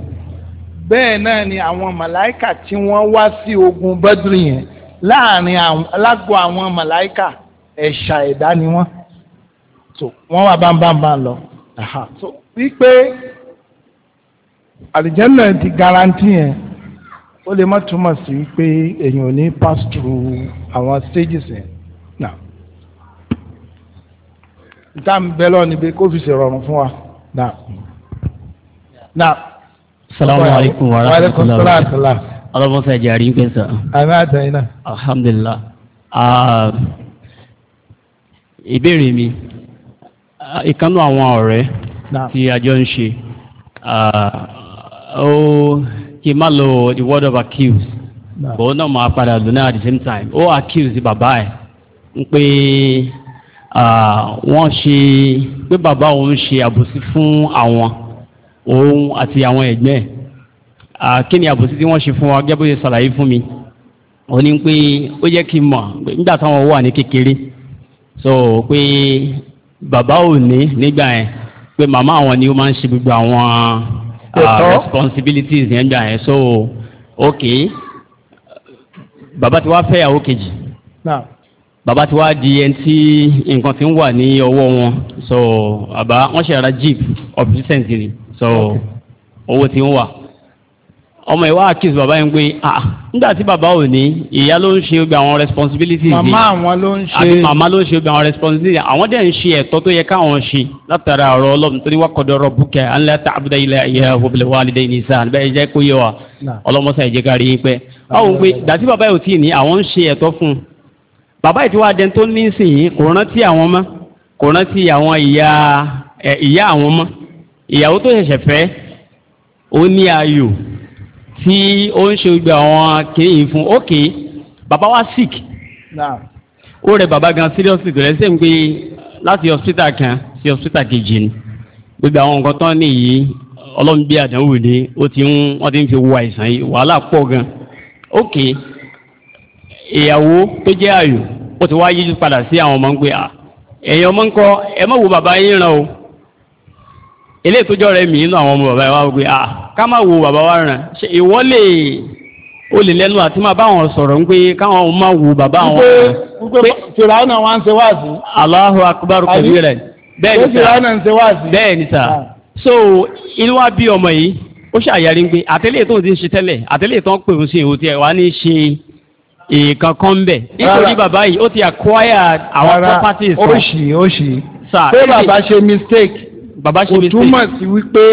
Speaker 1: bẹ́ẹ̀ náà ni àwọn màláìkà tí wọ́n wá sí ogun Badri yẹn láàrin lágbo àwọn màláìkà ẹ̀ṣà ẹ̀dá ni wọ́n so wọ́n wà bámbámbá lọ so wípé àlìjẹ́nà ti garanti yẹn ó lè má túmọ̀ sí pé èèyàn ò ní pass through àwọn stages yẹn náà ìta ń bẹ lọ́ọ̀ níbi kó fi ṣèrọ̀rùn fún wa náà.
Speaker 3: wa rahmatullahi ọlọ́mọsẹ̀ jàrí ń pèsè. àmì àtẹ̀yìn náà. alhamdulilah ìbéèrè mi ìkánú àwọn ọ̀rẹ́ tí a jọ ń ṣe ó kí n má lo the word of accuse bó náà máa padà lò náà at the same time ó accuse bàbá ẹ̀ ń pé wọ́n ṣe pé bàbá òun ṣe àbòsí fún àwọn òun àti àwọn ẹ̀gbẹ́ ẹ̀ kí ni àbòsí tí wọ́n ṣe fún wa gẹ́gẹ́ bó ṣe ṣàlàyé fún mi ó ní pé ó jẹ́ kí n mọ̀ nígbà táwọn wà ní kékeré so pé bàbá ò ní nígbà yẹn pé màmá àwọn ni ó máa ń ṣe gbogbo àwọn responsibilities yẹn gbà yẹn so ok bàbá tí wàá fẹ́ yàwó kejì bàbá tí wàá di ẹni tí nǹkan ti ń wà ní ọwọ́ wọn so bàbá wọ́n ṣe ara jeep of recent so owó ti ń wà ọmọ ìwà àkíyèsí bàbá yẹn pé ah nígbà tí bàbá ò ní ìyá ló ń ṣe gbogbo àwọn responsibilities yìí màmá
Speaker 1: àwọn ló ń ṣe àbí màmá
Speaker 3: ló ń ṣe gbogbo àwọn responsibilities àwọn dẹ̀ ń ṣe ẹ̀tọ́ tó yẹ káwọn ṣe látara ọ̀rọ̀ ọlọ́run torí wà kọ́dọ̀ ọ̀rọ̀ búkẹ́ alẹ́ tá àbúdá ilẹ̀ ayé ọ̀bẹ̀lẹ̀ wà lédè ní bẹ́ẹ̀ jẹ́ kó yẹ wa ọlọ́mọsá ìyàwó tó ṣẹ̀ṣẹ̀ fẹ́ ó ní ayò tí ó ń ṣe gbogbo àwọn kéyìn fún ok bàbá wa sick ó rẹ bàbá gan seriously tó lẹ́sẹ̀ ń pé láti hospital kan sí hospital kejì ni gbogbo àwọn nǹkan tán nìyí ọlọ́run bí àdánwò ni ó ti ń wọ́n ti ń fi wo àìsàn yìí wàhálà pọ̀ gan ok ìyàwó tó jẹ́ àyò ó ti wá yíjú padà sí àwọn ọmọ ń pè à ẹ̀yin ọmọ ń kọ ẹ má wo bàbá yín ràn o. ilé etojo rẹ mí inú àwọn ọmọ bàbá wa ah ká wo bàbá wa rìn ṣe o lẹ́nu àti máa bá wọn sọ̀rọ̀ ń pé káwọn ọmọ wo bàbá wọn. wípé fìràwọnà wa ń ṣe wáàsí. bẹ́ẹ̀ni sà ń ṣe bẹ́ẹ̀ni sà ah. so inú wa bí ọmọ yìí ó ṣàyàrí pé àtẹlẹ tó ń ti ṣe tẹ́lẹ̀ tó ń pè sí tí ní ṣe kan nítorí bàbá yìí ó ti acquire properties ó
Speaker 1: ṣì ó mistake bàbá ṣe mistake. kò túmọ̀ sí wípé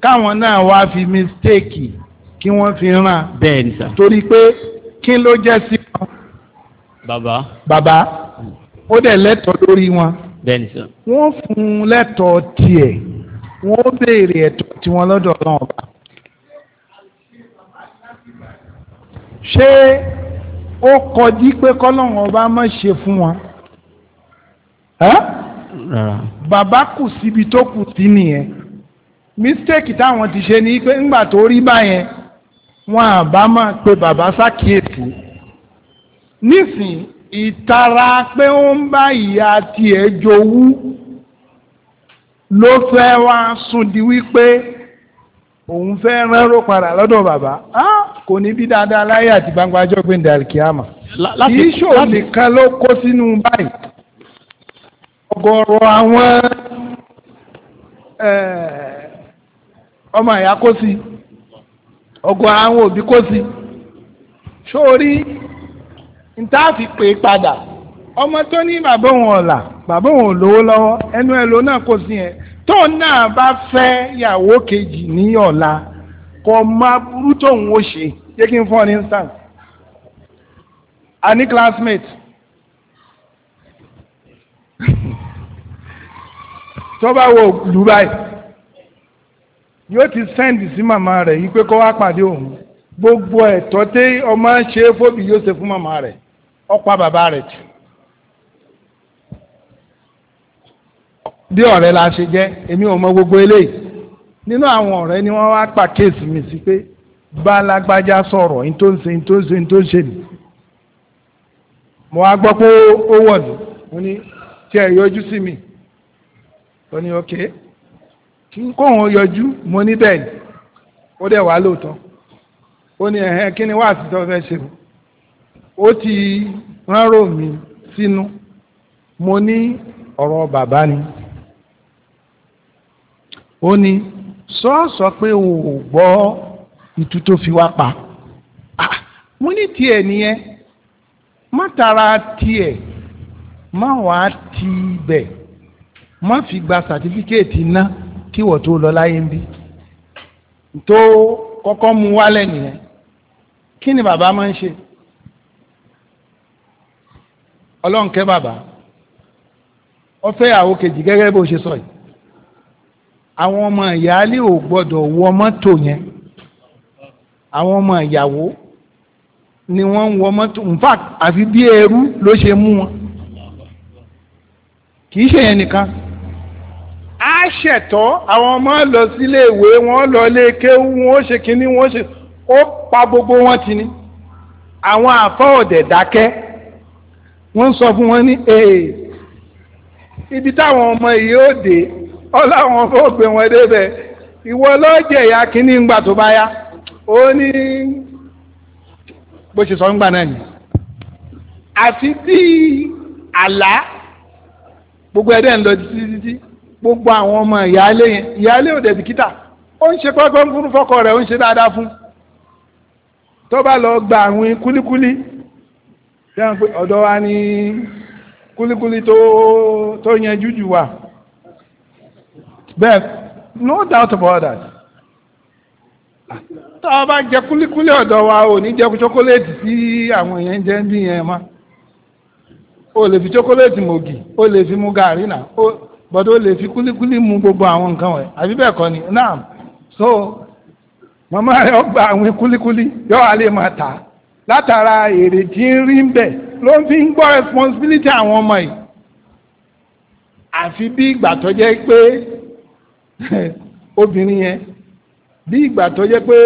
Speaker 1: káwọn náà wá fi mistake kí wọ́n fi ràn. bẹ́ẹ̀ ni sà. torí pé kí ló jẹ́ sí wọn. bàbá. bàbá
Speaker 3: ó dẹ̀ lẹ́tọ̀ọ́ lórí wọn. bẹ́ẹ̀ ni sà.
Speaker 1: wọ́n fún un lẹ́tọ̀ọ́ tiẹ̀ wọ́n béèrè ẹ̀tọ́ tiwọn lọ́dọ̀ ọlọ́run ọba. ṣé ó kọjú pé kọ́lọ́run ọba má ṣe fún wọn bàbá kù síbi tó kù sí nìyẹn mistake táwọn ti ṣe ni pé ńgbà tó rí báyẹn wọn àbá máa pe bàbá ṣàkíyèsí nísìn ìtara pé ó ń bá ìyá tiẹ̀ jowú ló fẹ́ wá sùn di wípé òun fẹ́ rẹ́rò padà lọ́dọ̀ bàbá kò ní bí dáadáa láyé àti gbangbajọ́ pé ń darí kì í ṣòwò nìkan ló kó sínú báyìí. ọgọrọ àwọn eh, ọmọ ìyá kó sí ọ̀gọ̀ọ̀rọ̀ àwọn òbí kó sí sórí ntaàfi pè padà ọmọ tó ní bàbá òun ọ̀la bàbá òun lówó lọ́wọ́ ẹnu ẹ̀ ló náà kó sí yẹn tóun náà bá fẹ́ kejì ní ọ̀la kò má burú tóun ó ṣe a ní classmate tó bá wọ ìlú báyìí yóò ti sẹ́ǹdì sí màmá rẹ̀ yí pé kó wá pàdé òun gbogbo ẹ̀tọ́ tí ọmọ ṣe fóbi yóò ṣe fún màmá rẹ̀ ọ̀pá bàbá rẹ̀ tì bí ọ̀rẹ́ la ṣe jẹ́ èmi ò mọ gbogbo eléyìí nínú àwọn ọ̀rẹ́ ni wọ́n wá pa kéèsì mi sí pé bá lágbájá sọ̀rọ̀ ní tó ń ṣe ní tó ń ṣe ní tó ń ṣe nìí mo wá gbọ́ pé ó wọ̀ ní mo ní sí mi ó ní ok kí n kóhun yọjú mo ní bẹ́ẹ̀ ni ó dẹ̀ wá lóòótọ́ ó ní ẹ̀hẹ́n kí ni wá àtijọ́ fẹ́ ṣe ó ti rárò mi sínú mo ní ọ̀rọ̀ bàbá ni ó ní sọ́ọ̀sọ́ pé o ò gbọ́ ìtú tó fi wá pa mo ní tiẹ̀ nìyẹn má tiẹ̀ má wàá ti bẹ̀ má fi gba sàtífíkẹ́ẹ̀tì ná kí wọ́n tó lọ láyé ń bí tó kọ́kọ́ mú wálẹ̀ nìyẹn kí ni bàbá máa ń ṣe ọlọ́run kẹ́ bàbá ó fẹ́ kejì gẹ́gẹ́ bó ṣe sọ yìí àwọn ọmọ ìyáálé ò gbọ́dọ̀ wọ mọ́tò yẹn àwọn ọmọ ìyàwó ni wọ́n ń wọ mọ́tò in fact àfi bí ẹrú ló ṣe mú wọn kì í ṣe yẹn nìkan ṣẹ̀tọ́ àwọn ọmọ lọ sílé ìwé wọn lọ lé kéwú wọn ó ṣe kínní wọn ó ṣe ó pa gbogbo wọn ti ni àwọn àfọwọ̀dẹ̀ dákẹ́ wọ́n sọ fún wọn ní ee ibi táwọn ọmọ yìí ó dé ọláwọn ọmọ ògbé wọn débẹ̀ ìwọ lọ́jẹ̀ ya kínní ńgbà tó bá yá ó ní bó ṣe sọ ńgbà náà ni àfi bíi àlá gbogbo ẹ̀dẹ̀ ń lọ títí títí gbogbo àwọn ọmọ ìyáálé ìyáálé òde bìkítà ó ń ṣe pẹ́pẹ́ fọ́kọ rẹ̀ ó ń ṣe dáadáa fún tó bá lọ gba àwìn kúlíkúlí ọ̀dọ́ wa ní kúlíkúlí tó yẹn jújù wà bẹ́ẹ̀ no doubt about that tó o bá jẹ kúlíkúlí ọ̀dọ̀ wa ò ní jẹ chocolate tí àwọn èèyàn jẹ bí yẹn mọ́ o lè fi chocolate mògì o lè fi mú gàrí náà gbọ́dọ̀ ó lè fi kúlíkúlí mu gbogbo àwọn nǹkan wẹ̀ àbí ni naam so mama yọ gba àwọn kúlíkúlí yọ wà lè máa tà látara èrè tí ń rí ń bẹ̀ ló fi ń gbọ́ responsibility àwọn ọmọ yìí àfi bí ìgbà tó jẹ́ pé obìnrin yẹn bí ìgbà tó jẹ́ pé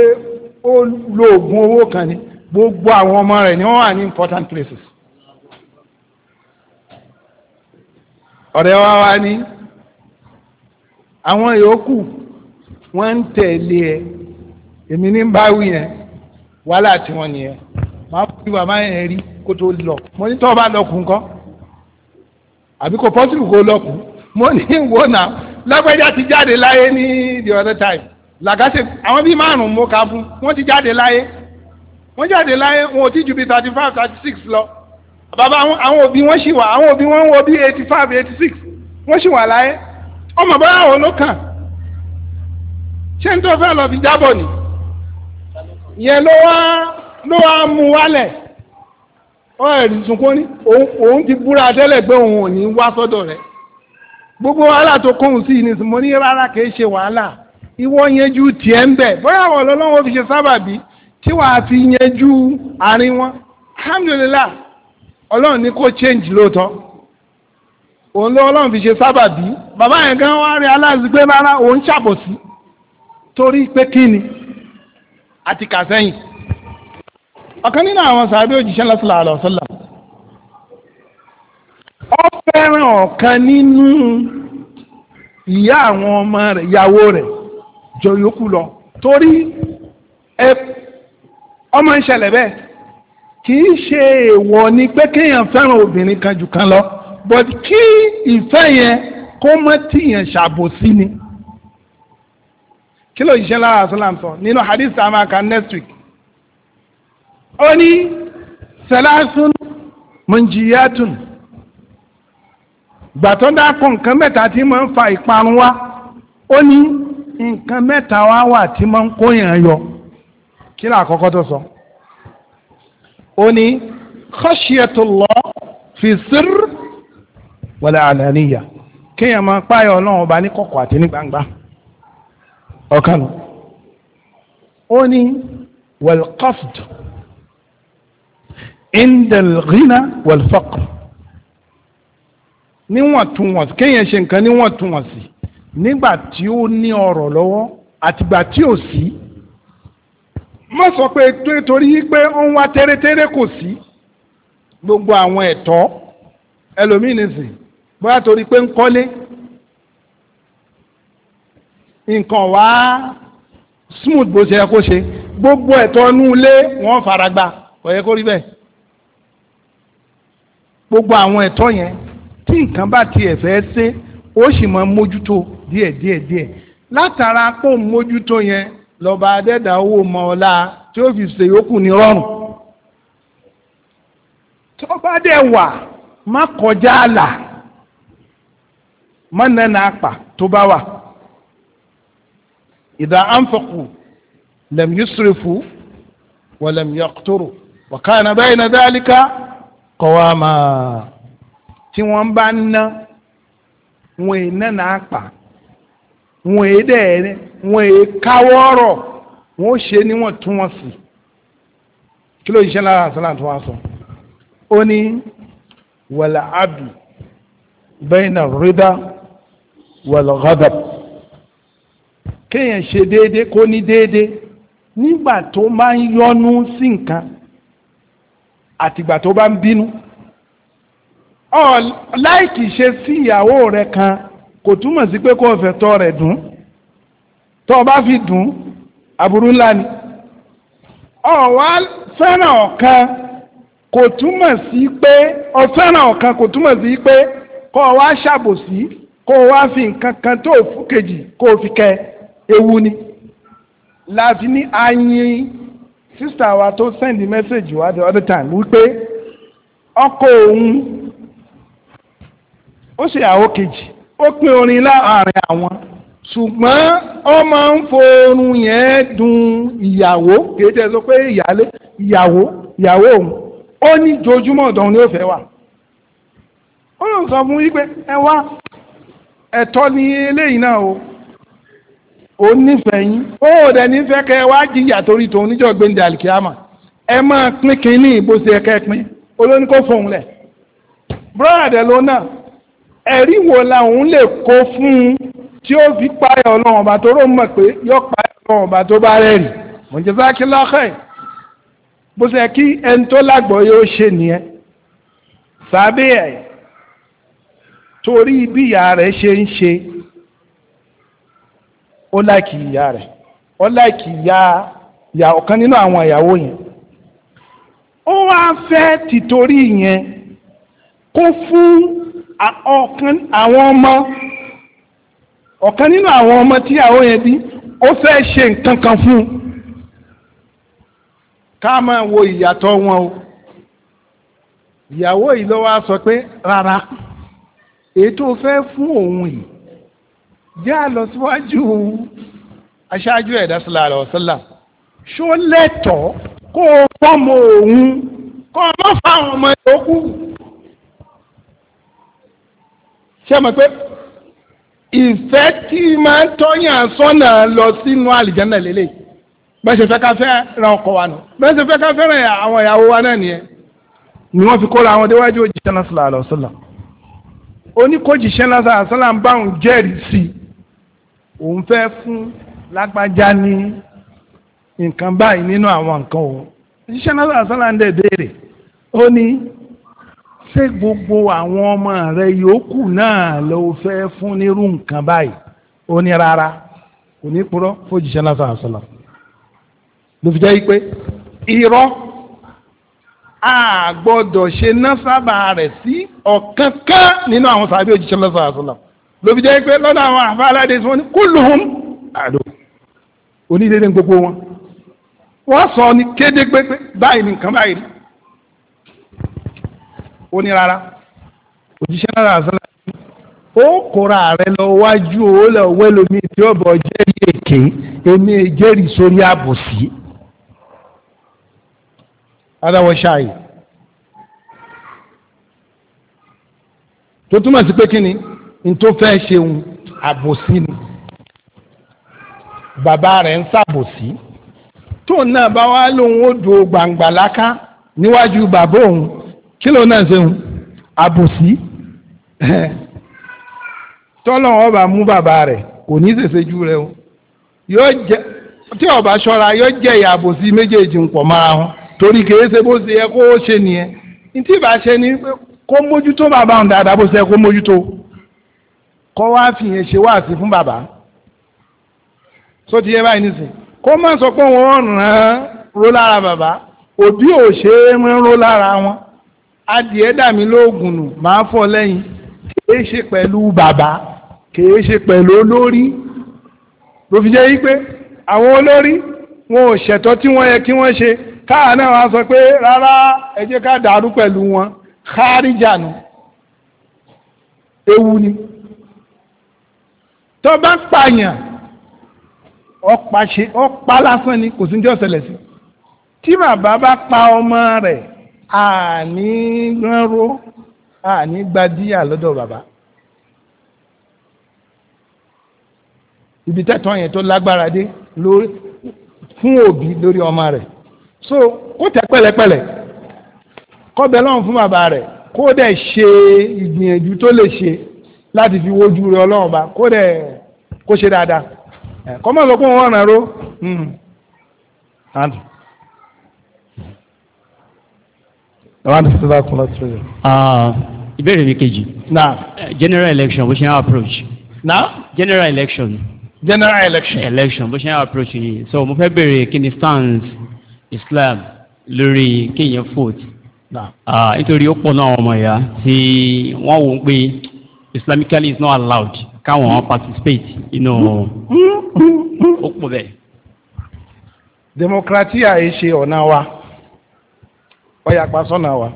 Speaker 1: ó lo oògùn owó kan ni gbogbo àwọn ọmọ rẹ̀ ni wọ́n wà ní important places ọ̀rẹ́ wa wá ní. àwọn yòókù wọ́n ń tẹ̀lé ẹ èmi ní bá wí yẹn wàhálà tí wọ́n nìyẹn máa fi bàbá yẹn rí kó tó lọ mo ní tọ́ ọ bá lọkùn kọ́ àbí kò pọ́sibù kó lọkùn mo ní wò náà lágbájá ti jáde láyé ní the other time làgásẹ̀ àwọn bíi márùn-ún mo kà fún wọ́n ti jáde láyé wọ́n jáde láyé wọn ò tí ju bíi thirty five thirty six lọ bàbá àwọn òbí wọn ṣì wà àwọn òbí wọn ń wo bíi eighty five eighty six wọ́n ṣì wà láyé ọmọ bọ́yá òun ló kàn ṣé n tó fẹ́ lọ fi jábọ̀ ni yẹn ló wá ló wá mú wálẹ̀ wọ́n ẹ̀rí sunkún ní òun ti búra tẹ́lẹ̀ pé òun ò ní wá sọ́dọ̀ rẹ̀ gbogbo wàhálà tó kóhùn sí ni mo ní rárá kìí ṣe wàhálà ìwọ yanjú tiẹ̀ ń bẹ̀ bóyá àwọn ọlọ́wọ́ fi ṣe sábàbí tí wàá fi yanjú àárín wọn alhamdulillah ọlọ́run ní kò change lóòótọ́ òun ló ọlọ́run fi ṣe sábàbí bàbá yẹn gan wá rí aláàzígbé rárá òun ṣàbòsí torí pé kí ni àti kà sẹ́yìn ọ̀kan nínú àwọn sàbí òjíṣẹ́ lọ́sọ̀lá àlọ́sọ̀lá ó fẹ́ràn ọ̀kan nínú ìyá àwọn ọmọ rẹ̀ ìyàwó rẹ̀ jọ yòókù lọ torí ọmọ ń ṣẹlẹ̀ bẹ́ẹ̀ kì í ṣe èèwọ̀ ni pé kéèyàn fẹ́ràn obìnrin kan jù kan lọ but kí ìfẹ́ yẹn kó má tìyàn ṣàbòsí ni kí ló ń ṣe lára àṣọlá sọ nínú hadith amaka next week ó ní sẹlásùn mọ̀njìyàtùn gbàtọ́ dákọ̀ nǹkan mẹ́ta tí máa ń fa ìparun wá ó ní nǹkan mẹ́ta wá wà tí máa ń kóyàn yọ kí ló àkọ́kọ́ tó sọ ó ní khashiyatullah fi sirr wala àlàníyà kéèyàn máa páyọ̀ ọlọ́run ọba ní kọ̀kọ̀ àti ní gbangba ọ̀kan ó ní walqasd indal ghina walfaqr níwọ̀ntúnwọ̀nsì kéèyàn ṣe nǹkan níwọ̀ntúnwọ̀nsì nígbà tí ó ní ọrọ̀ lọ́wọ́ àtìgbà tí ò sí má sọ pé torí pé ó ń wá tẹ́rẹ́tẹ́rẹ́ kò sí gbogbo àwọn ẹ̀tọ́ ẹlòmíì bóyá torí pé ń kọ́lé nǹkan wá smooth bó ṣe yẹ kó ṣe gbogbo ẹ̀tọ́ inú ilé wọ́n fara gbà kò yẹ kó rí bẹ́ẹ̀ gbogbo àwọn ẹ̀tọ́ yẹn tí nǹkan bá tiẹ̀ fẹ́ ṣe ó sì máa mójútó díẹ̀ díẹ̀ díẹ̀ látara pò mójútó yẹn lọ́ba adẹ́dà owó mọ ọlá tí ó fi ṣe yòókù ní rọrùn tọ́ba dẹ̀ wà má kọjá àlà mọ́nẹ́nà àpà tó bá wà ìdá ànfọ̀kù lẹ́m yusrifu wà lẹ́m yaqturu wa kana bayna dhalika qawama tí wọ́n bá ń ná wọn è nẹ́nà àpà wọn è dẹ́ẹ̀rẹ́ wọn è káwọ́rọ̀ wọn ó ṣe níwọ̀ntúnwọ̀nsì kí ló yíṣẹ́ lára àṣálà tó wá sọ ó ní wàlà abdu bayna rida wal-ghadab kéèyàn ṣe déédé kó ní déédé nígbà tó máa ń yọnu sí nǹkan àtìgbà tó bá ń bínú ọ láìkì ṣe sí ìyàwó rẹ kan kò túmọ̀ sí pé kó o fẹ́ tọ́ rẹ̀ dùn tó o bá fi dùn aburú ńlá ni ọ wá fẹ́ràn ọ̀kan kò túmọ̀ sí pé ọ fẹ́ràn ọ̀kan kò túmọ̀ sí pé kó o wá ṣàbòsí kó o wá fi nǹkan kan tó o fún kejì kó o fi kẹ ewu ni láti ní ayin sísà wa tó send message wa the other time wípé ọkọ òun ó ṣe àwọ kejì ó pín orin láàárín àwọn ṣùgbọ́n ó máa ń forun yẹn dun ìyàwó kìí tẹ́ sọ pé ìyálé ìyàwó ìyàwó òun ó ní jojúmọ́ ọ̀dọ̀ òun ni ó fẹ́ wà ó lọ sọ fún wípé ẹ wá ẹ̀tọ́ ni eléyìí náà o ò nífẹ̀ẹ́ yín ó ò dẹ̀ nífẹ̀ẹ́ kẹ́ ẹ wá jìyà torí tòun níjọ́ gbẹ̀ndẹ̀ àlìkíyàmà ẹ máa pín kínní bó ṣe ẹ kẹ́ ẹ pín olóní kó fòun lẹ̀ búrọ́dà dẹ̀ ló náà ẹ̀rí wo làwọn lè kó fún un tí ó fi páyọ̀ ọlọ́run ọba tó rò pé yọ páyọ̀ ọlọ́run ọba tó bá rẹ̀ rì jazakallahu khair bó ṣe kí ẹni tó lágbọ́ yóò ṣe nìyẹn sàbẹ̀ ẹ̀ torí bí ìyá rẹ̀ ṣe ń ṣe ó láìkì ìyá rẹ̀ ó láìkì ìyá ọ̀kan nínú àwọn ìyàwó yẹn ó wá fẹ́ tìtorí yẹn kó fún àwọn ọmọ ọ̀kan nínú àwọn ọmọ tí ìyàwó yẹn bí ó fẹ́ ṣe nǹkan wo ìyàtọ̀ wọn o èyí tó fẹ́ fún òun yìí jẹ́ àlọ́síwájú aṣáájú ẹ̀dá sọ́lá ọ̀sọ́lá ṣó lẹ́tọ̀ọ́ kó o fọ́mọ òun kó o má fa àwọn ọmọ yòókù ṣé mọ̀ pé ìfẹ́ tí máa ń tọ́yàn sọ́nà lọ sínú àlìjánà lélẹ̀ bẹ́ẹ̀ ṣe fẹ́ ká fẹ́ ran ọkọ wa nù bẹ́ẹ̀ ṣe fẹ́ ká fẹ́ ran àwọn ìyàwó wa náà nìyẹn ni wọ́n fi kóra àwọn déwájú òjì sọ́nà sọ́lá ọ̀sọ́lá oníkójìṣẹ́ lásán àṣálà ń bá òun jẹ́rìí sí òun fẹ́ fún lágbájá ní nǹkan báyìí nínú àwọn nǹkan òun òjíṣẹ́ lásán àṣálà ń dẹ̀ béèrè ó ní ṣé gbogbo àwọn ọmọ rẹ yòókù náà ló fẹ́ fún nírú nǹkan báyìí ó ní rárá kò ní purọ́ fójìṣẹ́ lásán àṣálà ló fi jẹ́ pé irọ́ a gbọ́dọ̀ ṣe násábà rẹ̀ sí ọ̀kánkán nínú àwọn sàbí òjíṣẹ́ lọ́sọ̀ àṣọlá ló fi jẹ́ pé lọ́dọ̀ àwọn àfa aládé tí wọ́n ní kulluhum àdó onídéédé gbogbo wọn wọ́n sọ ní kéde pé báyìí ní nǹkan báyìí rí ó ní rárá òjíṣẹ́ lọ́sọ̀ àṣọlá ó kóra rẹ̀ lọ wájú ó lọ wẹ́lómi tí ó bọ̀ jẹ́rìí èké èmi jẹ́rìí sórí àbòsí. هذا هو الشاهد tó túmọ̀ sí pé kí ni n tó fẹ́ ṣeun àbòsí ni bàbá rẹ̀ ń ṣàbòsí tóun náà bá wá lóun ó do gbangba láká níwájú bàbá òun kí lóun náà ṣeun àbòsí tọ́lọ̀ ọba mú bàbá rẹ̀ kò ní ṣèṣe jù rẹ̀ o yóò jẹ tí ọba ṣọ́ra yóò jẹ ìyà méjèèjì ń pọ̀ mọ́ra wọn torí kìí ṣe bó ṣe yẹ kó ṣe nìyẹn ní tí ìbá ṣe ni kó mójútó bàbá òun dáadáa bó ṣe yẹ kó mójútó kó wá fìyẹn ṣe wá sí fún bàbá só ti yẹ báyìí nísìn kó má sọ pé wọ́n ràn án ró lára bàbá òbí ò ṣe é rán ró lára wọn adìẹ dàmí lóògùn nù máa fọ lẹ́yìn kìí ṣe pẹ̀lú bàbá kìí ṣe pẹ̀lú olórí ló jẹ́ yí pé àwọn olórí wọn ò ṣẹ̀tọ́ tí wọ́n yẹ kí wọ́n ṣe káà náà wá sọ pé rárá ẹ jẹ́ ká dàrú pẹ̀lú wọn kárìjà nù ewu ni tó bá pààyàn ọ̀pá lásán ni kò sí ní ọ̀sẹ̀lẹ̀ sí tí bàbá bá pa ọmọ rẹ̀ àní ránró àní gbadíyà lọ́dọ̀ bàbá. ibi tẹ́tọ́ yẹn tó lágbára dé lórí fún òbí lórí ọmọ rẹ̀ so kó tẹ pẹ̀lẹ́pẹ̀lẹ́ kó bẹ lọ́run fún bàbá rẹ̀ kó dẹ̀ ṣe ìgbìyànjú tó lè ṣe láti fi wojú rẹ̀ Ọlọ́run ba kó dẹ̀ kó ṣe dáadáa kó má sọ pé wọn ràn ró.
Speaker 3: ìbéèrè mi kejì. Eh, general election bó ṣe ń approach. general election. general election. election bó ṣe ń approach yìí so mo fẹ́ béèrè kí ni stance Islam lórí kéèyàn fòtì nítorí ó pọ̀ náà ọmọ ìyá tí wọ́n wò ó pé Islamically is not allowed káwọn participate inú ó pọ̀ bẹ́ẹ̀.
Speaker 1: democratia yìí ṣe ọ̀nà wa ọ̀yàpá sọ́nà wa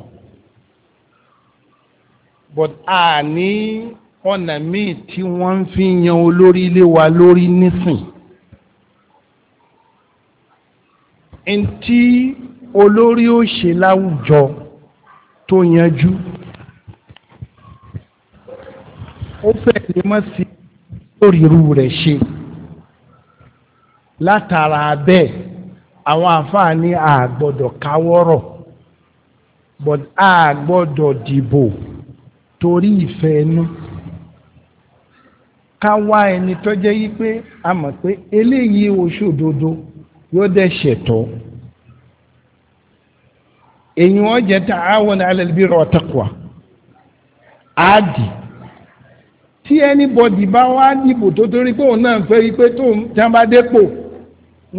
Speaker 1: but a ní ọ̀nà míì tí wọ́n ń fi yan olórí ilé wa lórí nísìn ntí olórí ó ṣe láwùjọ tó yanjú ó fẹ́ lè mọ́ sí lórí irú rẹ̀ ṣe látara bẹ́ẹ̀ àwọn àǹfààní àgbọ́dọ̀ káwọ́rọ̀ but àgbọ́dọ̀ dìbò torí ìfẹ́ ẹnu ká wá ẹni tó yí pé a mọ̀ pé eléyìí oṣù òdodo. yóò dẹ̀ ṣètò èyí wọ́n jẹ́ ta'awun 'ala al-birri wa taqwa àádì tí anybody bá wá dìbò tó torí pé òun náà fẹ́ rí pé tó ń tán bá dépò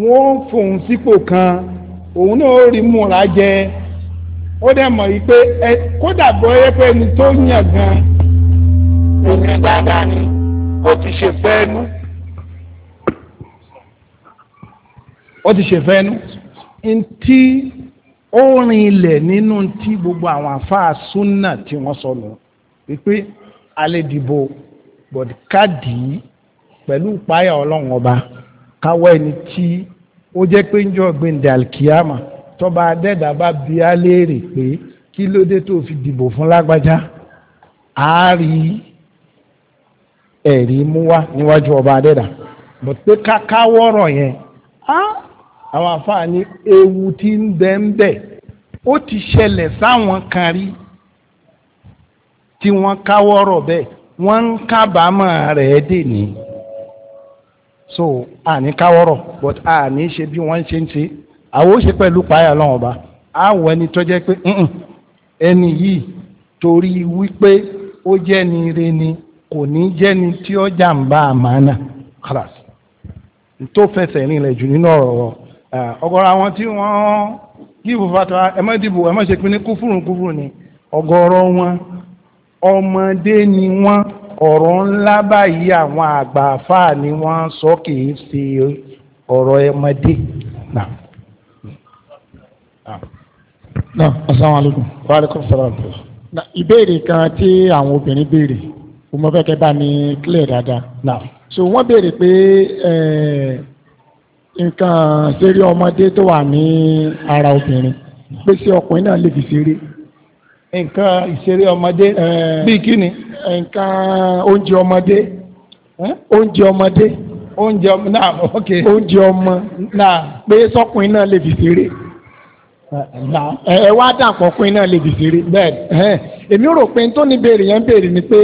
Speaker 1: wọ́n fòun sípò kan òun náà rí múra jẹ ó dẹ̀ mọ̀ yìí pé ẹ kódà bọ́ ẹ pé ẹni tó yàn ni ó ti ṣe fẹ́ẹ́ ó ti ṣèfẹ́ nu ntí ó rin ilẹ̀ nínú ntí gbogbo àwọn àfáà súnà tí wọ́n sọ nù wípé alẹ́ dìbò bọ̀dìkádì pẹ̀lú ìpáyà ọlọ́run ọba káwọ́ ẹni tí ó jẹ́ pé ń jọ gbẹ̀ǹdẹ̀ alkiyama tọba adẹ́dà bá bi á léèrè pé kí ló dé tó fi dìbò fún lágbájá á rí ẹ̀rí mú wá níwájú ọba adẹ́dà bọ̀ pé ká káwọ́rọ̀ yẹn àwọn àfààní ewu tí ń bẹ́ ń bẹ́ ó ti ṣẹlẹ̀ sáwọn kan rí tí wọ́n káwọ́rọ̀ bẹ́ẹ̀ wọ́n ń kábàámọ̀ rẹ̀ dè ní so àní káwọ́rọ̀ but àní ṣe bí wọ́n ṣe ń ṣe àwọn ó ṣe pẹ̀lú páyà lọ́wọ́n ọba àwọn ẹni tó jẹ́ pé ẹni yìí torí wípé ó jẹ́ ni ire ni kò ní jẹ́ ni tí ó jàǹbá àmàna khalas tó fẹsẹ̀ rinlẹ̀ jù nínú ọ̀rọ̀ ọ̀gọ̀rọ̀ àwọn tí wọ́n gíìbù fata ẹ má dìbò ẹ má ṣe pinni ni ọ̀gọ̀rọ̀ wọn ọmọdé ni wọ́n ọ̀rọ̀ ńlá báyìí àwọn àgbààfà ni wọ́n sọ kì í ṣe ọ̀rọ̀ ẹmọdé náà. náà asalaamualeykum. wa aleykum salaam. ìbéèrè kan tí àwọn obìnrin béèrè mo fẹ́ kẹ́ bá mi clear dáadáa. so wọ́n béèrè pé eh, nǹkan ṣeré ọmọdé tó wà ní ara obìnrin pé ṣé ọkùnrin náà lè fi ṣeré. nǹkan ìṣeré ọmọdé bíi kí ni. nǹkan oúnjẹ ọmọdé oúnjẹ ọmọdé. oúnjẹ ọmọ náà ok. oúnjẹ ọmọ náà pé sọkùnrin náà lè fi ṣeré. ẹ wá dàpọ̀ ọkùnrin náà lè fi ṣeré. bẹ́ẹ̀ èmi yẹn béèrè ni pé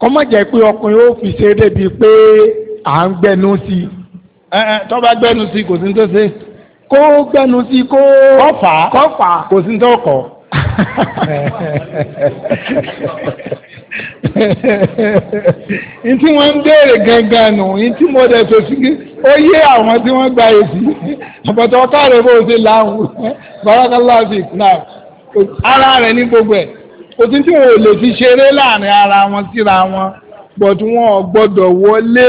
Speaker 1: kọ́mọ̀jẹ́ pé ọkùnrin ó fi ṣeré bíi pé à ń gbẹnu sí i. tó bá gbẹ́nu sí kò sí tó ṣe kó gbẹ́nu sí kó kọfà kọfà kò sí tó kọ. ntí wọ́n ń béèrè gangan nù ntí mo dẹ̀ tó sí ó yé àwọn tí wọ́n gba èsì àpẹtẹ ọkọ bó ṣe láwùn barakallah fi náà ara rẹ ní gbogbo ẹ̀ kò tí wọn ò lè fi ṣeré láàrin ara wọn síra wọn but wọn gbọ́dọ̀ wọlé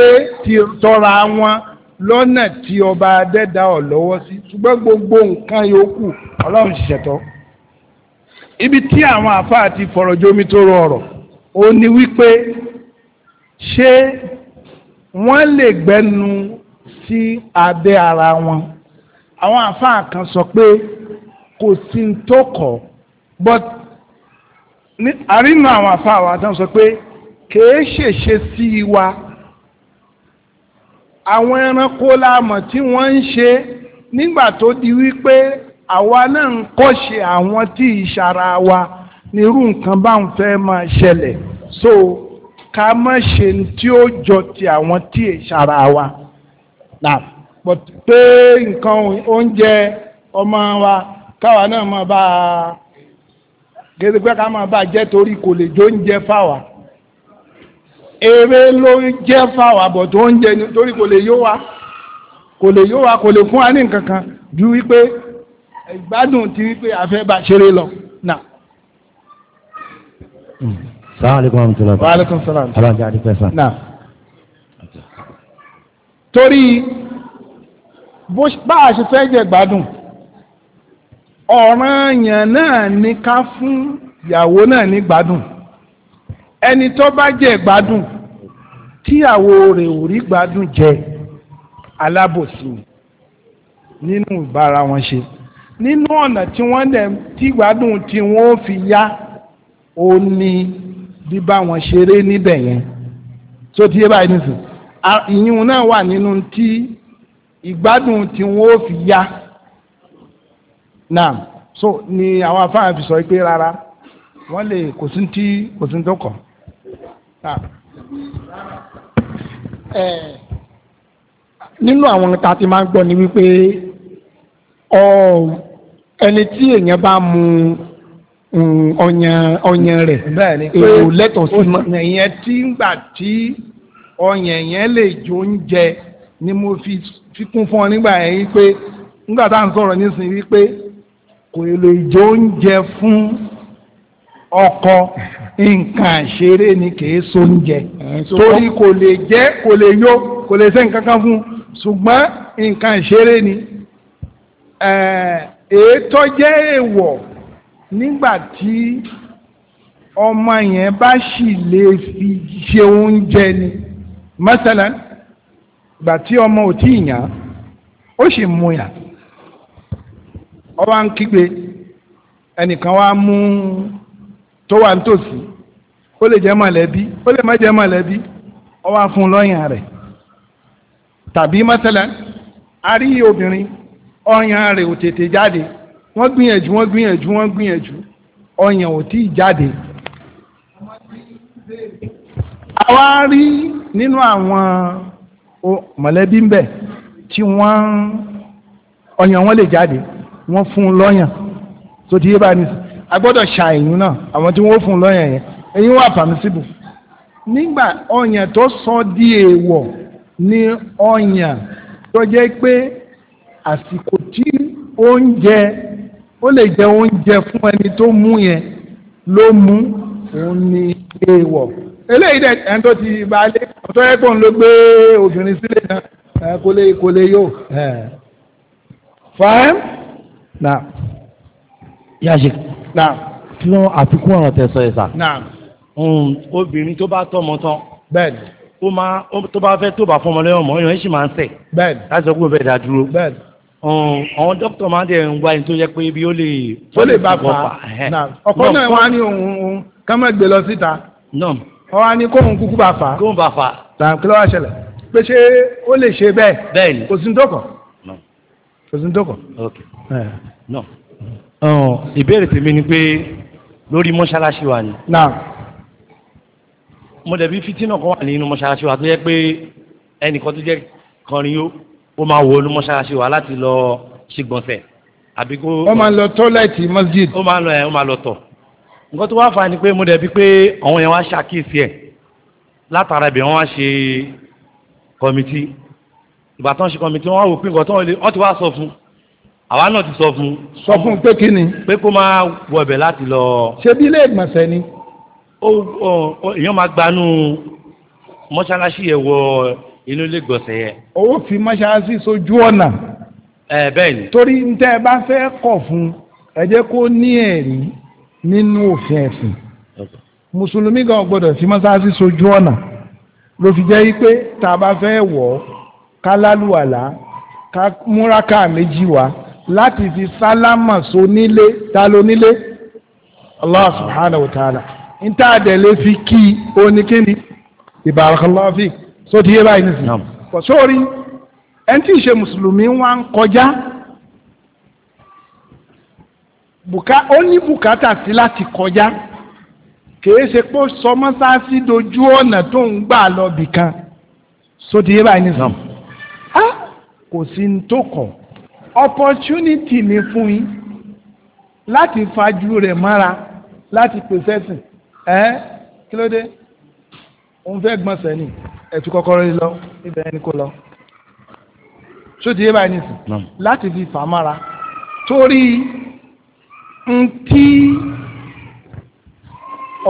Speaker 1: tọra wọn lọ́nà tí ọba adẹ́dá ọ̀ lọ́wọ́ sí ṣùgbọ́n gbogbo nǹkan yòókù ọlọ́run ṣiṣẹ́tọ́ ibi tí àwọn àfáà ti fọ̀rọ̀jomi tó rọ ọ̀rọ̀ ó ní wípé ṣé wọ́n lè gbẹ́nu sí abẹ́ ara wọn àwọn àfáà kan sọ pé kò sí tó kọ̀ but àrínú àwọn àfáà wa tán sọ pé kèé ṣèṣe sí wa àwọn ẹranko láàmọ̀ tí wọ́n ń ṣe nígbà tó di wípé àwa náà ń kọ́ṣe àwọn tí ìṣara wa nírú nǹkan bá ń fẹ́ máa ṣẹlẹ̀ so ká má ṣe tí ó jọ ti àwọn tí ìṣara wa náà pé nǹkan oúnjẹ ọmọ wa káwa náà máa bá a gẹ́gẹ́ pé ká máa bá a jẹ́ torí kò lè jó oúnjẹ fáwa eré ló jẹ́ fáwọn àbọ̀ tó ń jẹ torí kò lè yó wa kò lè yó wa kò lè fún wa ní nǹkan kan ju wípé ìgbádùn ti wípé afẹ́ bá ṣeré lọ náà.
Speaker 4: Assalamu alaikum warahmatullahi wa alaikum salam alájà àdìpẹ́ sàn. náà
Speaker 1: torí bá a ṣe fẹ́ jẹ gbádùn ọ̀ranyàn náà ni ká fún ìyàwó náà ní gbádùn ẹni tó bá jẹ gbádùn tíyàwó rẹ̀ ò rí gbádùn jẹ alábòsí nínú ìbára wọn ṣe nínú ọ̀nà tí wọ́n dẹ̀ tí gbádùn tí wọ́n fi yá ó ní bíbá wọn ṣeré níbẹ̀ yẹn tó ti yé báyìí nìsín ìyún náà wà nínú tí ìgbádùn tí wọ́n fi yá náà so ni àwọn afáàfin sọ pé rárá wọ́n lè kò sí tí kò sí tó kàn nínú àwọn ta ti máa ń gbọ́ ni wípé ẹni tí èèyàn bá mu mm, ọyàn ọyàn rẹ̀ èrò lẹ́tọ̀ọ́ sí mọ́. ìyẹn tí ń gbà tí ọyàn yẹn lè jó ń jẹ ni mo fi kún fún ọ nígbà yẹn wípé nígbà tá à ń sọ̀rọ̀ nísìnyí wípé kò lè jó ń jẹ fún ọkọ nǹkan àṣeré ni kìí sóúnjẹ torí kò lè jẹ kò lè yó kò lè ṣe nǹkan kan fún ṣùgbọ́n nǹkan àṣeré ni èétọ́ jẹ́ èèwọ̀ nígbà tí ọmọ yẹn bá sì lè fi ṣe oúnjẹ ni masalan gbà tí ọmọ ò tí ì yàn ó sì mú yàn ọba ń kígbe ẹnìkan wá mú tó wà nítòsí ó lè jẹ́ mọ̀lẹ́bí ó lè má jẹ́ mọ̀lẹ́bí ó wá fún lọ́yàn rẹ̀ tàbí mọ́sálẹ̀ a rí obìnrin ọyàn rẹ̀ ò tètè jáde wọ́n gbìyànjú wọ́n gbìyànjú wọ́n gbìyànjú ọyàn ò tí ì jáde. a wá rí nínú àwọn mọ̀lẹ́bí ń bẹ tí wọ́n ọyàn wọn lè jáde wọ́n fún lọ́yàn tó ti yé bá ní a gbọ́dọ̀ ṣà ẹ̀yìn náà àwọn tí wọ́n fún lọ́yàn yẹn ẹ̀yìn wà pàmísìbò nígbà ọyàn tó sọ di èèwọ̀ ni ọyàn tó jẹ́ pé àsìkò tí oúnjẹ ó lè jẹ oúnjẹ fún ẹni tó mú yẹn ló mú òun ni èèwọ̀ eléyìí dẹ̀ ẹni tó ti baálé tó yẹ kó ń lo gbé obìnrin sílẹ̀ náà kò lè kò lè yóò fine na yá ṣe fún
Speaker 4: àfikún ọ̀rọ̀ tẹ̀sọ̀ ẹ̀sà um, obìnrin tó bá tọ́mọ tán bẹ́ẹ̀ni ó máa tó bá fẹ́ tó bá fọmọ lẹ́yìn ọmọ èèyàn sì máa ń sẹ̀ bẹ́ẹ̀ni láti ọkùnrin bẹ́ẹ̀ dá dúró bẹ́ẹ̀ni um, àwọn dókítà máa ń dẹ̀ ń wá ẹni tó yẹ pé bí ó lè ó lè bá fà á ọkọ náà wá ní
Speaker 1: òun òun ká má gbé lọ síta ọ wá ní kóhun kúkú bá fà á kóhun bá fà á tàn kí ló wá ṣẹlẹ̀ pé ṣé ó lè ṣe bẹ́ẹ̀ bẹ́ẹ̀ni kò sí ní dọ́kọ̀ kò
Speaker 4: sí ní dọ́kọ̀. Oh, ìbéèrè tèmi ni pé lórí mọ́ṣáláṣí wa ni. mo dẹ̀bi fítínà kan wà nínú mọ́ṣáláṣí wa tó yẹ pé ẹnìkan tó jẹ́ kọrin yó ó máa wọ inú mọ́ṣáláṣí wa láti lọ ṣègbọ̀nsẹ̀ ó máa lọ tọ́lẹ̀tì masjid. ó máa lọ ẹ̀ ó máa lọ tọ̀ nǹkan tó wá fà ni pé mo dẹ̀bi pé àwọn yẹn wá ṣàkíyèsí ẹ̀ látara ibẹ̀ wọ́n wá ṣe kọ́mítì ìbátan ṣe kọ́mítì wọ́n wá wò pé nǹkan tó wọ́n ti wá sọ fún un àwa náà ti sọ fún un. sọ fún un pé kí ni. pé kó máa wọ ẹ̀bẹ̀ láti lọ. ṣé bí ilé ìgbọ̀nsẹ̀ ni. ó ó èèyàn máa gbanú mọ́ṣáláṣí yẹn wọ inú ilé ìgbọ̀nsẹ̀ yẹn.
Speaker 1: owó fi mọ́ṣáláṣí sójú ọ̀nà. ẹ bẹ́ẹ̀ ni. torí ntẹ́ ẹ bá fẹ́ kọ̀ fún ẹ jẹ́ kó ní ẹ̀rí nínú òfin ẹ̀sìn. mùsùlùmí gan gbọ́dọ̀ fi mọ́ṣáláṣí sójú ọ̀nà ló fi jẹ́ pé tá a bá fẹ́ wọ̀ ọ́ ká lálùwàlá ká múra ká méjì wá láti fi sálámà so nílé ta nílé allah subhanahu wa ta'ala n ta dẹ̀ lè fi kí oníkíni ìbárakallahu fi so ti yé báyìí nísìnyí kò sórí ẹni tí ì ṣe mùsùlùmí wá ń kọjá buka ó ní bùkátà sí láti kọjá kìí ṣe pé sọmọ́sáàsì dojú ọ̀nà tó ń gbà lọ bìkan so ti yé báyìí nísìnyí kò sí ní tó kàn opportunity ni fún yín láti fajú rẹ̀ mára láti pèsè sìn ẹ́ kí ló dé òun fẹ́ gbọ́n sẹ́ni ẹ̀tú kọ́kọ́rọ́ yìí lọ ibẹ̀ ẹni kò lọ sóti yé báyìí nìsín láti fi fà mára torí ntí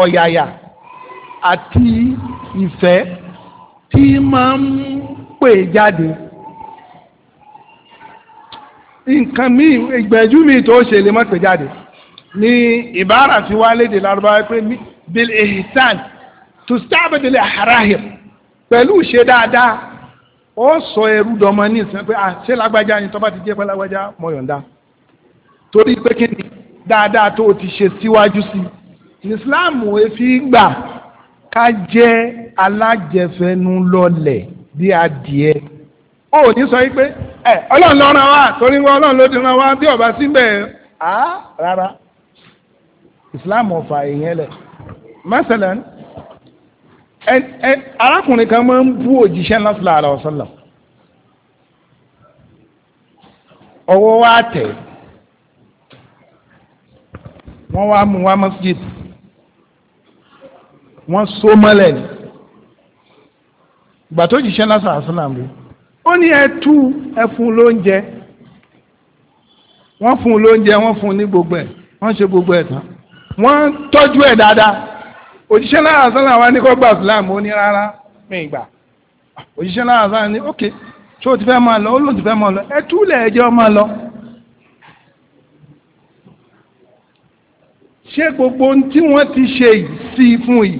Speaker 1: ọ̀yàyà àti ìfẹ́ tí máa ń pè jáde nǹkan mi ìgbẹ̀jú mi tó ṣe lè má pè jáde ní ìbára tí wá léde lárúbáwá pé bil ihsan to starve the harahim pẹ̀lú ṣe dáadáa ó sọ ẹrú dọmọ ní ìsìn pé àṣẹ lágbájá ni tó bá ti jẹ́ pé lágbájá mo yọ̀ǹda torí pé kí ni dáadáa tó ti ṣe síwájú sí i Islam ò fi gbà ká jẹ́ alájẹfẹnulọlẹ̀ bí adìẹ ó ní sọ wípé ẹ ọlọ́run ló rán torí wọn ọlọ́run ló ti islam ọ̀fà èèyàn lẹ̀ masalan arákùnrin kan máa ń bú òjíṣẹ́ ńlá ara ọ̀sọ́lá ọwọ́ wa tẹ̀ wọ́n wá mú masjid wọ́n so mọ́lẹ̀ ní gbàtó òjíṣẹ́ ó ní ẹtú ẹfun lóúnjẹ wọ́n fún un lóúnjẹ wọ́n fún un ní gbogbo ẹ̀ wọ́n ṣe gbogbo ẹ̀ tán wọ́n tọ́jú ẹ̀ dáadáa òjíṣẹ́ náà sọ́nà wa ní kó gba Islam ó ní rárá mi ìgbà òjíṣẹ́ náà sọ́nà ní ok tó o ti fẹ́ máa lọ ó lóun ti fẹ́ máa lọ ẹ túlẹ̀ ẹ jẹ́ ọ máa lọ. ṣé gbogbo ohun tí wọ́n ti ṣe sí i fún yìí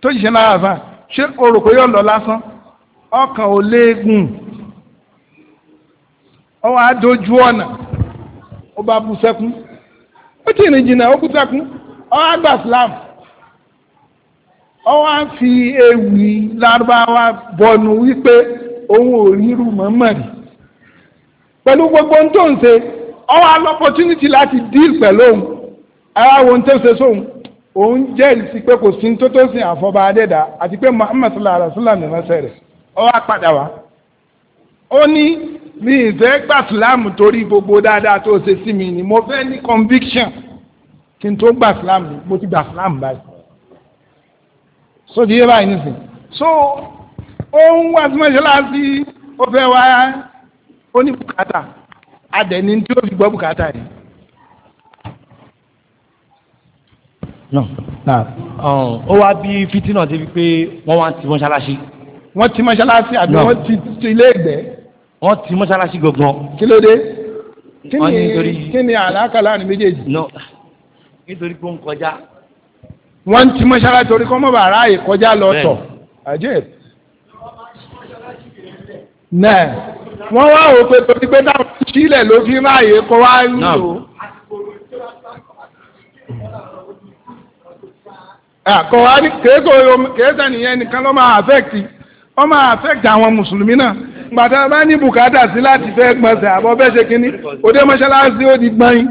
Speaker 1: tó jíṣẹ́ náà sọ́nà ṣé o rò pé yóò lọ lásán. ọkàn ò léegun ọwọ́ adójú ọ̀nà ó bá bú sẹ́kún ó ti rìn jìnnà ó bú sẹ́kún ọwọ́ àgbà slam, ọwọ́ fi ewì larabawa bọnu wípé òun ò ríru mọ́mọ́ pẹ̀lú gbogbo tó ń ṣe ọwọ́ á láti díìl pẹ̀lú òun ara ń tẹ́sẹ̀ sóhun òun jẹ́rìí sí pé kò sí tó tó àti pé sallallahu alaihi ó wá padà wá ó ní mi ìfẹ́ gbà sílámù torí gbogbo dáadáa tó ṣe sí mi ni mo fẹ́ ní conviction kí n tó gbà sílámù mo ti gbà báyìí so di yé báyìí nìsín so ó ń wá sí mọ́ṣáláṣí ó fẹ́ wá ó ní bùkátà adẹ̀ni tí ó fi gbọ́ bùkátà yìí.
Speaker 4: ó wá bí fitinà débi pé wọ́n wá ti mọ́ṣáláṣí
Speaker 1: wọ́n ti mọ́ṣáláṣí àbí wọ́n ti ti ilé ẹ̀gbẹ́. wọ́n ti mọ́ṣáláṣí gangan. kí ló dé kí ni kí ni àlàkà láàrin méjèèjì.
Speaker 4: nítorí pé ó ń kọjá.
Speaker 1: wọ́n ti mọ́ṣáláṣí torí kọ́ mọ́ bàárà yìí kọjá lọ́tọ̀ àjẹ́ náà wọ́n wá wò pé torí pé táwọn sílẹ̀ ló fi ráàyè kọ́ wá ń lò. kọ̀ wá ní kéékòó kéésàn nìyẹn nìkan ló máa àfẹ́ẹ̀tì ó máa affect àwọn mùsùlùmí náà gbàtà bá ní bùkátà sí láti fẹ́ gbọ̀nsẹ̀ àbọ̀ bẹ́ẹ̀ ṣe kínní òde mọ́ṣáláṣí ó di gbọ́n yín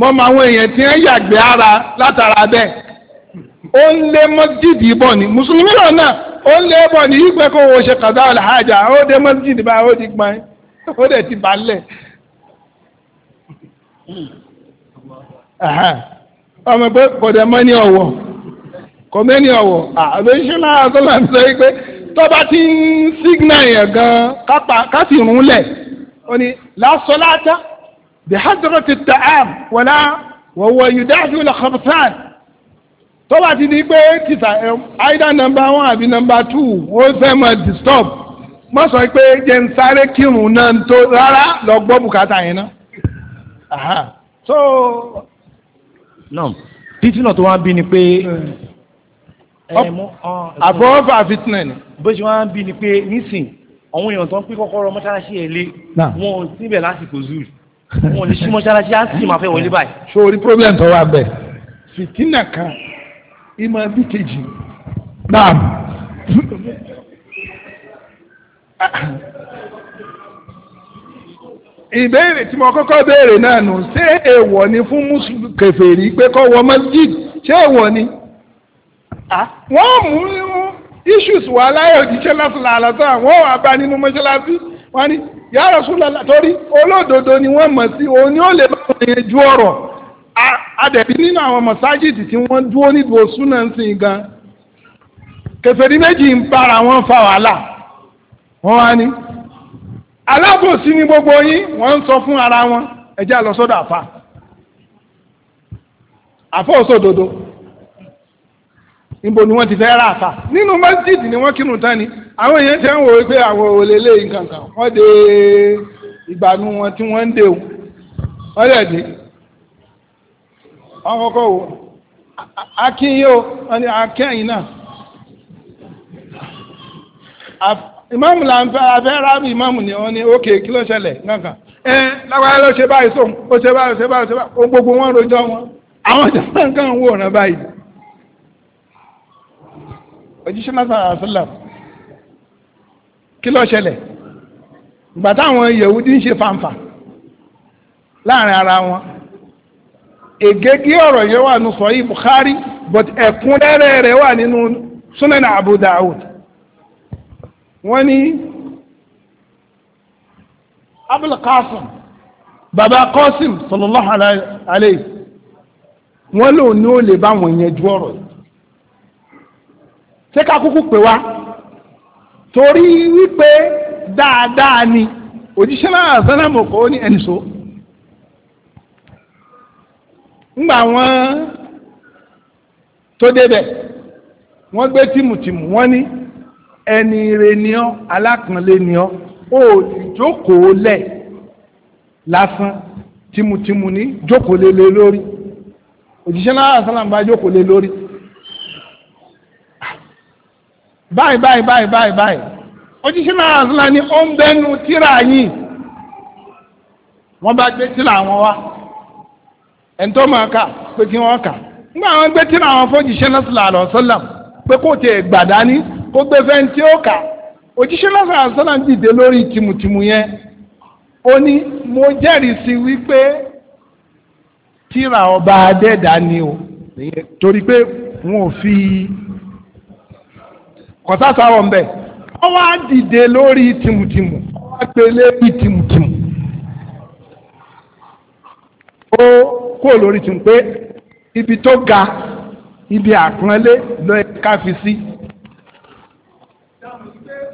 Speaker 1: mọ́ mọ àwọn èèyàn tí wọ́n yàgbé ara látara bẹ́ẹ̀ ó ń lé mọ́sídìí bọ̀ ni mùsùlùmí lọ náà ó ń lé bọ̀ ní ìgbẹ́ kó wo ṣe kàdá àlàájà ó dé mọ́sídìí bá ó di gbọ́n yín ó dẹ̀ ti balẹ̀ ọmọ pé kò dẹ̀ mọ́ ní ọ̀wọ́ kọ́mẹ́ni ọ̀wọ̀ àbẹ́sọ́nà àtọ́là sọ pé tọ́ba ti ń sígínà yẹn gan kásì rún lẹ̀ ó ní lásọ̀láta bihadro ti ta'am wọlá wọ̀wọ̀ yudáfi wọlé kọ̀pọ̀tàn tọ́ba ti di pé títà either number one àbí number two ó fẹ́ mọ disturb mọ́ sọ pé jẹ́ ń sáré kírun náà tó rárá lọ gbọ́ bùkátà yẹn náà. so. náà títí náà tó wá bí ni pé. Hmm.
Speaker 4: Ah, àbọ̀ọ́fà fitinẹ̀ ni. bó ṣe wá ń bí ni pé nísìn àwọn èèyàn tó ń pín kọ́kọ́rọ́ mọ́ṣáláṣí ẹ̀ lé wọn ò síbẹ̀ lásìkò zuri wọn ò lè ṣí mọ́ṣáláṣí á sì máa fẹ́ wọlé báyìí. sórí
Speaker 1: problem tó wà bẹ́ẹ̀ fitinà kan ìmọ̀ bí kejì náà ìbéèrè tí mo kọ́kọ́ béèrè náà nù ṣé èèwọ̀ ni fún mùsùlùmí kèfèrí pé kó wọ masjid ṣé èèwọ̀ ni. wọ́n mú issues wà láyé òjíṣẹ́ lásìlàlásà wọ́n wà bá nínú mọ́ṣáláṣí wọ́n ní ya Rasulullah torí olódodo ni wọ́n mọ̀ sí òun ní ó lè bá wọn yẹn ju ọ̀rọ̀ adẹ̀bí nínú àwọn mọ̀sájìdì tí wọ́n dúró nídùú súnà ń sìn gan kèfèrí méjì ń bára wọn fa wàhálà wọ́n wá ní alábòsí ni gbogbo yín wọ́n ń sọ fún ara wọn ẹ̀jẹ̀ àlọ́sọ́dọ̀ àfa àfọ́ níbo ni wọ́n ti fẹ́ rà sá nínú masjid ni wọ́n kírun tán ni àwọn èèyàn ti ń wò pé àwọn òlélé nǹkan kan wọ́n de ìgbàanu wọn tí wọ́n ń dè o wọ́n lè dé wọ́n kọ́kọ́ wò akínyó wọ́n ní akẹ́yìn náà ìmáàmù là ń fẹ́ abẹ́ráàmù ìmáàmù ni wọ́n ní ókè kí ló ṣẹlẹ̀ nǹkan ẹ lágbára ló ṣe báyìí sóhun ó ṣe báyìí ó ṣe báyìí ó ṣe báyìí ó gbogbo wọn rojọ́ wọn àwọn ìjọba nǹkan wò ọ̀ràn báyìí òjíṣẹ́ lásán àṣìlá kí ló ṣẹlẹ̀ ìgbà táwọn yẹ̀wúdí ń ṣe fàǹfà láàrin ara wọn ègégé ọ̀rọ̀ yẹn wà nínú sọ̀yí Bukhari but ẹ̀kúnrẹ́rẹ́ rẹ̀ wà nínú Sunan Abu Dawud wọ́n ní Abul Qasim baba Qasim sallallahu alayhi wọ́n lòun ní ó lè bá wọn yẹn ju ọ̀rọ̀ yìí ṣé ká kúkú pè wá torí wípé dáadáa ni òjíṣẹ́ náà sẹ́nàmù kò ní ẹni so ńgbà wọn tó débẹ̀ wọ́n gbé tìmùtìmù wọ́n ní ẹni ire ni ọ́ alákànlé ni ọ́ ó jókòó lẹ̀ lásán tìmùtìmù ní jókòó lé lórí òjíṣẹ́ náà sẹ́nàmù bá jókòó lé lórí báyìí báyìí báyìí báyìí báyìí òjíṣẹ́ náà àzúlá ni ó ń bẹnu tíra yìí wọ́n bá gbé tíra wọn wá ẹni tó máa kà pé kí wọ́n kà nígbà wọn gbé tíra wọn fójíṣẹ́ náà sọ̀lá àlọ́ sọ́lá pé kò tẹ̀ gbàdání kó gbé fẹ́ni tí ó kà òjíṣẹ́ náà sọ̀lá sọ́lá dìde lórí tìmùtìmù yẹn ó ní mo jẹ́rìí sí wípé tíra ọba adẹ́dá ni o torí pé wọn ò fi kọ̀tà sáwọ̀ ń bẹ̀ wọ́n wá dìde lórí tìmùtìmù wọ́n wá gbé lébi tìmùtìmù ó kó lórí tìmù pé ibi tó ga ibi àpọ́nlé ló ká fi sí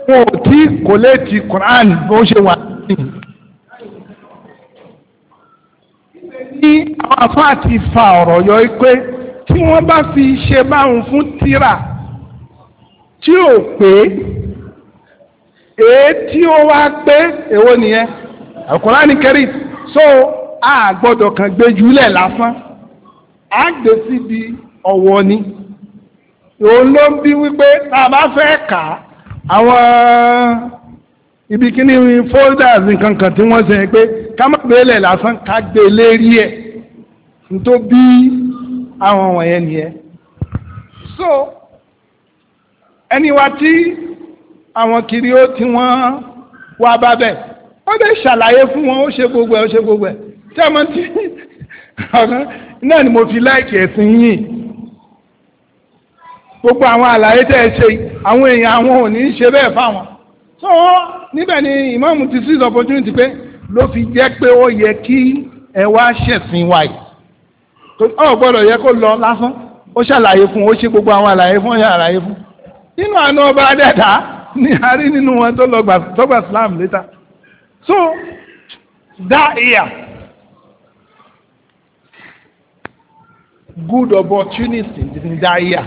Speaker 1: wọn ò tí kò lè ti Quran bó ṣe wà nínú. ní àwọn afáàtì fa ọ̀rọ̀ yọ pé tí wọ́n bá fi ṣe báwọn fún tírà tí ò pé èé tí ó wá pé èwo nìyẹn Al-Qur'ani Karim so a gbọ́dọ̀ kan gbé jùlẹ̀ lásán a gbé síbi ọ̀wọ́ ni òun ló ń bí wípé tá a bá fẹ́ kà á àwọn ibi kíní folders nǹkan tí wọ́n sẹ́yìn pé ká má gbélé lásán ká gbé lérí ẹ̀ nítorí àwọn wọ̀nyẹn nìyẹn so ẹni wa tí àwọn kiri ó ti wọ́n wá bá bẹ̀ ó lè ṣàlàyé fún wọn ó ṣe gbogbo ẹ̀ ó ṣe gbogbo ẹ̀ tí a máa ti náà ni mo fi láìkì ẹ̀sìn yìí gbogbo àwọn àlàyé tẹ́ ẹ ṣe àwọn èèyàn àwọn ò ní ṣe bẹ́ẹ̀ fáwọn so níbẹ̀ ni ìmáàmù ti seize opportunity pé ló fi jẹ́ pé ó yẹ kí ẹ wá ṣẹ̀sìn wa yìí ó gbọ́dọ̀ yẹ kó lọ lásán ó ṣàlàyé fún ó ṣe gbogbo àwọn àlàyé fún ó ṣàlàyé fún nínú àna ọba adẹ́ta ní àárí nínú wọn tó lọ gbà Islam later so that year good opportunity ní that year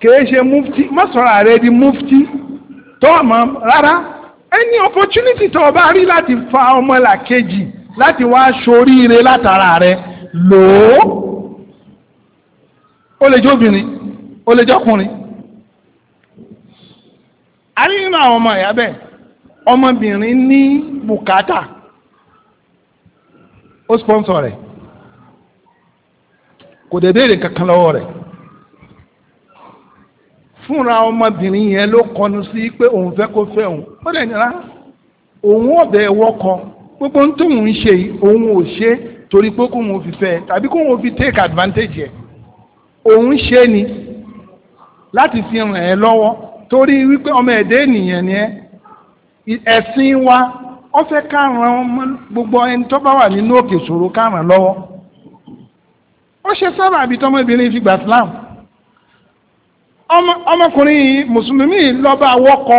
Speaker 1: kìí ṣe mufti má sọ̀rọ̀ ààrẹ di mufti tó ọmọ rárá any opportunity tó o bá rí láti fa ọmọlàkejì láti wá ṣoríire látara rẹ lòó ó lè jẹ́ obìnrin ó lè jẹ́ a rí nínú àwọn ọmọ ìyá bẹ́ẹ̀ ọmọbìnrin ní bùkátà ó sponsor rẹ̀ kò dé béèrè kankan lọ́wọ́ rẹ̀ fúnra ọmọbìnrin yẹn ló kọnu sí pé òun fẹ́ kó fẹ́ òun ó dẹ̀ nira ah, òun ọ̀bẹ wọ́kọ gbogbo ń ń ṣe òun ò ṣe torí pé kóun fi fẹ́ tàbí kóun fi take advantage ẹ̀ òun ṣe ni láti fi ràn ẹ́ lọ́wọ́ torí wípé ọmọ ẹ̀dẹ́ ènìyàn ni ẹ́ ẹ̀sìn wa wọ́n fẹ́ káràn gbogbo ẹni tó bá wà nínú òkè ìṣòro káràn lọ́wọ́ ó ṣe sábà àbí tọmọbìnrin fi gbà Islam ọmọkùnrin mùsùlùmí lọ́ba wọ́kọ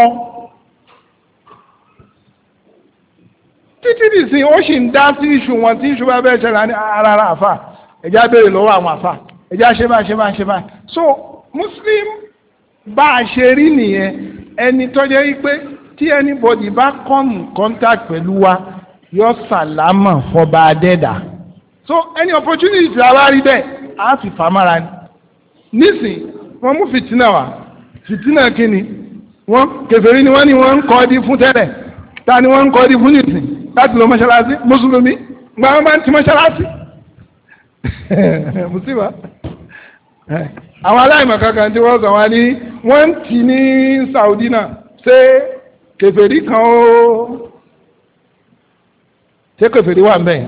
Speaker 1: títí dì sí ó sì ń dá sí iṣu wọn tí iṣu bá bẹ́ẹ̀ ṣẹlẹ̀ ní ara àfà ẹ̀já béèrè lọ́wọ́ àwọn àfà ẹ̀já ṣe báyìí ṣe báyìí ṣe báyìí so Muslim bá a ṣe rí nìyẹn ẹni tó jẹ́ wípé tí anybody bá come contact pẹ̀lú wa yọ sàlámà fọba adẹ́dà so any opportunity tí a bá rí bẹ́ẹ̀ á fi fàmára ni nísìn wọ́n mú fìtínà wá fìtínà kínni wọ́n kèfèrí ni wọ́n ní wọ́n ń kọ́ di fún tẹ́lẹ̀ ta ni wọ́n ń kọ́ di fún nìsín láti lọ mọ́ṣáláṣí mùsùlùmí gba bá ń ti mọ́ṣáláṣí mùsùlùmí àwọn aláìmọ̀kankan tí wọ́n sọ wá ní wọ́n ti ní Saudi náà ṣé kèfèrí kan ó ṣé kèfèrí wà mbẹ́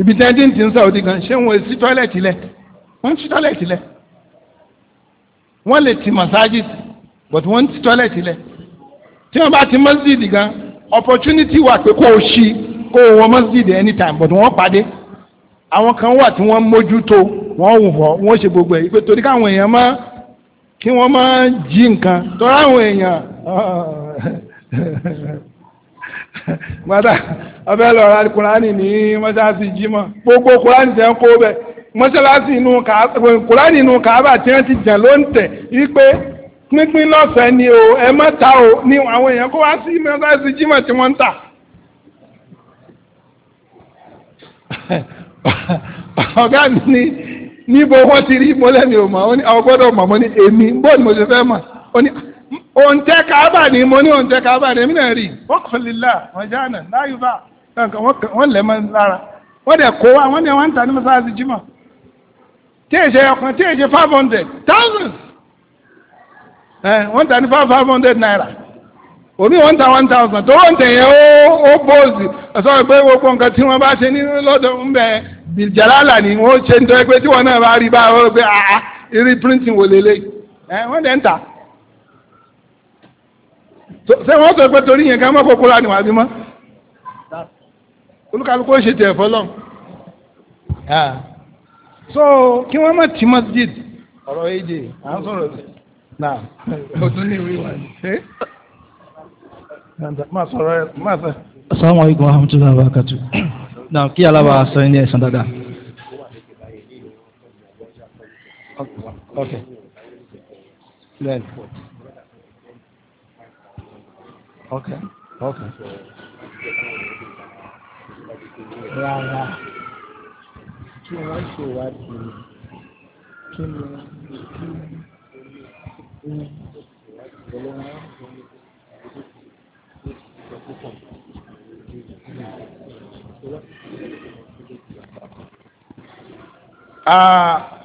Speaker 1: ibi tí wọ́n ti ń Saudi kan ṣé wọ́n sí tọ́lẹ̀tì lẹ̀ wọ́n sí tọ́lẹ̀tì lẹ̀ wọ́n lè ti masajid but wọ́n ti tọ́lẹ̀tì lẹ̀ tí wọ́n bá ti masjid gan opportunity wà pé kó o ṣí kó o wọ masjid anytime but wọ́n pàdé àwọn kan wà tí wọ́n mójútó wọ́n wù fọ́ wọ́n ṣe gbogbo ẹ̀ ìpè torí káwọn èèyàn máa kí wọ́n máa jí nǹkan torí àwọn èèyàn gbádà ọbẹ̀ lọ ra kùránì ní mọ́ṣáláṣí jímọ̀ gbogbo kùránì tẹ̀ ń kó bẹ̀ mọ́ṣáláṣí inú kùránì inú kàábà tí wọ́n ti jẹ̀ ló ń tẹ̀ wípé pínpín lọ́fẹ̀ẹ́ ni o ẹ má ta o ni àwọn èèyàn kó wá sí mọ́ṣáláṣí jímọ̀ tí wọ́n ń tà. ọ̀gá mi ní níbo wọ́n ti rí mo ni ò mọ̀ ó ní ọgbọ́dọ̀ ni mo ṣe fẹ́ ni mo ní ni èmi náà rí wọ́n kọ́ lílà wọ́n jáàna láyùbá wọ́n lẹ̀ mọ́ lára wọ́n dẹ̀ kó wa wọ́n dẹ̀ wọ́n ń ta ní mọ́sáàsì tí ọkàn naira. omi one thousand one thousand tó wọ́n tẹ̀yẹ ó ó bóòsì sọ pé gbogbo nǹkan tí wọ́n bá ṣe ní lọ́dọ̀ ń bẹ bìjàlálà ni wọ́n ṣe ń tọ́ pé tí wọ́n náà bá rí bá wọ́n pé àá ah, ah, irí printing wò lélẹ̀ ẹ wọ́n dẹ̀ ń tà ṣé wọ́n sọ pé torí yẹn ká mọ́ kókó lánìí wàá bí mọ́ olúkàlùkù ó ṣe tiẹ̀ fọlọ́ so kí wọ́n má ti masjid ọ̀rọ̀ èdè à ń sọ̀rọ̀ náà ó tún ní ìwé wà ní. Assalamu
Speaker 4: alaikum warahmatullahi wabarakatuh.
Speaker 1: Naam, kí alábà sọ ní ẹ̀sán dáadáa. Okay. Okay.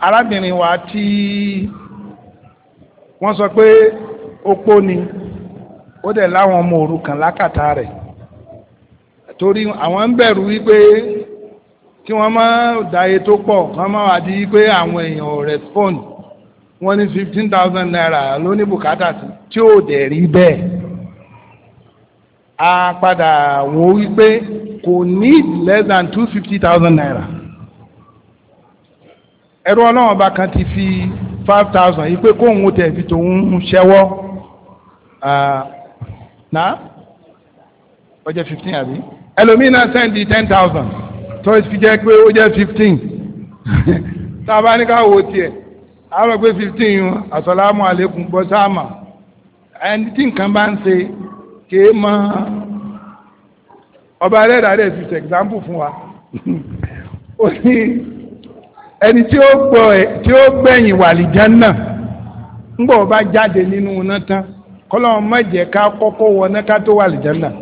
Speaker 1: arábìnrin wa tí wọ́n sọ pé opó ni ó dẹ̀ láwọn ọmọ òrukàn lákàtà rẹ̀ torí àwọn ń bẹ̀rù wípé kí wọ́n má dáye tó pọ̀ wọ́n wà di pé àwọn èèyàn ò wọ́n ní 15,000 naira tí ó dẹ̀ rí bẹ́ẹ̀. a padà wò wípé kò ní less than two fifty thousand naira ẹ̀rọ ọlọ́run ọba kan ti fi five thousand yìí pé kóun tẹ̀ fi tòun ṣẹ́wọ́ náà ó jẹ́ fifteen àbí ẹlòmíì náà sẹ́ndì ten thousand tó fi jẹ́ pé ó jẹ́ fifteen tá a bá ní ká wo tiẹ̀ a rò pé fifteen yìí asọ́lámù alẹ́kùn bọ́ sáàmà ẹni tí nǹkan bá ń ṣe. kèé ọba ẹlẹ́dàá rẹ̀ fi ṣẹ̀gbáǹpù fún wa ó ní ẹni tí ó gbẹ̀yìn wàlìjá náà ń ọba jáde nínú iná tán kọ́lọ́run má ká kọ́kọ́ wọná ká tó wàlìjá náà.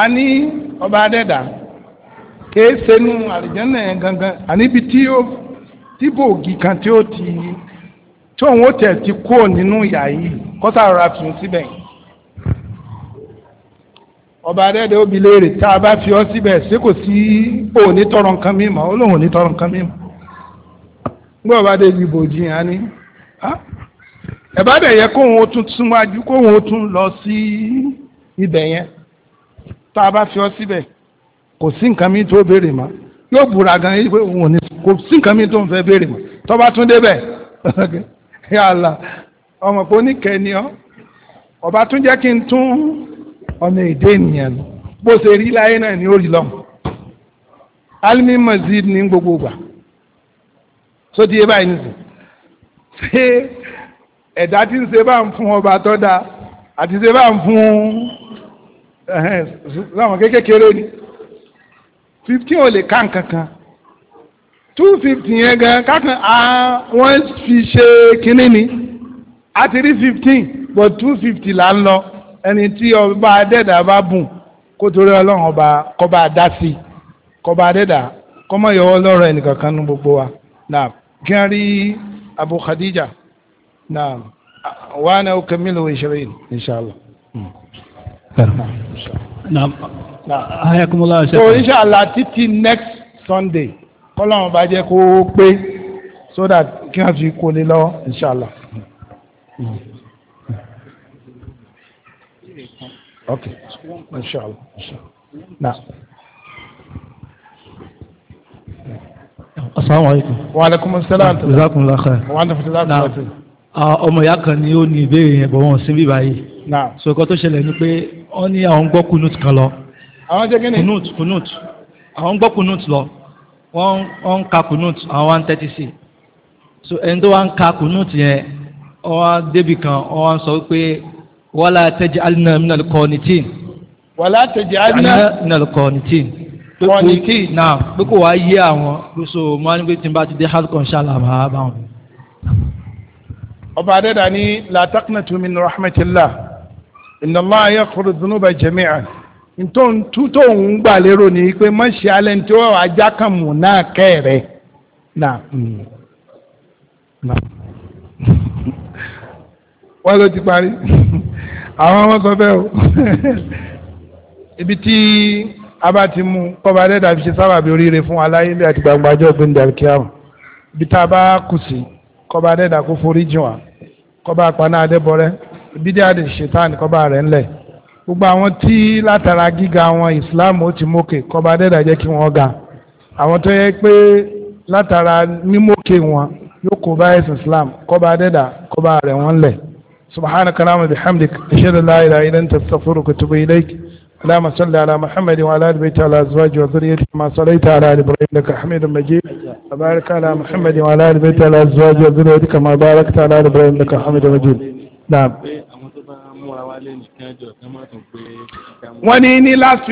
Speaker 1: a ní ọba adẹ́dà kèé náà gangan tó òun ó tẹ̀ ti kúrò nínú ìyá yìí kọ́sà rọra fi hàn síbẹ̀ ọba adẹ́dẹ́ ó bi léèrè tá a bá fi ọ síbẹ̀ ṣé kò sí òní tọrọ nǹkan mímọ́ ó lóun ò ní tọrọ nǹkan mímọ́ gbọ́ ọba adé ibi ìbòjì yẹn á ní ẹ̀bá dẹ̀ yẹ kóun ó tún súnmọ́jú kóun ó tún lọ sí ibẹ̀ yẹn tá a bá fi ọ síbẹ̀ kò sí nǹkan mi tó béèrè mọ́ yóò búra gan yìí pé òun ò ní kò sí nǹkan mi tó ń fẹ́ béèrè mọ́ tọ́ba tún débẹ̀ yàlà ọmọ pé oníkẹ́ni ọ ọba tún jẹ́ kí n tún ọ̀nà èdè ènìyàn bó ṣe rí láyé náà ni ó rí lọ́mù alimi mazid ní gbogbo gbà so di eba ẹni sìn ṣé ẹ̀dá tí ń ṣe bá ń fún ọba tó dáa àti ṣe bá ń fún ẹ̀hẹ́n láwọn kékeré ni fifteen ò lè ká nǹkan kan two fifty yẹn gan ah wọ́n fi ṣe kínní ni a ti rí fifteen but two fifty là ń lọ ẹni tí ọba adẹ́dà bá bùn kó torí ọlọ́run ọba kọba dá sí i kọba adẹ́dà kọ́mọ yọwọ́ lọ́rọ̀ ẹnìkankan nu gbogbo wa naam kí wọ́n rí Abu Khadija naam wa na ukamilu ishirin inshallah. Hmm. naam hayakumullah. so inshallah títí next Sunday kọ́lọ́run bá jẹ́ kó pé so that kí wọ́n fi kó lé lọ́wọ́ inshallah.
Speaker 5: Okay, inshallah.
Speaker 1: Now. Asalaamu alaykum. Wa aleykum salaam. Jazakumullah khair. Wa rahmatulah. Ah, ọmọ
Speaker 4: ìyá kan ni ó ní ìbéèrè yẹn bọ̀ wọ́n sí bíbá yìí. Sọ̀kọ́ tó ṣẹlẹ̀ ni pé wọ́n ní àwọn gbọ́ kunut kan lọ. Àwọn jẹ́ kí ni? Kunut kunut. Àwọn gbọ́ kunut lọ wọ́n ń ka kùnút àwọn one thirty six so ẹni tó wá ń ka kùnút yẹn wọ́n débì kan wọ́n sọ pé wala taj'alna minal qanitin. wala taj'alna minal qanitin. qanitin. náà pé kò wá yé àwọn
Speaker 1: so mo á ní pé tí n bá ti dé halcon ṣáàlà máa bá wọn. ọba adẹ́dàá ní la taqnatu min rahmatillah inna Allaha yaghfiru dhunuba jami'an. tóun ń gbà lérò ni pé má ṣe alẹ́ tí ó ajá kan mú náà kẹ́ mm. ti parí àwọn ọmọ o ibi tí a ti mú kọ́ba dẹ́dà fi ṣe sábàbí oríire fún aláyé bí àti gbangba ọjọ́ ibi tá a bá kù sí kọ́ba dẹ́dà kó forí wá kọ́ba àpáná ibi dí àdè ṣètàn kọ́ba rẹ̀ gbogbo àwọn tí látara gíga wọn islam ó ti mókè kọba dẹ́dà jẹ́ kí wọ́n ga àwọn tó yẹ pé látara mímókè wọn yóò kó bá ẹ̀sìn islam kọba dẹ́dà kọba rẹ̀ wọ́n lẹ̀ subhanahu wa ta'ala bihamdik ashhadu la ilaha illa anta astaghfiruka wa atubu ilayk اللهم صل على محمد وعلى ال بيته وعلى ازواجه وذريته كما صليت على ال ابراهيم انك حميد مجيد وبارك على محمد وعلى ال بيته وعلى ازواجه وذريته كما باركت على ال ابراهيم انك حميد مجيد نعم
Speaker 5: múra wálé ní ní last week